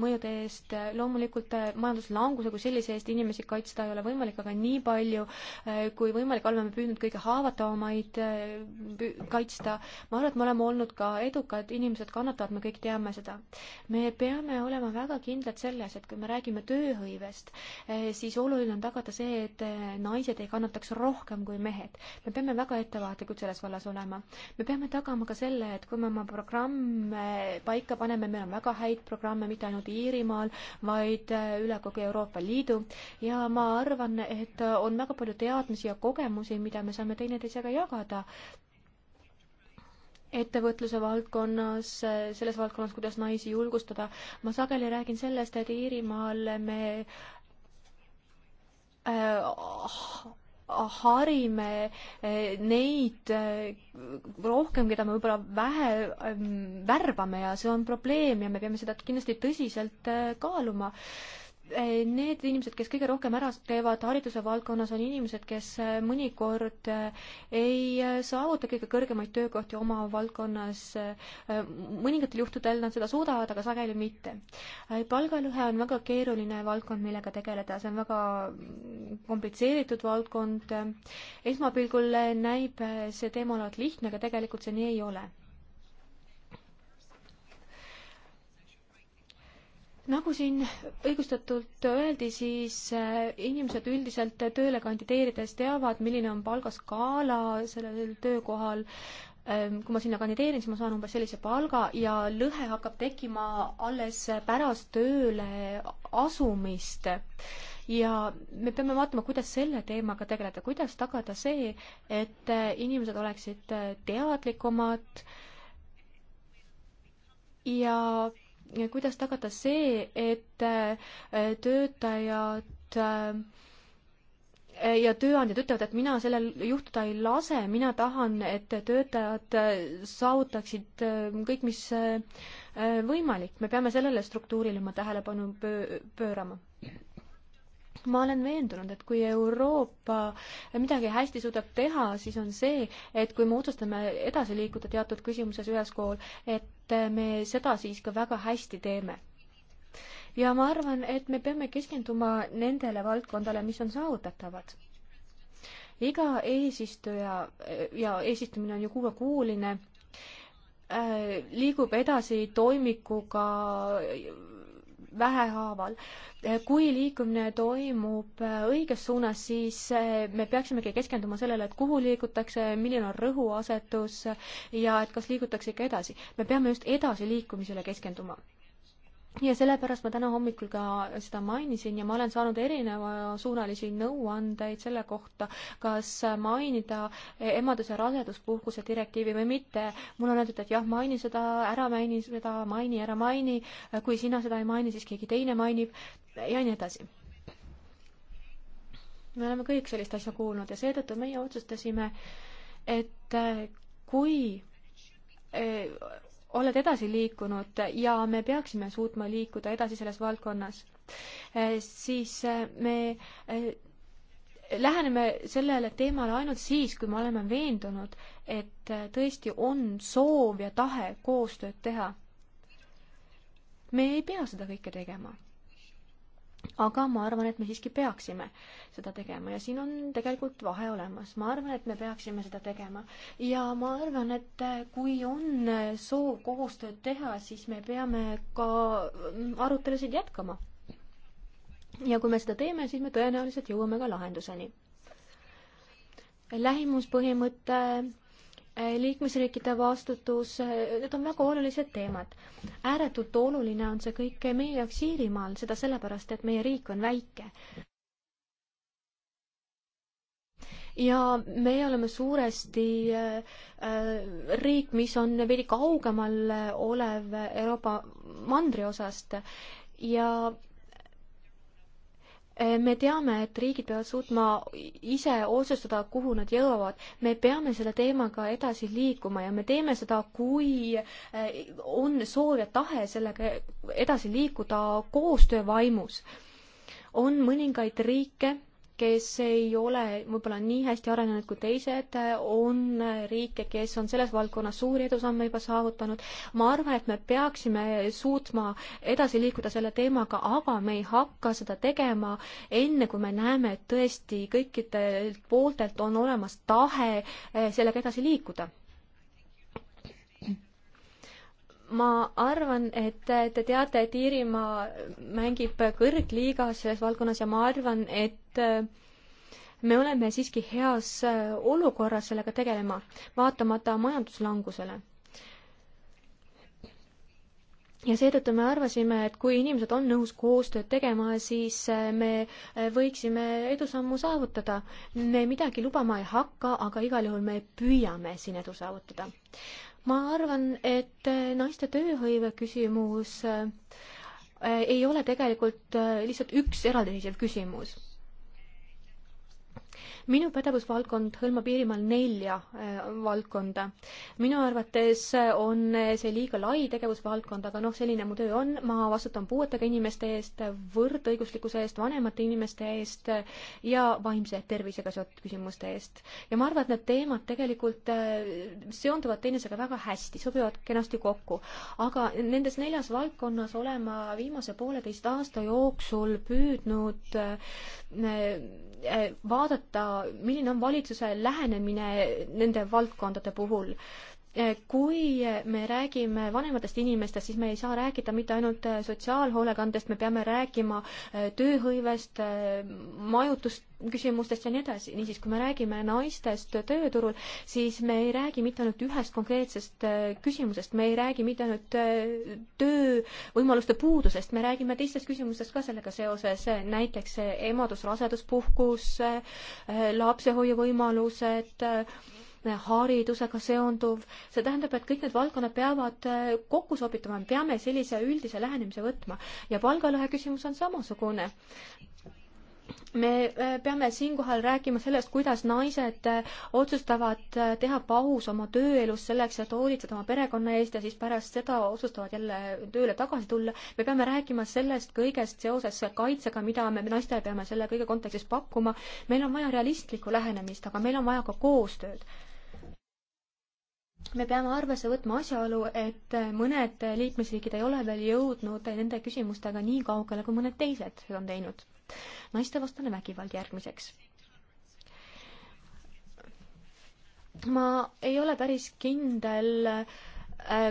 mõjude eest, loomulikult eh, majanduslanguse kui sellise eest inimesi kaitsta ei ole võimalik, aga nii palju eh, kui võimalik, oleme püüdnud kõige haavatavamaid eh, kaitsta. ma arvan, et me oleme olnud ka edukad, inimesed kannatavad, me kõik teame seda. me peame olema väga kindlad selles, et kui me räägime tööhõivest, siis oluline on tagada see, et naised ei kannataks rohkem kui mehed. me peame väga ettevaatlikud selles vallas olema. me peame tagama ka selle, et kui me oma programme me paika paneme, meil on väga häid programme mitte ainult Iirimaal, vaid äh, üle kogu Euroopa Liidu ja ma arvan, et on väga palju teadmisi ja kogemusi, mida me saame teineteisega jagada ettevõtluse valdkonnas, selles valdkonnas, kuidas naisi julgustada. ma sageli räägin sellest, et Iirimaal me äh, harime eh, neid eh, rohkem, keda me võib-olla vähe mm, värbame ja see on probleem ja me peame seda kindlasti tõsiselt eh, kaaluma Eh, need inimesed, kes kõige rohkem ära teevad hariduse valdkonnas, on inimesed, kes eh, mõnikord eh, ei saavuta kõige kõrgemaid töökohti oma valdkonnas. mõningatel juhtudel nad seda suudavad, aga sageli mitte. palgalõhe on väga keeruline valdkond, millega tegeleda, see on väga komplitseeritud valdkond. esmapilgul näib see teema olevat lihtne, aga tegelikult see nii ei ole nagu siin õigustatult öeldi, siis äh, inimesed üldiselt tööle kandideerides teavad, milline on palgaskaala sellel töökohal. Ähm, kui ma sinna kandideerin, siis ma saan umbes sellise palga ja lõhe hakkab tekkima alles pärast tööle asumist ja me peame vaatama, kuidas selle teemaga tegeleda, kuidas tagada see, et äh, inimesed oleksid äh, teadlikumad ja kuidas tagada see, et äh, töötajad äh, ja tööandjad ütlevad, et mina sellel juhtuda ei lase, mina tahan, et töötajad äh, saavutaksid kõik, mis võimalik, me peame sellele struktuurile oma tähelepanu pöö-, pöörama ma olen veendunud, et kui Euroopa midagi hästi suudab teha, siis on see, et kui me otsustame edasi liikuda teatud küsimuses üheskool, et me seda siis ka väga hästi teeme ja ma arvan, et me peame keskenduma nendele valdkondadele, mis on saavutatavad. iga eesistuja ja eesistumine on ju kuuekuuline, äh, liigub edasi toimikuga vähehaaval. kui liikumine toimub äh, õiges suunas, siis äh, me peaksimegi keskenduma sellele, et kuhu liigutakse, milline on rõhuasetus ja et kas liigutaksegi edasi. me peame just edasiliikumisele keskenduma ja sellepärast ma täna hommikul ka seda mainisin ja ma olen saanud erinevasuunalisi nõuandeid selle kohta, kas mainida emadus- ja raseduspuhkuse direktiivi või mitte. mulle on öeldud, et jah, maini seda, ära maini seda, maini, ära maini, kui sina seda ei maini, siis keegi teine mainib ja nii edasi. me oleme kõik sellist asja kuulnud ja seetõttu meie otsustasime, et kui eh, oled edasi liikunud ja me peaksime suutma liikuda edasi selles valdkonnas, eh, siis eh, me eh, läheneme sellele teemale ainult siis, kui me oleme veendunud, et tõesti on soov ja tahe koostööd teha. me ei pea seda kõike tegema aga ma arvan, et me siiski peaksime seda tegema ja siin on tegelikult vahe olemas. ma arvan, et me peaksime seda tegema ja ma arvan, et kui on soov koostööd teha, siis me peame ka arutelusid jätkama. ja kui me seda teeme, siis me tõenäoliselt jõuame ka lahenduseni. lähimuspõhimõte liikmesriikide vastutus, need on väga olulised teemad. ääretult oluline on see kõik meie jaoks Iirimaal, seda sellepärast, et meie riik on väike. ja meie oleme suuresti äh, riik, mis on veidi kaugemal olev Euroopa mandri osast ja Äh, me teame, et riigid peavad suutma ise otsustada, kuhu nad jõuavad. me peame selle teemaga edasi liikuma ja me teeme seda, kui äh, on soov ja tahe sellega edasi liikuda koostöö vaimus. on mõningaid riike, kes ei ole võib-olla nii hästi arenenud kui teised, on riike, kes on selles valdkonnas suuri edusamme juba saavutanud. ma arvan, et me peaksime suutma edasi liikuda selle teemaga, aga me ei hakka seda tegema enne, kui me näeme, et tõesti kõikidelt pooltelt on olemas tahe eh, sellega edasi liikuda ma arvan, et te teate, et Iirimaa mängib kõrgliigas selles valdkonnas ja ma arvan, et äh, me oleme siiski heas äh, olukorras sellega tegelema, vaatamata majanduslangusele. ja seetõttu me arvasime, et kui inimesed on nõus koostööd tegema, siis äh, me võiksime edusammu saavutada. me midagi lubama ei hakka, aga igal juhul me püüame siin edu saavutada ma arvan, et äh, naiste tööhõive küsimus äh, äh, ei ole tegelikult lihtsalt üks eraldiseisev küsimus minu pädevusvaldkond hõlmab Iirimaal nelja äh, valdkonda. minu arvates äh, on äh, see liiga lai tegevusvaldkond, aga noh, selline mu töö on, ma vastutan puuetega inimeste eest, võrdõiguslikkuse eest, vanemate inimeste eest ja vaimse tervisega seotud küsimuste eest. ja ma arvan, et need teemad tegelikult seonduvad teineteisega väga hästi, sobivad kenasti kokku. aga nendes neljas valdkonnas olen ma viimase pooleteist aasta jooksul püüdnud Äh, vaadata, milline on valitsuse lähenemine nende valdkondade puhul kui me räägime vanematest inimestest, siis me ei saa rääkida mitte ainult äh, sotsiaalhoolekandest, me peame rääkima äh, tööhõivest, äh, majutusküsimustest ja nii edasi. niisiis, kui me räägime naistest tööturul, siis me ei räägi mitte ainult ühest konkreetsest küsimusest, me ei räägi mitte ainult töövõimaluste puudusest, me räägime teistest küsimustest ka sellega seoses, näiteks emadus-raseduspuhkus, lapsehoiuvõimalused, haridusega seonduv, see tähendab, et kõik need valdkonnad peavad äh, kokku sobituma, me peame sellise üldise lähenemise võtma ja palgalõhe küsimus on samasugune me äh, peame siinkohal rääkima sellest, kuidas naised äh, otsustavad teha paus oma tööelus selleks, et hoolitseda oma perekonna eest ja siis pärast seda otsustavad jälle tööle tagasi tulla. me peame rääkima sellest kõigest seoses kaitsega, mida me naistele peame selle kõige kontekstis pakkuma. meil on vaja realistlikku lähenemist, aga meil on vaja ka koostööd me peame arvesse võtma asjaolu, et mõned liikmesriigid ei ole veel jõudnud nende küsimustega nii kaugele, kui mõned teised on teinud. naistevastane vägivald järgmiseks. ma ei ole päris kindel, äh,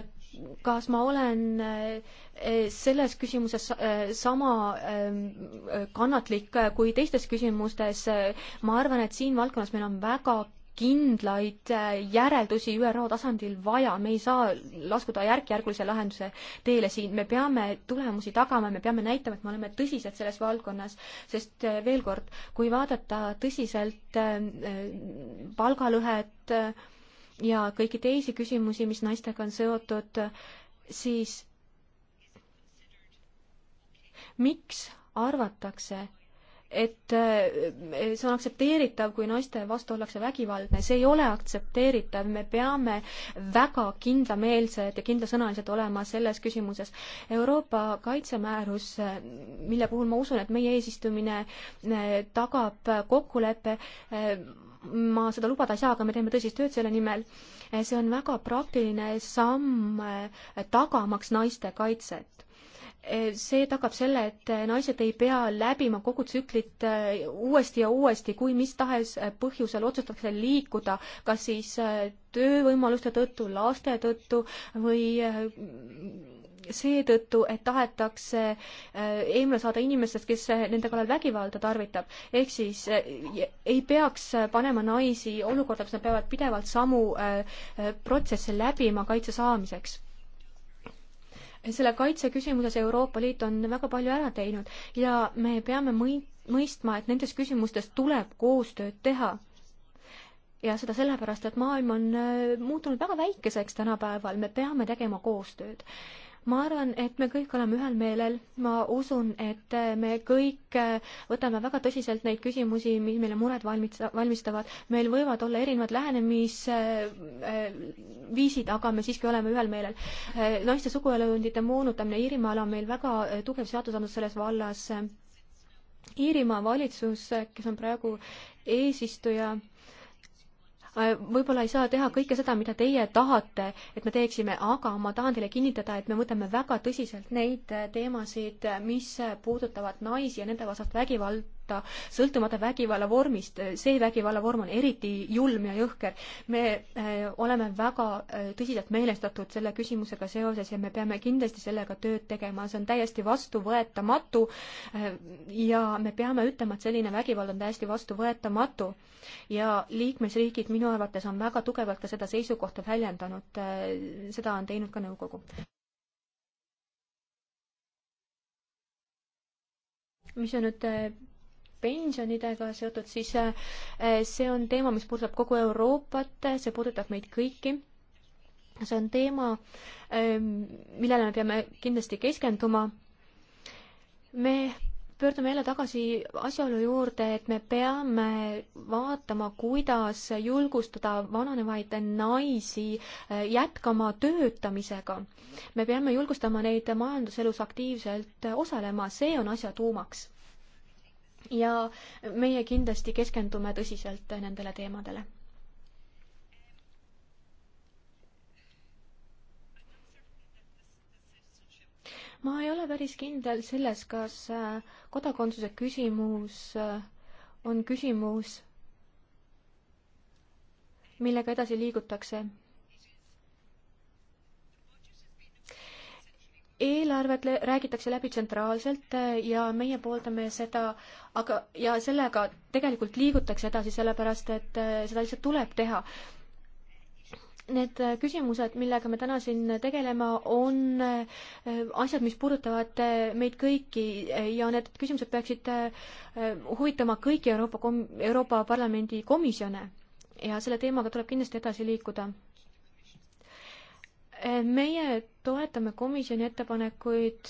kas ma olen äh, selles küsimuses äh, sama kannatlik kui teistes küsimustes. ma arvan, et siin valdkonnas meil on väga kindlaid äh, järeldusi ÜRO tasandil vaja, me ei saa laskuda järk-järgulise lahenduse teele siin, me peame tulemusi tagama, me peame näitama, et me oleme tõsised selles valdkonnas, sest äh, veel kord, kui vaadata tõsiselt äh, palgalõhet ja kõiki teisi küsimusi, mis naistega on seotud, siis miks arvatakse, et eh, eh, see on aktsepteeritav, kui naiste vastu ollakse vägivaldne, see ei ole aktsepteeritav, me peame väga kindlameelsed ja kindlasõnalised olema selles küsimuses. Euroopa kaitsemäärus, eh, mille puhul ma usun, et meie eesistumine tagab kokkuleppe, ma seda lubada ei saa, aga me teeme tõsist tööd selle nimel, see on väga praktiline samm tagamaks naiste kaitset see tagab selle, et naised ei pea läbima kogu tsüklit äh, uuesti ja uuesti, kui mis tahes äh, põhjusel otsustatakse liikuda, kas siis äh, töövõimaluste tõttu, laste tõttu või seetõttu, et tahetakse eemale saada inimestest, kes nende kallal vägivalda tarvitab. ehk siis ei peaks panema naisi olukorda, kus nad peavad pidevalt samu protsesse läbima kaitse saamiseks selle kaitse küsimuses Euroopa Liit on väga palju ära teinud ja me peame mõi-, mõistma, et nendes küsimustes tuleb koostööd teha. ja seda sellepärast, et maailm on äh, muutunud väga väikeseks tänapäeval, me peame tegema koostööd ma arvan, et me kõik oleme ühel meelel, ma usun, et me kõik äh, võtame väga tõsiselt neid küsimusi, mis meile mured valmista-, valmistavad. meil võivad olla erinevad lähenemisviisid, äh, äh, aga me siiski oleme ühel meelel. naiste suguelundite moonutamine Iirimaal on meil väga tugev seadusandlus selles vallas. Iirimaa valitsus, kes on praegu eesistuja, Äh, võib-olla ei saa teha kõike seda, mida teie tahate, et me teeksime, aga ma tahan teile kinnitada, et me võtame väga tõsiselt neid äh, teemasid, mis puudutavad naisi ja nende vastast vägivalda võtta, sõltumata vägivalla vormist, see vägivalla vorm on eriti julm ja jõhker. me äh, oleme väga äh, tõsiselt meelestatud selle küsimusega seoses ja me peame kindlasti sellega tööd tegema, see on täiesti vastuvõetamatu äh, ja me peame ütlema, et selline vägivald on täiesti vastuvõetamatu. ja liikmesriigid minu arvates on väga tugevalt ka seda seisukohta väljendanud, seda on teinud ka nõukogu. mis on nüüd pensionidega seotud, siis eh, see on teema, mis puudutab kogu Euroopat, see puudutab meid kõiki. see on teema, ehm, millele me peame kindlasti keskenduma. me pöördume jälle tagasi asjaolu juurde, et me peame vaatama, kuidas julgustada vananevaid naisi eh, jätkama töötamisega. me peame julgustama neid majanduselus aktiivselt osalema, see on asja tuumaks ja meie kindlasti keskendume tõsiselt nendele teemadele. ma ei ole päris kindel selles, kas äh, kodakondsuse küsimus äh, on küsimus, millega edasi liigutakse eelarvet räägitakse läbi tsentraalselt äh, ja meie pooldame seda, aga, ja sellega tegelikult liigutakse edasi, sellepärast et äh, seda lihtsalt tuleb teha. Need äh, küsimused, millega me täna siin tegelema, on asjad, mis puudutavad meid kõiki ja need küsimused peaksid huvitama kõiki Euroopa kom-, Euroopa Parlamendi komisjone. ja selle teemaga tuleb kindlasti edasi liikuda Eh, meie toetame komisjoni ettepanekuid.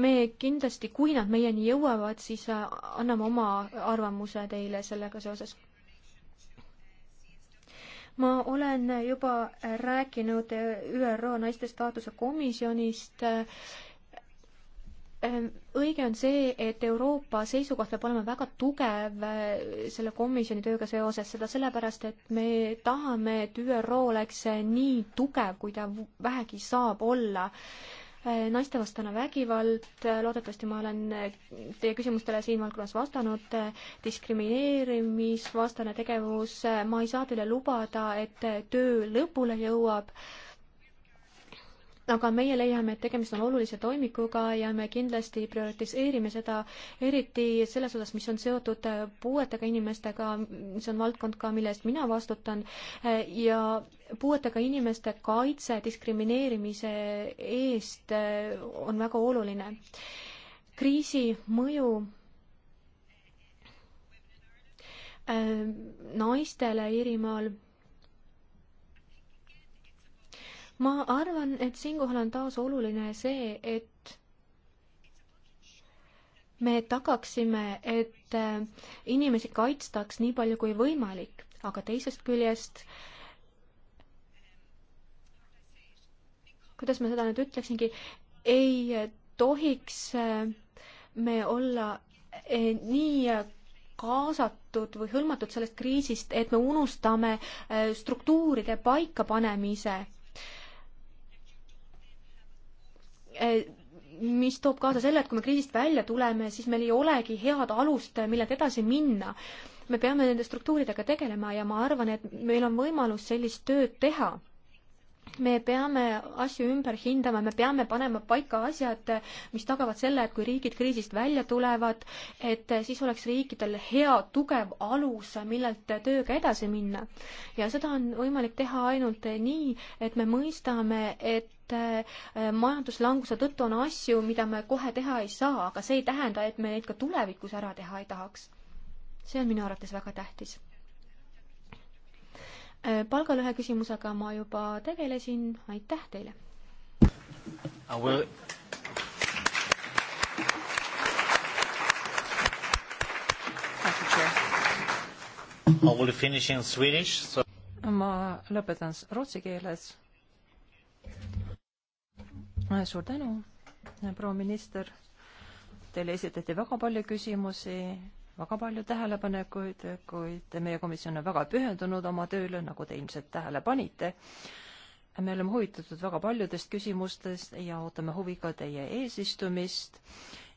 me kindlasti, kui nad meieni jõuavad, siis eh, anname oma arvamuse teile sellega seoses. ma olen juba rääkinud eh, ÜRO naiste staatuse komisjonist Ehm, õige on see, et Euroopa seisukoht peab olema väga tugev äh, selle komisjoni tööga seoses, seda sellepärast, et me tahame, et ÜRO oleks äh, nii tugev, kui ta vähegi saab olla. Äh, naistevastane vägivald, loodetavasti ma olen teie küsimustele siin valdkonnas vastanud, diskrimineerimisvastane tegevus, ma ei saa teile lubada, et töö lõpule jõuab aga meie leiame, et tegemist on olulise toimikuga ja me kindlasti prioritiseerime seda, eriti selles osas, mis on seotud äh, puuetega inimestega, see on valdkond ka, mille eest mina vastutan, äh, ja puuetega inimeste kaitse diskrimineerimise eest äh, on väga oluline. kriisi mõju naistele Iirimaal ma arvan, et siinkohal on taas oluline see, et me tagaksime, et äh, inimesi kaitstaks nii palju kui võimalik, aga teisest küljest kuidas ma seda nüüd ütleksingi, ei tohiks äh, me olla äh, nii kaasatud või hõlmatud sellest kriisist, et me unustame struktuuride paikapanemise Eh, mis toob kaasa selle, et kui me kriisist välja tuleme, siis meil ei olegi head alust, millelt edasi minna. me peame nende struktuuridega tegelema ja ma arvan, et meil on võimalus sellist tööd teha me peame asju ümber hindama, me peame panema paika asjad, mis tagavad selle, et kui riigid kriisist välja tulevad, et siis oleks riikidel hea tugev alus, millelt tööga edasi minna. ja seda on võimalik teha ainult nii, et me mõistame, et äh, majanduslanguse tõttu on asju, mida me kohe teha ei saa, aga see ei tähenda, et me neid ka tulevikus ära teha ei tahaks. see on minu arvates väga tähtis Äh, palgalõhe küsimusega ma juba tegelesin, aitäh teile! Will... Swedish, so... ma lõpetan rootsi keeles. Äh, suur tänu, proua minister, teile esitati väga palju küsimusi väga palju tähelepanekuid, kuid meie komisjon on väga pühendunud oma tööle, nagu te ilmselt tähele panite. me oleme huvitatud väga paljudest küsimustest ja ootame huviga teie eesistumist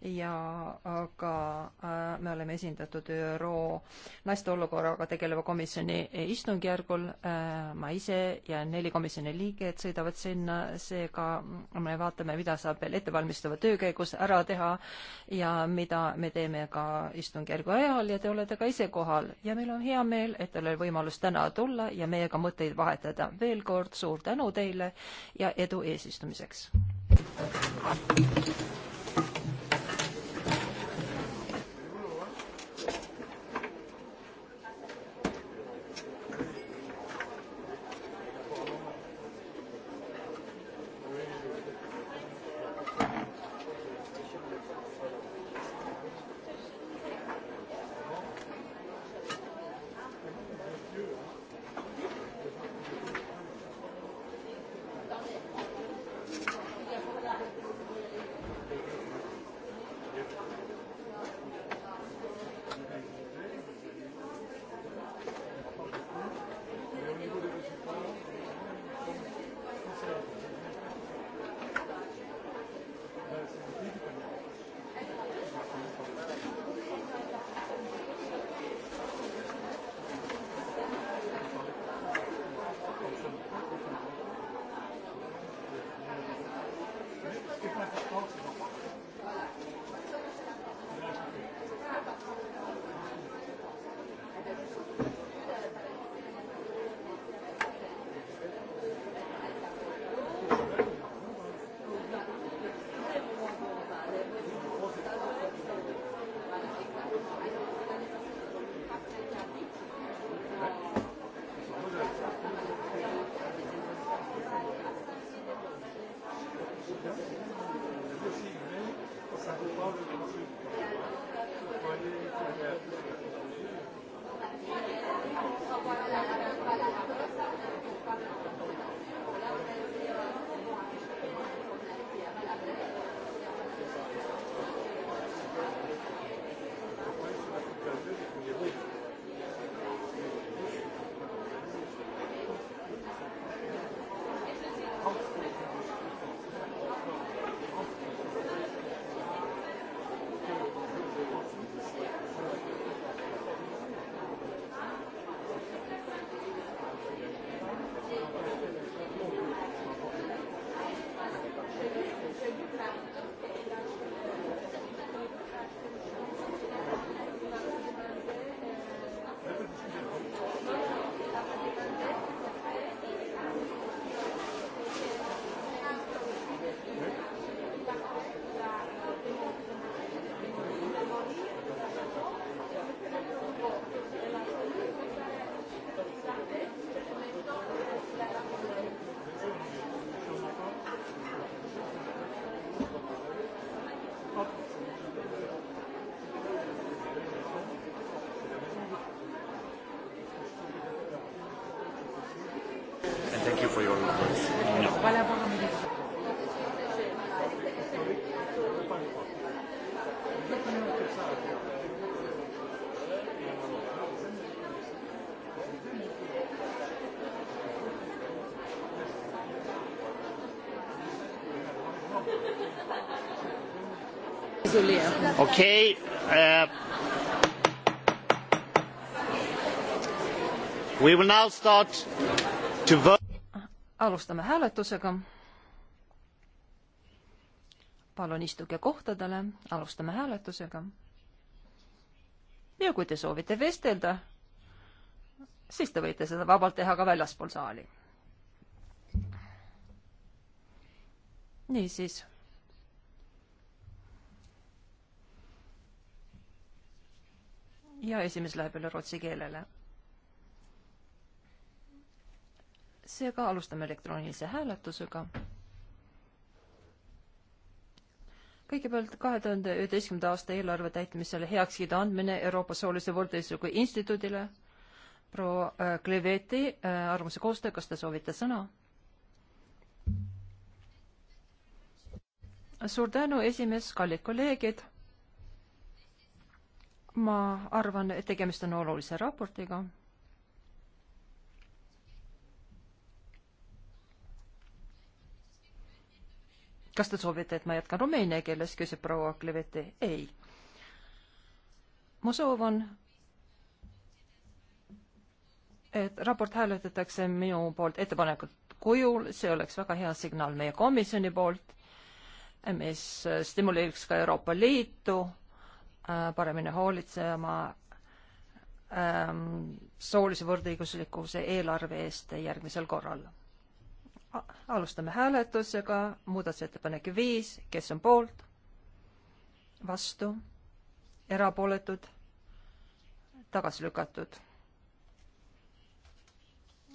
ja ka äh, me oleme esindatud ÜRO naiste olukorraga tegeleva komisjoni istungjärgul. Äh, ma ise ja neli komisjoni liiget sõidavad sinna, seega me vaatame, mida saab veel ettevalmistava töö käigus ära teha ja mida me teeme ka istungjärgu ajal ja te olete ka ise kohal ja meil on hea meel, et teil oli võimalus täna tulla ja meiega mõtteid vahetada. veel kord suur tänu teile ja edu eesistumiseks. Thank you. Thank you for your advice. No. Okay. Uh, we will now start to vote alustame hääletusega. palun istuge kohtadele, alustame hääletusega. ja kui te soovite vestelda, siis te võite seda vabalt teha ka väljaspool saali. niisiis. ja esimees läheb üle rootsi keelele seega alustame elektroonilise hääletusega. kõigepealt kahe tuhande üheteistkümnenda aasta eelarve täitmisele heakskiidu andmine Euroopa Soolise Võrdõigusliku Instituudile. proua äh, Kleveti äh, arvamuse koostaja, kas te soovite sõna? suur tänu, esimees, kallid kolleegid. ma arvan, et tegemist on olulise raportiga kas te soovite, et ma jätkan rumeenia keeles, küsib proua Klevete. ei. mu soov on, et raport hääletatakse minu poolt ettepanekut kujul, see oleks väga hea signaal meie komisjoni poolt, mis stimuleeriks ka Euroopa Liitu äh, paremini hoolitsema ähm, soolise võrdõiguslikkuse eelarve eest järgmisel korral alustame hääletusega, muudatusettepanek viis, kes on poolt, vastu, erapooletud, tagasi lükatud.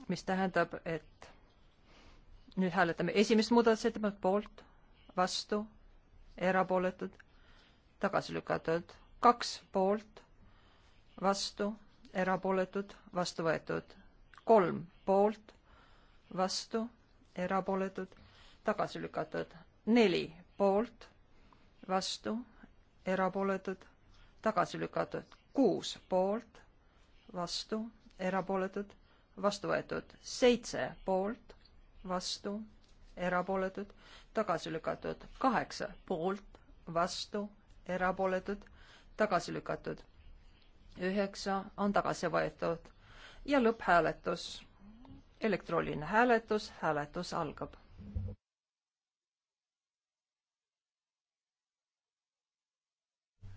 mis tähendab, et nüüd hääletame esimest muudatusettepanekut poolt, vastu, erapooletud, tagasi lükatud, kaks poolt, vastu, erapooletud, vastu võetud, kolm poolt, vastu erapooletud, tagasi lükatud. neli poolt, vastu, erapooletud, tagasi lükatud. kuus poolt, vastu, erapooletud, vastu võetud. seitse poolt, vastu, erapooletud, tagasi lükatud. kaheksa poolt, vastu, erapooletud, tagasi lükatud. üheksa on tagasi võetud ja lõpphääletus elektrooniline hääletus, hääletus algab.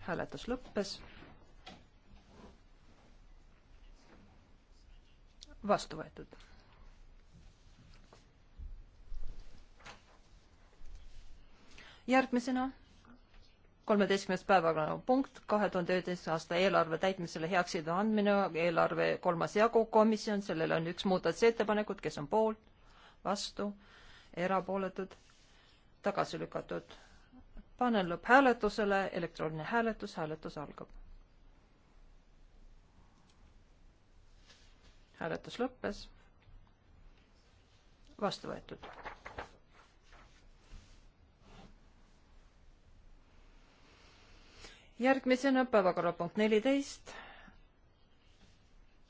hääletus lõppes. vastu võetud. järgmisena kolmeteistkümnes päevapunkt, kahe tuhande üheteistkümnenda aasta eelarve täitmisele heakskiidu andmine, eelarve kolmas jagu, komisjon, sellele on üks muudatusettepanekut, kes on poolt, vastu, erapooletud, tagasi lükatud. panen lõpphääletusele, elektrooniline hääletus, hääletus algab. hääletus lõppes. vastu võetud järgmisena päevakorrapunkt neliteist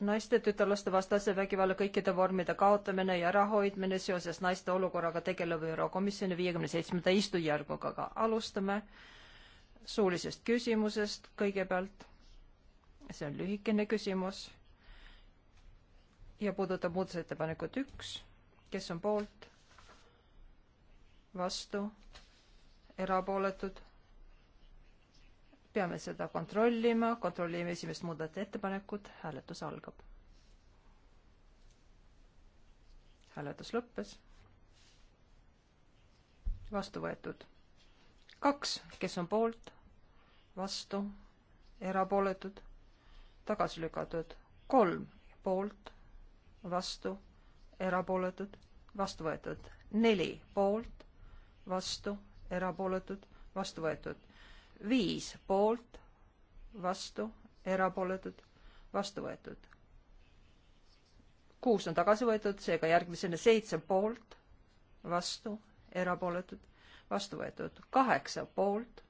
naiste tütarlaste vastase vägivalla kõikide vormide kaotamine ja ärahoidmine seoses naiste olukorraga tegeleva Eurokomisjoni viiekümne seitsmenda istujärguga. alustame suulisest küsimusest kõigepealt. see on lühikene küsimus ja puudutab muudatusettepanekut üks, kes on poolt, vastu, erapooletud peame seda kontrollima, kontrollime esimest muudatusettepanekut, hääletus algab. hääletus lõppes. vastu võetud kaks, kes on poolt, vastu, erapooletud, tagasi lükatud, kolm poolt, vastu, erapooletud, vastu võetud, neli poolt, vastu, erapooletud, vastu võetud viis poolt, vastu, erapooletud, vastu võetud. kuus on tagasi võetud, seega järgmisena seitse poolt, vastu, erapooletud, vastu võetud. kaheksa poolt,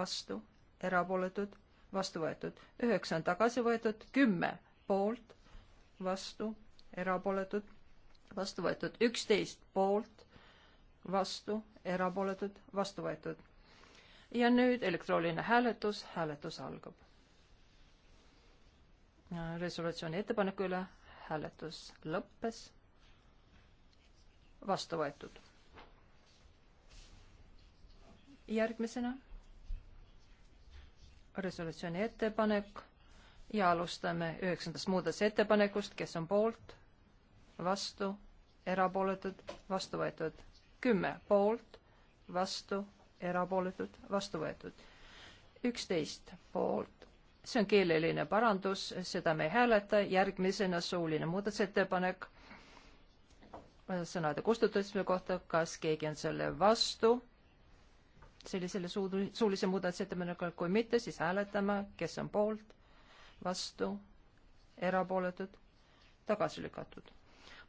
vastu, erapooletud, vastu võetud. üheksa on tagasi võetud, kümme poolt, vastu, erapooletud, vastu võetud. üksteist poolt, vastu, erapooletud, vastu võetud ja nüüd elektrooniline hääletus, hääletus algab. resolutsiooni ettepaneku üle hääletus lõppes, vastu võetud. järgmisena resolutsiooni ettepanek ja alustame üheksandast muudatusettepanekust, kes on poolt, vastu, erapooletud, vastu võetud. kümme poolt, vastu, erapooletud, vastu võetud. üksteist poolt, see on keeleline parandus, seda me ei hääleta, järgmisena suuline muudatusettepanek sõnade kustutamise kohta, kas keegi on selle vastu, sellisele suudu, suulise muudatusettepanekule, kui mitte, siis hääletame, kes on poolt, vastu, erapooletud, tagasi lükatud.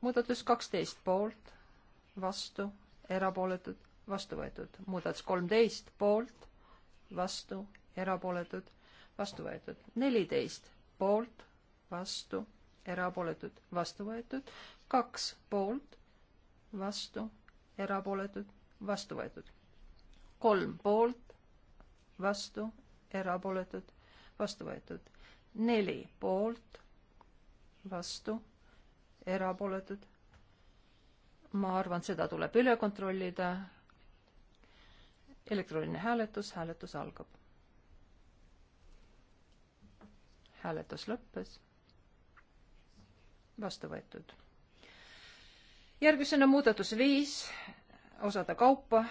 muudatus kaksteist poolt, vastu, erapooletud vastu võetud. muudatus kolmteist poolt, vastu, erapooletud, vastu võetud. neliteist poolt, vastu, erapooletud, vastu võetud. kaks poolt, vastu, erapooletud, vastu võetud. kolm poolt, vastu, erapooletud, vastu võetud. neli poolt, vastu, erapooletud. ma arvan, seda tuleb üle kontrollida elektrooniline hääletus, hääletus algab. hääletus lõppes. vastu võetud. järgmisena muudatus viis, osade kaupa.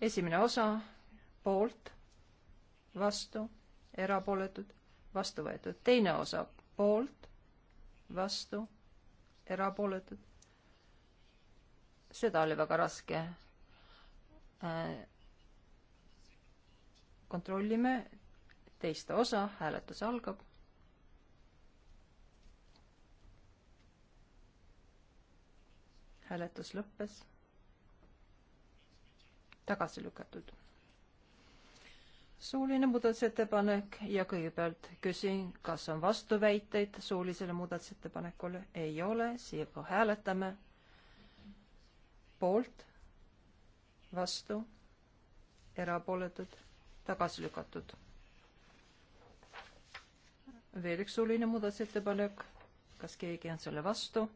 esimene osa, poolt, vastu, erapooletud, vastu võetud. teine osa, poolt, vastu, erapooletud. seda oli väga raske äh, kontrollime teist osa, hääletus algab. hääletus lõppes. tagasi lükatud. suuline muudatusettepanek ja kõigepealt küsin, kas on vastuväiteid suulisele muudatusettepanekule? ei ole, seega hääletame. poolt, vastu, erapooletud tagasi lükatud. veel üks suuline muudatusettepanek, kas keegi on selle vastu?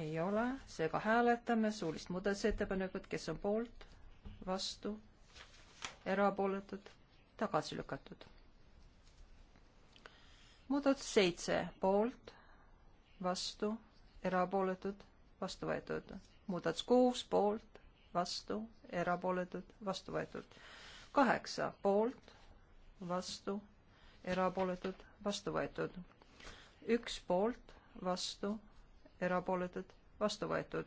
ei ole, seega hääletame suulist muudatusettepanekut, kes on poolt, vastu, erapooletud, tagasi lükatud. muudatus seitse, poolt, vastu, erapooletud, vastu võetud. muudatus kuus, poolt, vastu erapooletud, vastu võetud. kaheksa poolt, vastu, erapooletud, vastu võetud. üks poolt, vastu, erapooletud, vastu võetud.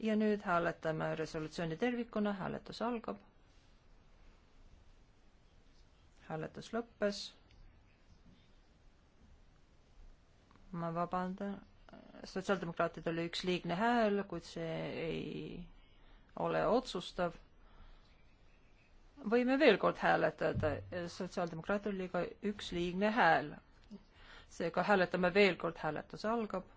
ja nüüd hääletame resolutsiooni tervikuna, hääletus algab. hääletus lõppes. ma vabandan sotsiaaldemokraatidel oli üks liigne hääl, kuid see ei ole otsustav. võime veel kord hääletada, sotsiaaldemokraatil oli ka üks liigne hääl. seega hääletame veel kord, hääletus algab.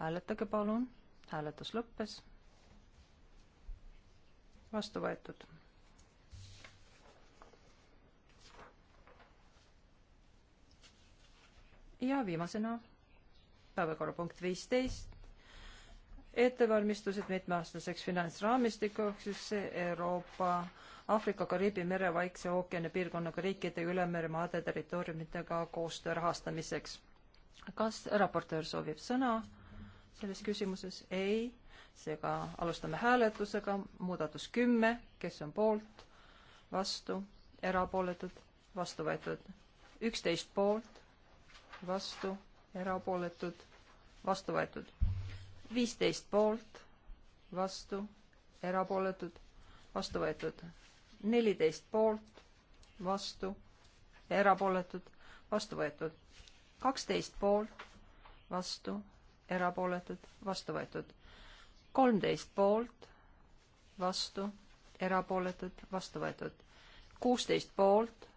hääletage palun, hääletus lõppes. vastu võetud ja viimasena päevakorrapunkt viisteist, ettevalmistused mitmeaastaseks finantsraamistikuks, siis Euroopa, Aafrika, Kariibi mere, Vaikse ookeani piirkonnaga riikide ülemeremaade territooriumitega koostöö rahastamiseks. kas raportöör soovib sõna selles küsimuses? ei, seega alustame hääletusega, muudatus kümme, kes on poolt, vastu, erapooletud, vastu võetud, üksteist poolt, vastu, erapooletud, vastu võetud. viisteist poolt, vastu, erapooletud, vastu võetud. neliteist poolt, vastu, erapooletud, vastu võetud. kaksteist poolt, vastu, erapooletud, vastu võetud. kolmteist poolt, vastu, erapooletud, vastu võetud. kuusteist poolt,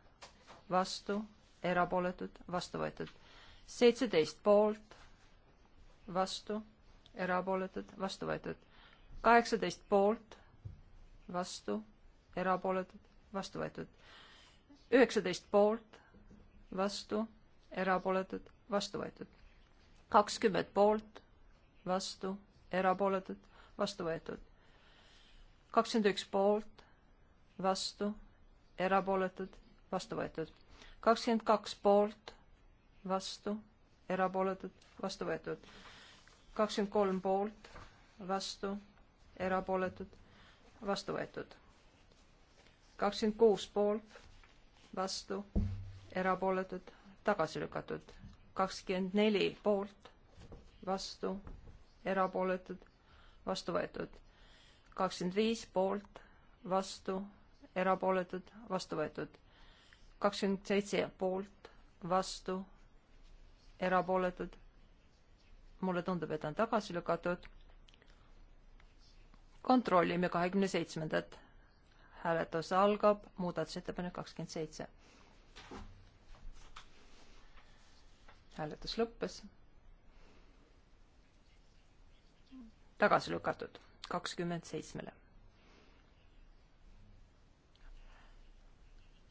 vastu, erapooletud, vastu võetud seitseteist poolt, vastu, erapooletud, vastu võetud. kaheksateist poolt, vastu, erapooletud, vastu võetud. üheksateist poolt, vastu, erapooletud, vastu võetud. kakskümmend poolt, vastu, erapooletud, vastu võetud. kakskümmend üks poolt, vastu, erapooletud, vastu võetud. kakskümmend kaks poolt vastu, erapooletud, vastu võetud. kakskümmend kolm poolt, vastu, erapooletud, vastu võetud. kakskümmend kuus poolt, vastu, erapooletud, tagasi lükatud. kakskümmend neli poolt, vastu, erapooletud, vastu võetud. kakskümmend viis poolt, vastu, erapooletud, vastu võetud. kakskümmend seitse poolt, vastu, erapooletud. mulle tundub, et on tagasi lükatud. kontrollime kahekümne seitsmendat. hääletus algab, muudatusettepanek kakskümmend seitse. hääletus lõppes. tagasi lükatud kakskümmend seitsmele.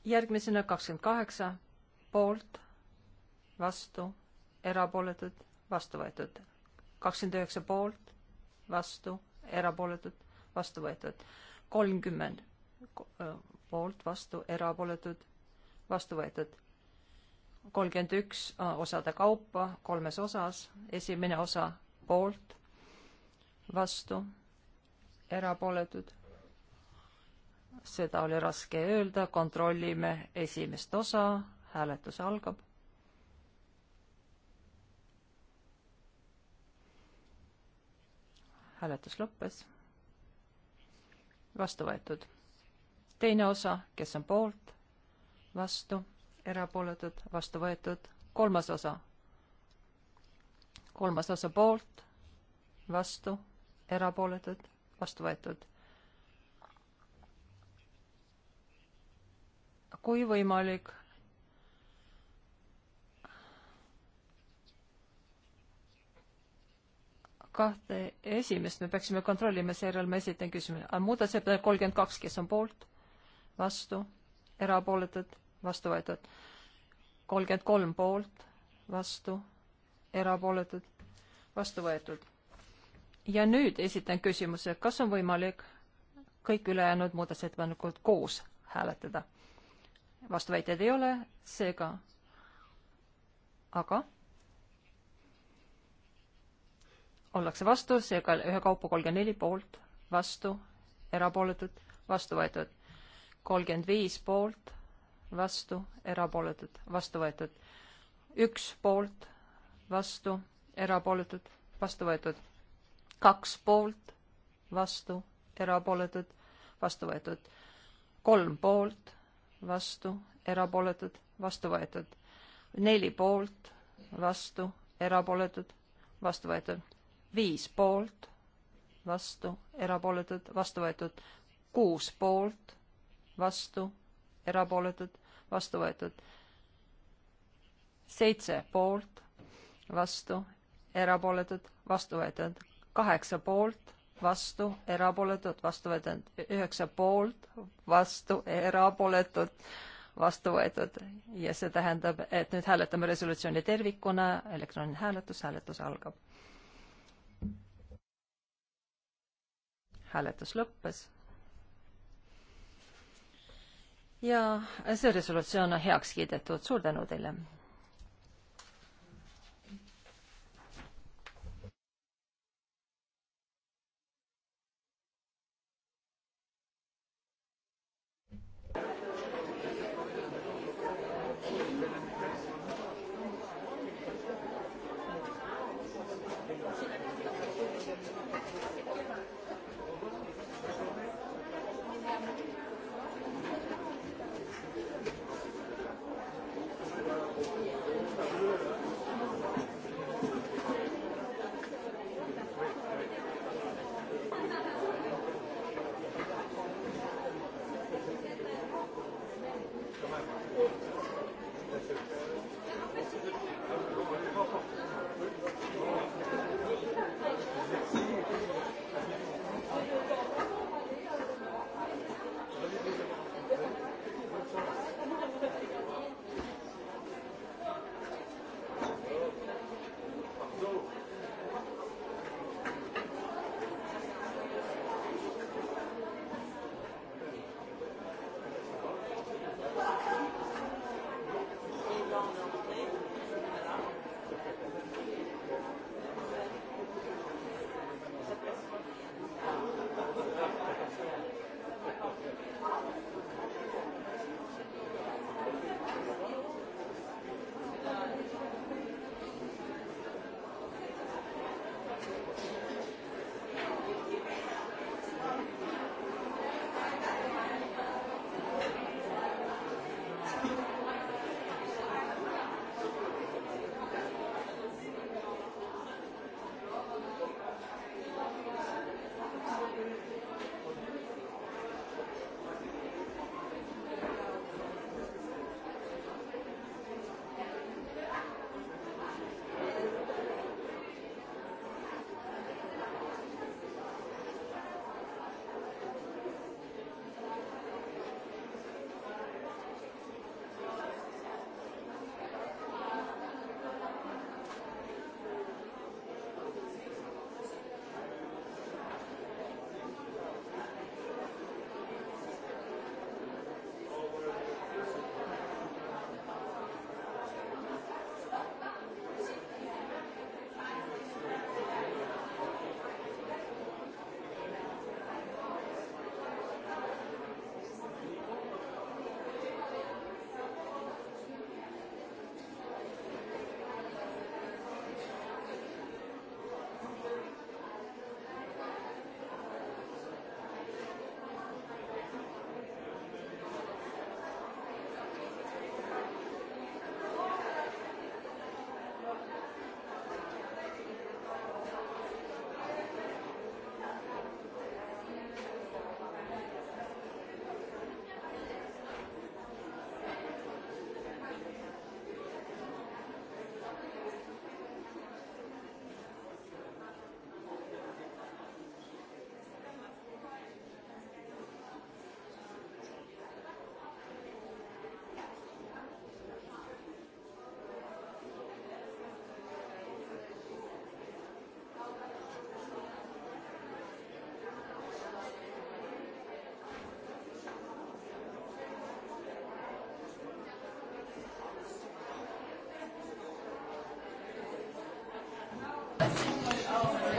järgmisena kakskümmend kaheksa poolt, vastu erapooletud, vastu võetud. kakskümmend üheksa poolt, vastu, erapooletud, vastu võetud. kolmkümmend äh, poolt, vastu, erapooletud, vastu võetud. kolmkümmend üks äh, osade kaupa kolmes osas, esimene osa poolt, vastu, erapooletud. seda oli raske öelda, kontrollime esimest osa, hääletus algab hääletus lõppes. vastu võetud. teine osa, kes on poolt, vastu, erapooletud, vastu võetud. kolmas osa, kolmas osa poolt, vastu, erapooletud, vastu võetud. kui võimalik kahte esimest me peaksime kontrollima, seejärel ma esitan küsimuse. aga muudatusettepanek kolmkümmend kaks, kes on poolt, vastu, erapooletud, vastu võetud. kolmkümmend kolm poolt, vastu, erapooletud, vastu võetud. ja nüüd esitan küsimuse, kas on võimalik kõik ülejäänud muudatusettepanekud koos hääletada? vastuväiteid ei ole, seega aga ollakse vastu, seega ühekaupa kolmkümmend neli poolt, vastu, erapooletud, vastu võetud. kolmkümmend viis poolt, vastu, erapooletud, vastu võetud. üks poolt, vastu, erapooletud, vastu võetud. kaks poolt, vastu, erapooletud, vastu võetud. kolm poolt, vastu, erapooletud, vastu võetud. neli poolt, vastu, erapooletud, vastu võetud viis poolt, vastu, erapooletud, vastu võetud, kuus poolt, vastu, erapooletud, vastu võetud, seitse poolt, vastu, erapooletud, vastu võetud, kaheksa poolt, vastu, erapooletud, vastu võetud, üheksa poolt, vastu, erapooletud, vastu võetud ja see tähendab, et nüüd hääletame resolutsiooni tervikuna, elektrooniline hääletus, hääletus algab hääletus lõppes. ja see resolutsioon on heaks kiidetud, suur tänu teile!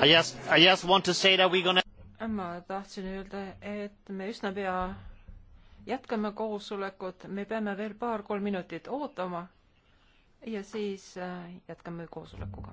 I just, I just want to say that we're gonna ma tahtsin öelda, et me üsna pea jätkame koosolekut, me peame veel paar-kolm minutit ootama ja siis äh, jätkame koosolekuga.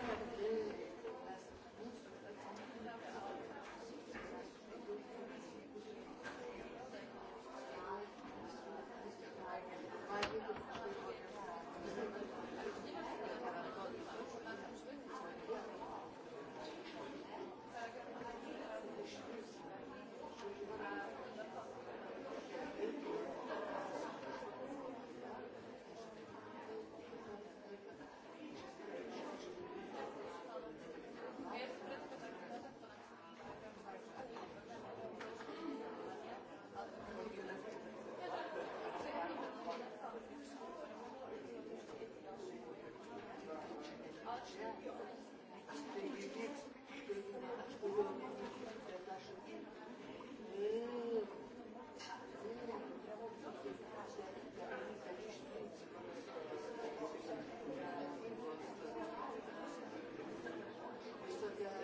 Thank you.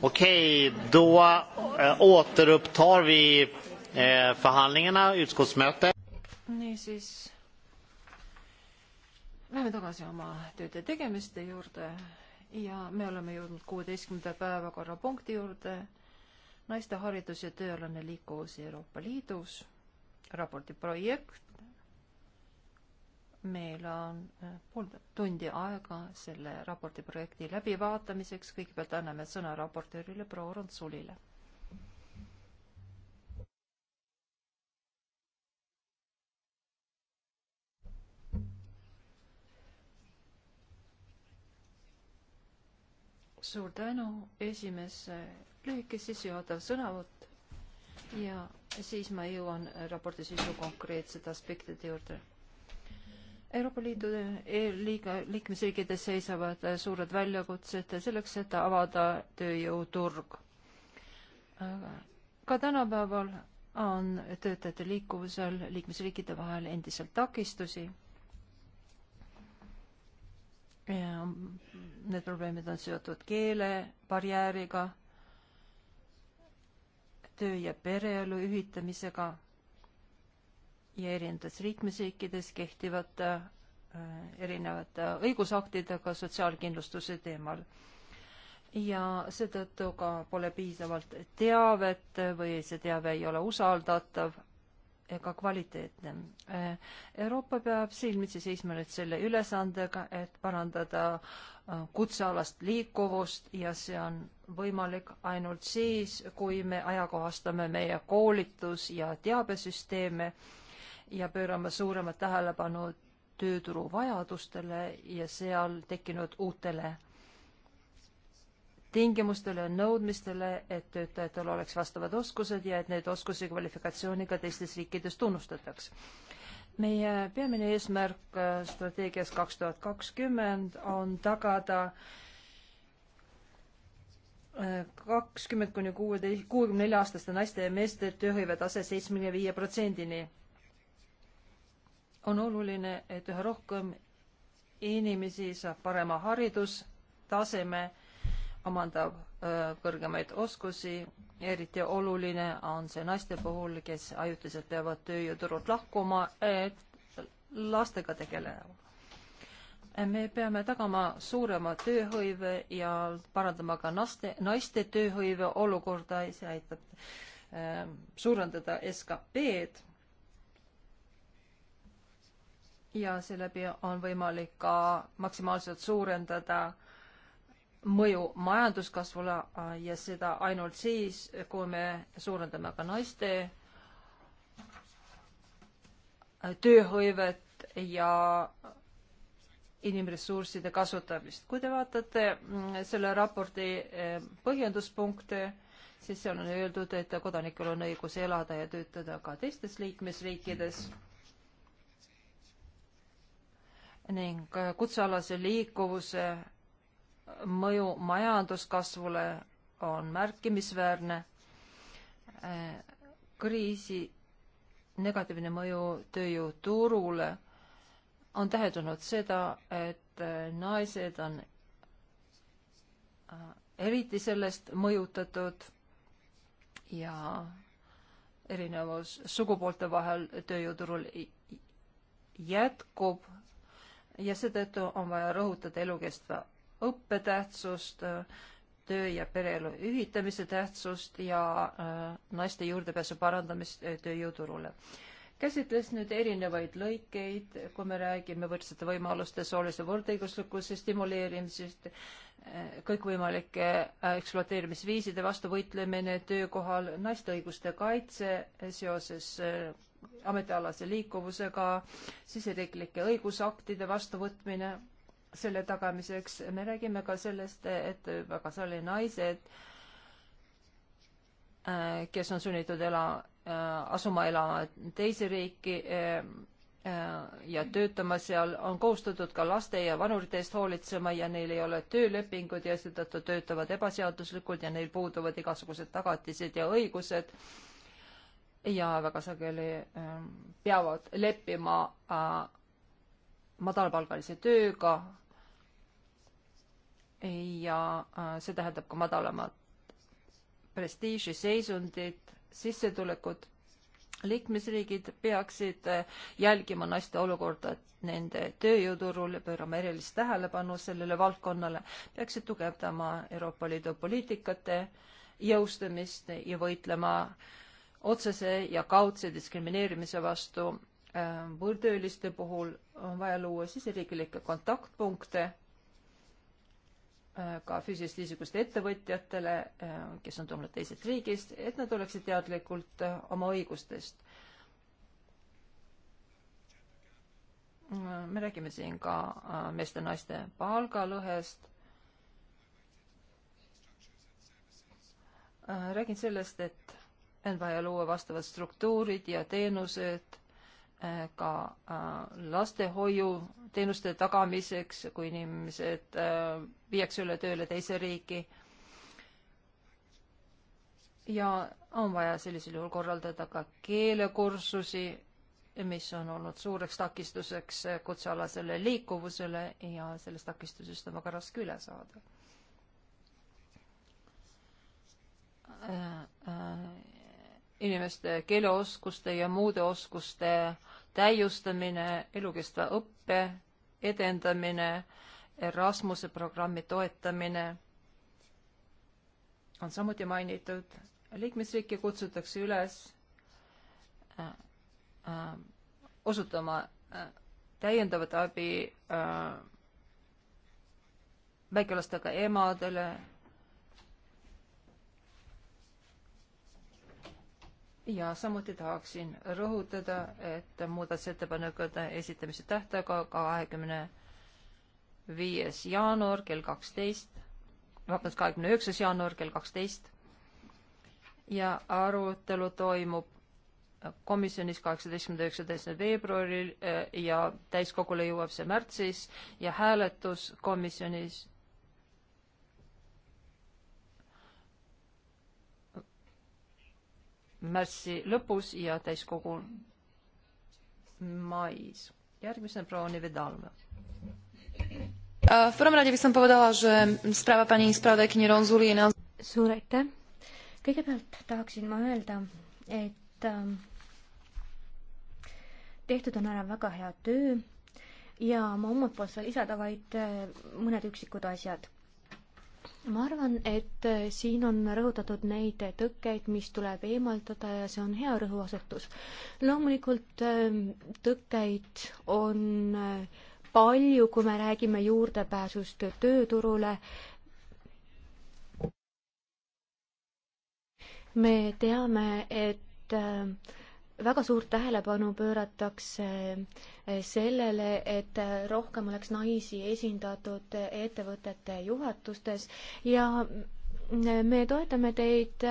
Okej, okay, då äh, återupptar vi äh, förhandlingarna, utskottsmöte. Niisiis, läheme tagasi oma tööde tegemiste juurde ja me oleme jõudnud kuueteistkümnenda päevakorrapunkti juurde, naiste haridus ja tööalane liikuvus Euroopa Liidus, raporti projekt meil on äh, pool tundi aega selle raporti projekti läbivaatamiseks. kõigepealt anname sõna raportöörile proua Randsulile. suur tänu, esimees, äh, lühike sissejuhatav sõnavõtt ja siis ma jõuan raporti sisu konkreetsete aspektide juurde Euroopa Liidu liiga, liikmesriikides seisavad äh, suured väljakutsed selleks, et avada tööjõuturg. ka tänapäeval on töötajate liikuvusel liikmesriikide vahel endiselt takistusi. Need probleemid on seotud keele barjääriga, töö ja pereelu ühitamisega ja erinevates liikmesriikides kehtivate äh, erinevate äh, õigusaktidega sotsiaalkindlustuse teemal. ja seetõttu ka pole piisavalt teavet või see teave ei ole usaldatav ega kvaliteetne. Äh, Euroopa peab silmitsi seisma nüüd selle ülesandega, et parandada kutsealast liikuvust ja see on võimalik ainult siis, kui me ajakohastame meie koolitus- ja teabesüsteeme ja pöörama suuremat tähelepanu tööturu vajadustele ja seal tekkinud uutele tingimustele ja nõudmistele, et töötajatel oleks vastavad oskused ja et neid oskusi kvalifikatsiooniga teistes riikides tunnustataks. meie peamine eesmärk äh, strateegias kaks tuhat kakskümmend on tagada äh, kakskümmend kuni kuueteist, kuuekümne nelja aastaste naiste ja meeste tööhõivetase seitsmekümne viie protsendini on oluline, et üha rohkem inimesi saab parema haridustaseme, omandab äh, kõrgemaid oskusi, eriti oluline on see naiste puhul, kes ajutiselt peavad tööjõuturult lahkuma, et lastega tegeleda. me peame tagama suurema tööhõive ja parandama ka naiste, naiste tööhõive olukorda, see aitab äh, suurendada SKP-d ja seeläbi on võimalik ka maksimaalselt suurendada mõju majanduskasvule äh, ja seda ainult siis, kui me suurendame ka naiste äh, tööhõivet ja inimressursside kasutamist. kui te vaatate mm, selle raporti äh, põhjenduspunkte, siis seal on öeldud, et kodanikel on õigus elada ja töötada ka teistes liikmesriikides mm. -hmm ning äh, kutsealase liikuvuse mõju majanduskasvule on märkimisväärne. Äh, kriisi negatiivne mõju tööjõuturule on tähendanud seda, et äh, naised on eriti sellest mõjutatud ja erinevus sugupoolte vahel tööjõuturul jätkub ja seetõttu on vaja rõhutada elukestva õppe tähtsust, töö ja pereelu ühitamise tähtsust ja äh, naiste juurdepääsu parandamist äh, tööjõuturule. käsitles nüüd erinevaid lõikeid, kui me räägime võrdsete võimaluste soolise võrdõiguslikkuse stimuleerimisest, äh, kõikvõimalike ekspluateerimisviiside vastu võitlemine töökohal, naiste õiguste kaitse seoses ametialase liikuvusega, siseriiklike õigusaktide vastuvõtmine selle tagamiseks. me räägime ka sellest, et väga sageli naised, äh, kes on sunnitud ela, äh, asuma elama teise riiki äh, ja töötama seal, on kohustatud ka laste ja vanurite eest hoolitsema ja neil ei ole töölepingud ja seetõttu töötavad ebaseaduslikult ja neil puuduvad igasugused tagatised ja õigused ja väga sageli ähm, peavad leppima äh, madalapalgalise tööga ja äh, see tähendab ka madalamat prestiiži, seisundit, sissetulekut. liikmesriigid peaksid äh, jälgima naiste olukorda nende tööjõuturul ja pöörama erilist tähelepanu sellele valdkonnale, peaksid tugevdama Euroopa Liidu poliitikate jõustamist ja võitlema äh, otsese ja kaudse diskrimineerimise vastu äh, võõrtööliste puhul on vaja luua siseriiklikke kontaktpunkte äh, ka füüsilisest isikust ettevõtjatele, äh, kes on tulnud teisest riigist, et nad oleksid teadlikult oma õigustest. me räägime siin ka meeste-naiste palgalõhest räägin sellest, et on vaja luua vastavad struktuurid ja teenused eh, ka eh, lastehoiuteenuste tagamiseks, kui inimesed eh, viiakse üle tööle teise riiki. ja on vaja sellisel juhul korraldada ka keelekursusi, mis on olnud suureks takistuseks kutsealasele liikuvusele ja sellest takistusest on väga raske üle saada inimeste keeleoskuste ja muude oskuste täiustamine, elukestva õppe edendamine, Erasmuse programmi toetamine on samuti mainitud. liikmesriike kutsutakse üles äh, äh, osutama äh, täiendavat abi äh, väikelastega emadele ja samuti tahaksin rõhutada, et muudatusettepanekute esitamise tähtaega kahekümne viies jaanuar kell kaksteist, vabandust, kahekümne üheksas jaanuar kell kaksteist ja arutelu toimub komisjonis kaheksateistkümnenda, üheksateistkümnenda veebruaril äh, ja täiskogule jõuab see märtsis ja hääletus komisjonis märtsi lõpus ja täiskogu mais. järgmisena proua Nevedalva. V prvom rade by som povedala, že správa pani spravodajkyne Ronzuli je naozaj... Suur aitäh! Kõigepealt tahaksin ma öelda, et ähm, tehtud on ära väga hea töö ja ma omalt poolt saan lisada vaid äh, mõned üksikud asjad ma arvan, et äh, siin on rõhutatud neid tõkkeid, mis tuleb eemaldada ja see on hea rõhuasetus. loomulikult ähm, tõkkeid on äh, palju, kui me räägime juurdepääsust tööturule. me teame, et äh, väga suurt tähelepanu pööratakse eh, sellele, et eh, rohkem oleks naisi esindatud eh, ettevõtete juhatustes ja mm, me toetame teid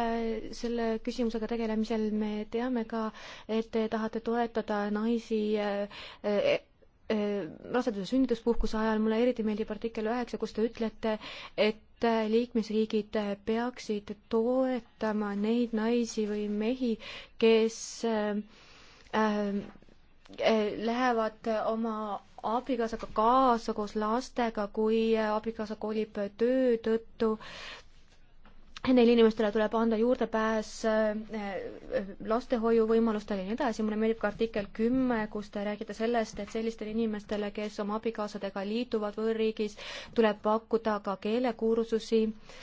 selle küsimusega tegelemisel, me teame ka, et te tahate toetada naisi Äh, raseduse sündiduspuhkuse ajal, mulle eriti meeldib artikkel üheksa, kus te ütlete, et äh, liikmesriigid äh, peaksid toetama neid naisi või mehi, kes lähevad oma abikaasaga kaasa koos lastega, kui abikaasa kolib töö tõttu neil inimestele tuleb anda juurdepääs eh, eh, lastehoiuvõimalustele ja nii edasi, mulle meeldib ka artikkel kümme, kus te räägite sellest, et sellistele inimestele, kes oma abikaasadega liituvad võõrriigis, tuleb pakkuda ka keelekursusi äh,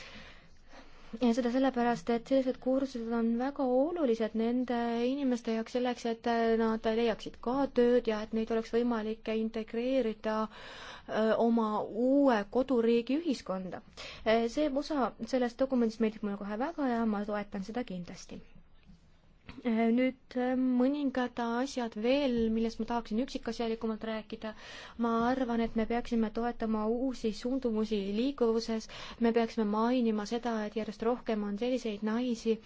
ja seda sellepärast, et sellised kursused on väga olulised nende inimeste jaoks selleks, et äh, nad leiaksid ka tööd ja et neid oleks võimalik integreerida äh, oma uue koduriigi ühiskonda. Äh, see osa sellest dokumendist meeldib mulle kohe väga ja ma toetan seda kindlasti nüüd äh, mõningad asjad veel, millest ma tahaksin üksikasjalikumalt rääkida. ma arvan, et me peaksime toetama uusi suundumusi liikuvuses, me peaksime mainima seda, et järjest rohkem on selliseid naisi,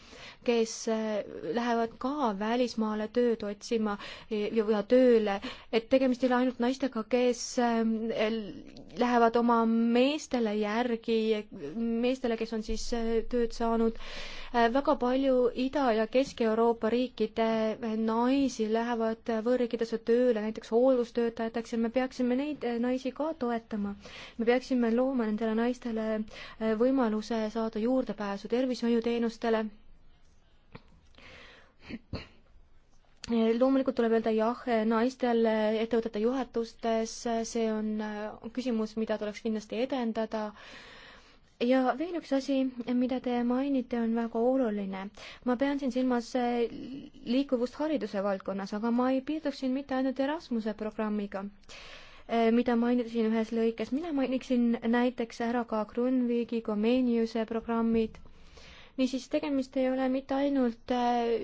kes äh, lähevad ka välismaale tööd otsima ja tööle, et tegemist ei ole ainult naistega, kes äh, lähevad oma meestele järgi, meestele, kes on siis tööd saanud Äh, väga palju Ida- ja Kesk-Euroopa riikide äh, naisi lähevad äh, võõrriikidesse tööle, näiteks hooldustöötajateks ja me peaksime neid naisi ka toetama. me peaksime looma nendele naistele võimaluse saada juurdepääsu tervishoiuteenustele. loomulikult tuleb öelda jah naistel ettevõtete juhatustes, see on küsimus, mida tuleks kindlasti edendada ja veel üks asi, mida te mainite, on väga oluline. ma pean siin silmas äh, liikuvust hariduse valdkonnas, aga ma ei piirduks siin mitte ainult Erasmuse programmiga, äh, mida mainisin ühes lõikes. mina mainiksin näiteks ära ka Grunwigi, Comeniuse programmid. niisiis, tegemist ei ole mitte ainult äh,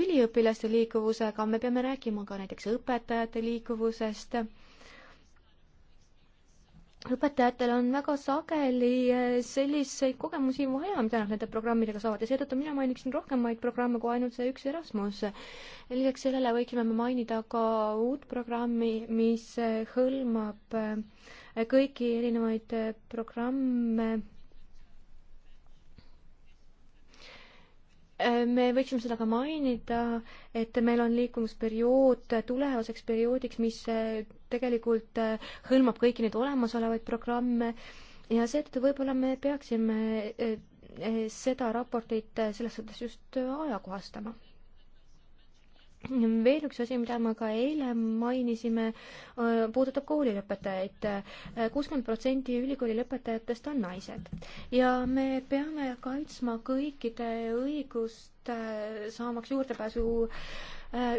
üliõpilaste liikuvusega, me peame rääkima ka näiteks õpetajate liikuvusest õpetajatel on väga sageli eh, selliseid kogemusi vaja, mida nad nende programmidega saavad ja seetõttu mina mainiksin rohkemaid programme kui ainult see üks Erasmus. lisaks sellele võiksime me mainida ka uut programmi, mis eh, hõlmab eh, kõiki erinevaid programme Äh, me võiksime seda ka mainida, et meil on liikumisperiood tulevaseks perioodiks, mis äh, tegelikult äh, hõlmab kõiki neid olemasolevaid programme ja seetõttu võib-olla me peaksime seda raportit selles suhtes just ajakohastama veel üks asi, mida me ka eile mainisime, äh, puudutab koolilõpetajaid. Äh, kuuskümmend protsenti ülikooli lõpetajatest on naised ja me peame kaitsma kõikide õigust äh, saamaks juurdepääsu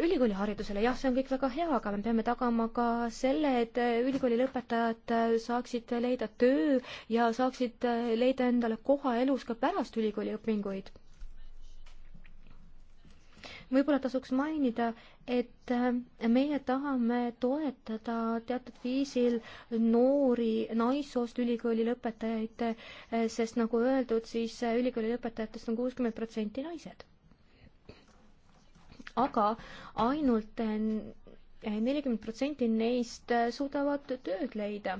ülikooliharidusele, jah, see on kõik väga hea, aga me peame tagama ka selle, et ülikooli lõpetajad saaksid leida töö ja saaksid leida endale koha elus ka pärast ülikooliõpinguid võib-olla tasuks mainida, et äh, meie tahame toetada teatud viisil noori naissoost ülikooli lõpetajaid, äh, sest nagu öeldud, siis äh, ülikooli lõpetajatest on kuuskümmend protsenti naised. aga ainult nelikümmend protsenti neist suudavad tööd leida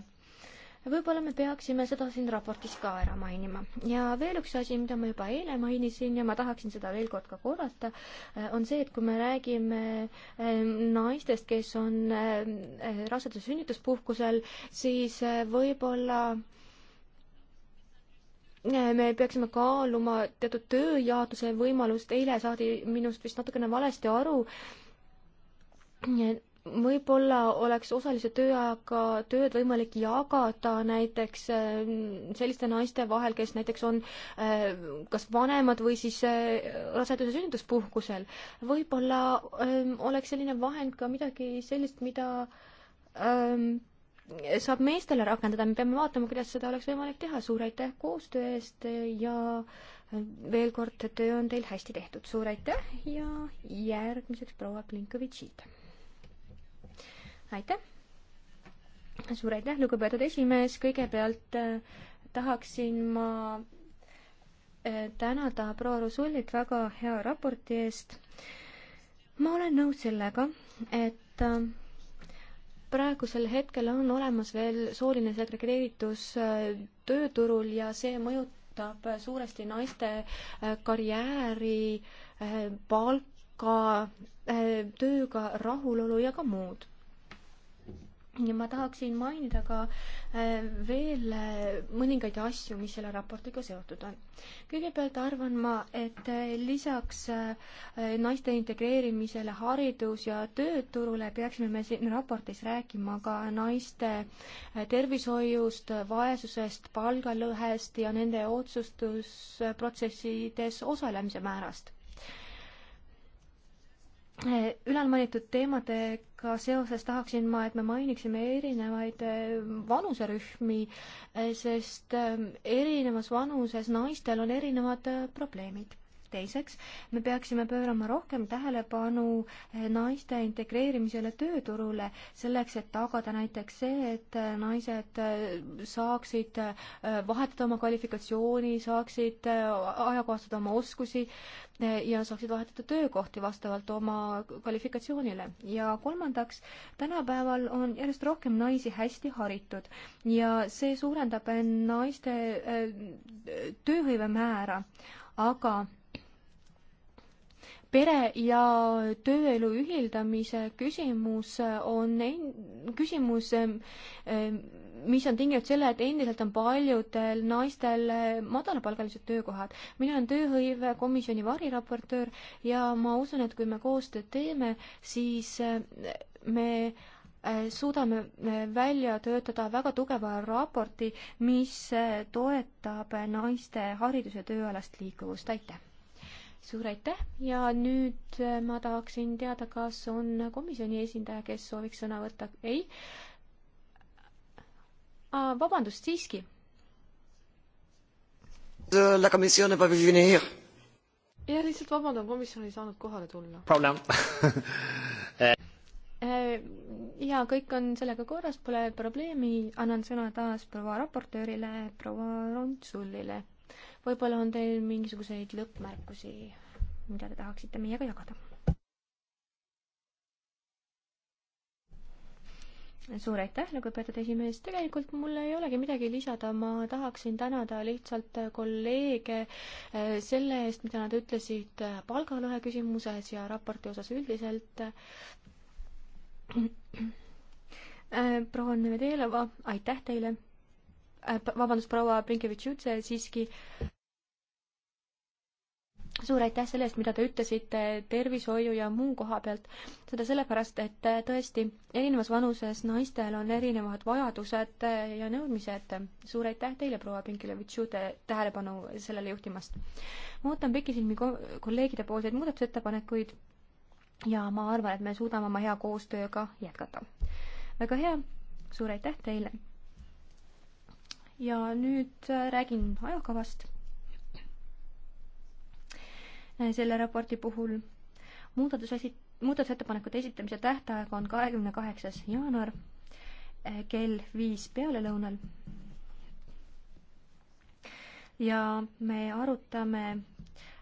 võib-olla me peaksime seda siin raportis ka ära mainima. ja veel üks asi, mida ma juba eile mainisin ja ma tahaksin seda veel kord ka korrata, äh, on see, et kui me räägime äh, naistest, kes on äh, rasedus- ja sünnituspuhkusel, siis võib-olla me peaksime kaaluma teatud tööjaotuse võimalust, eile saadi minust vist natukene valesti aru, võib-olla oleks osalise tööajaga tööd võimalik jagada näiteks äh, selliste naiste vahel, kes näiteks on äh, kas vanemad või siis äh, raseduse sünnituspuhkusel. võib-olla ähm, oleks selline vahend ka midagi sellist, mida ähm, saab meestele rakendada, me peame vaatama, kuidas seda oleks võimalik teha. suur aitäh koostöö eest ja veel kord, töö on teil hästi tehtud. suur aitäh ja järgmiseks proua Klinkovitšid aitäh! suur aitäh, lugupeetud esimees, kõigepealt äh, tahaksin ma äh, tänada proua Rusullit väga hea raporti eest. ma olen nõus sellega, et äh, praegusel hetkel on olemas veel sooline segregeeritus äh, tööturul ja see mõjutab äh, suuresti naiste äh, karjääri, palka, tööga rahulolu ja ka muud ma tahaksin mainida ka äh, veel äh, mõningaid asju, mis selle raportiga seotud on. kõigepealt arvan ma, et äh, lisaks naiste integreerimisele haridus- ja tööturule peaksime me siin raportis rääkima ka naiste tervishoiust, vaesusest, palgalõhest ja nende otsustusprotsessides osalemise määrast. ülalmainitud teemade sellega seoses tahaksin ma, et me mainiksime erinevaid äh, vanuserühmi, äh, sest ähm, erinevas vanuses naistel on erinevad äh, probleemid teiseks, me peaksime pöörama rohkem tähelepanu eh, naiste integreerimisele tööturule, selleks et tagada näiteks see, et eh, naised eh, saaksid vahetada oma kvalifikatsiooni, saaksid ajakohastada oma oskusi ja saaksid vahetada töökohti vastavalt oma kvalifikatsioonile. ja kolmandaks, tänapäeval on järjest rohkem naisi hästi haritud ja see suurendab naiste tööhõive määra, aga pere ja tööelu ühildamise küsimus on en-, küsimus, ähm, ähm, mis on tinginud selle, et endiselt on paljudel naistel äh, madalapalgalised töökohad. mina olen tööhõivekomisjoni variraportöör ja ma usun, et kui me koostööd teeme, siis äh, me äh, suudame välja töötada väga tugeva raporti, mis toetab naiste haridus- ja tööalast liikuvust, aitäh! suur aitäh ja nüüd äh, ma tahaksin teada, kas on komisjoni esindaja, kes sooviks sõna võtta, ei? vabandust, siiski. Äh, jah, lihtsalt vabandan, komisjon ei saanud kohale tulla. probleem eh. äh, ja kõik on sellega korras, pole probleemi, annan sõna taas proua raportöörile, proua Rontsullile võib-olla on teil mingisuguseid lõppmärkusi, mida te tahaksite meiega jagada? suur aitäh, lugupeetud esimees, tegelikult mul ei olegi midagi lisada, ma tahaksin tänada lihtsalt kolleege eh, selle eest, mida nad ütlesid eh, palgalõhe küsimuses ja raporti osas üldiselt. Eh, proua Nevedelova, aitäh teile Äh, vabandust, proua Pinkevitš-Jutse siiski. suur aitäh selle eest, mida te ütlesite tervishoiu ja muu koha pealt. seda sellepärast, et äh, tõesti erinevas vanuses naistel on erinevad vajadused äh, ja nõudmised. suur aitäh teile, proua Pinkevitš-Jutse, tähelepanu sellele juhtimast. ma ootan pikisilmi kolleegide poolseid muudatusettepanekuid ja ma arvan, et me suudame oma hea koostööga jätkata. väga hea, suur aitäh teile ja nüüd äh, räägin ajakavast äh, selle raporti puhul. muudatus esi-, muudatusettepanekute esitamise tähtaeg on kahekümne kaheksas jaanuar äh, kell viis pealelõunal. ja me arutame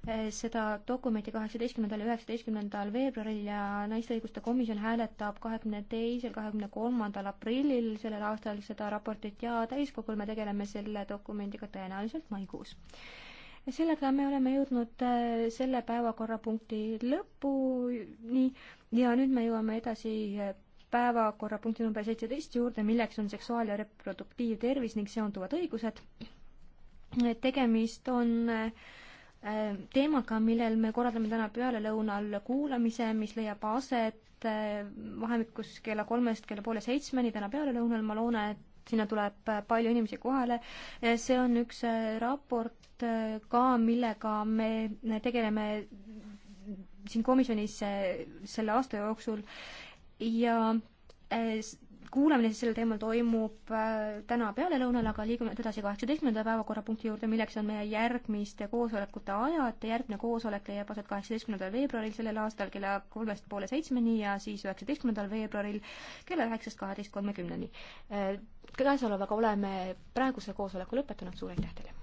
Eh, seda dokumenti kaheksateistkümnendal ja üheksateistkümnendal veebruaril ja naiste õiguste komisjon hääletab kahekümne teisel, kahekümne kolmandal aprillil sellel aastal seda raportit ja täiskogul me tegeleme selle dokumendiga tõenäoliselt maikuus sellega me oleme jõudnud eh, selle päevakorrapunkti lõpuni ja nüüd me jõuame edasi eh, päevakorrapunkti number seitseteist juurde, milleks on seksuaal- ja reproduktiivtervis ning seonduvad õigused. tegemist on äh, Äh, teemaga, millel me korraldame täna pealelõunal kuulamise, mis leiab aset äh, vahemikus kella kolmest kella poole seitsmeni täna pealelõunal, ma loodan, et sinna tuleb äh, palju inimesi kohale. see on üks raport ka, millega me tegeleme siin komisjonis selle aasta jooksul ja kuulamine sellel teemal toimub äh, täna pealelõunal, aga liigume nüüd edasi kaheksateistkümnenda päevakorrapunkti juurde, milleks on meie järgmiste koosolekute ajad. järgmine koosolek leiab aset kaheksateistkümnendal veebruaril sellel aastal kella kolmest poole seitsmeni ja siis üheksateistkümnendal veebruaril kella üheksast kaheteist kolmekümneni. Äh, käesolevaga oleme praeguse koosoleku lõpetanud, suur aitäh teile!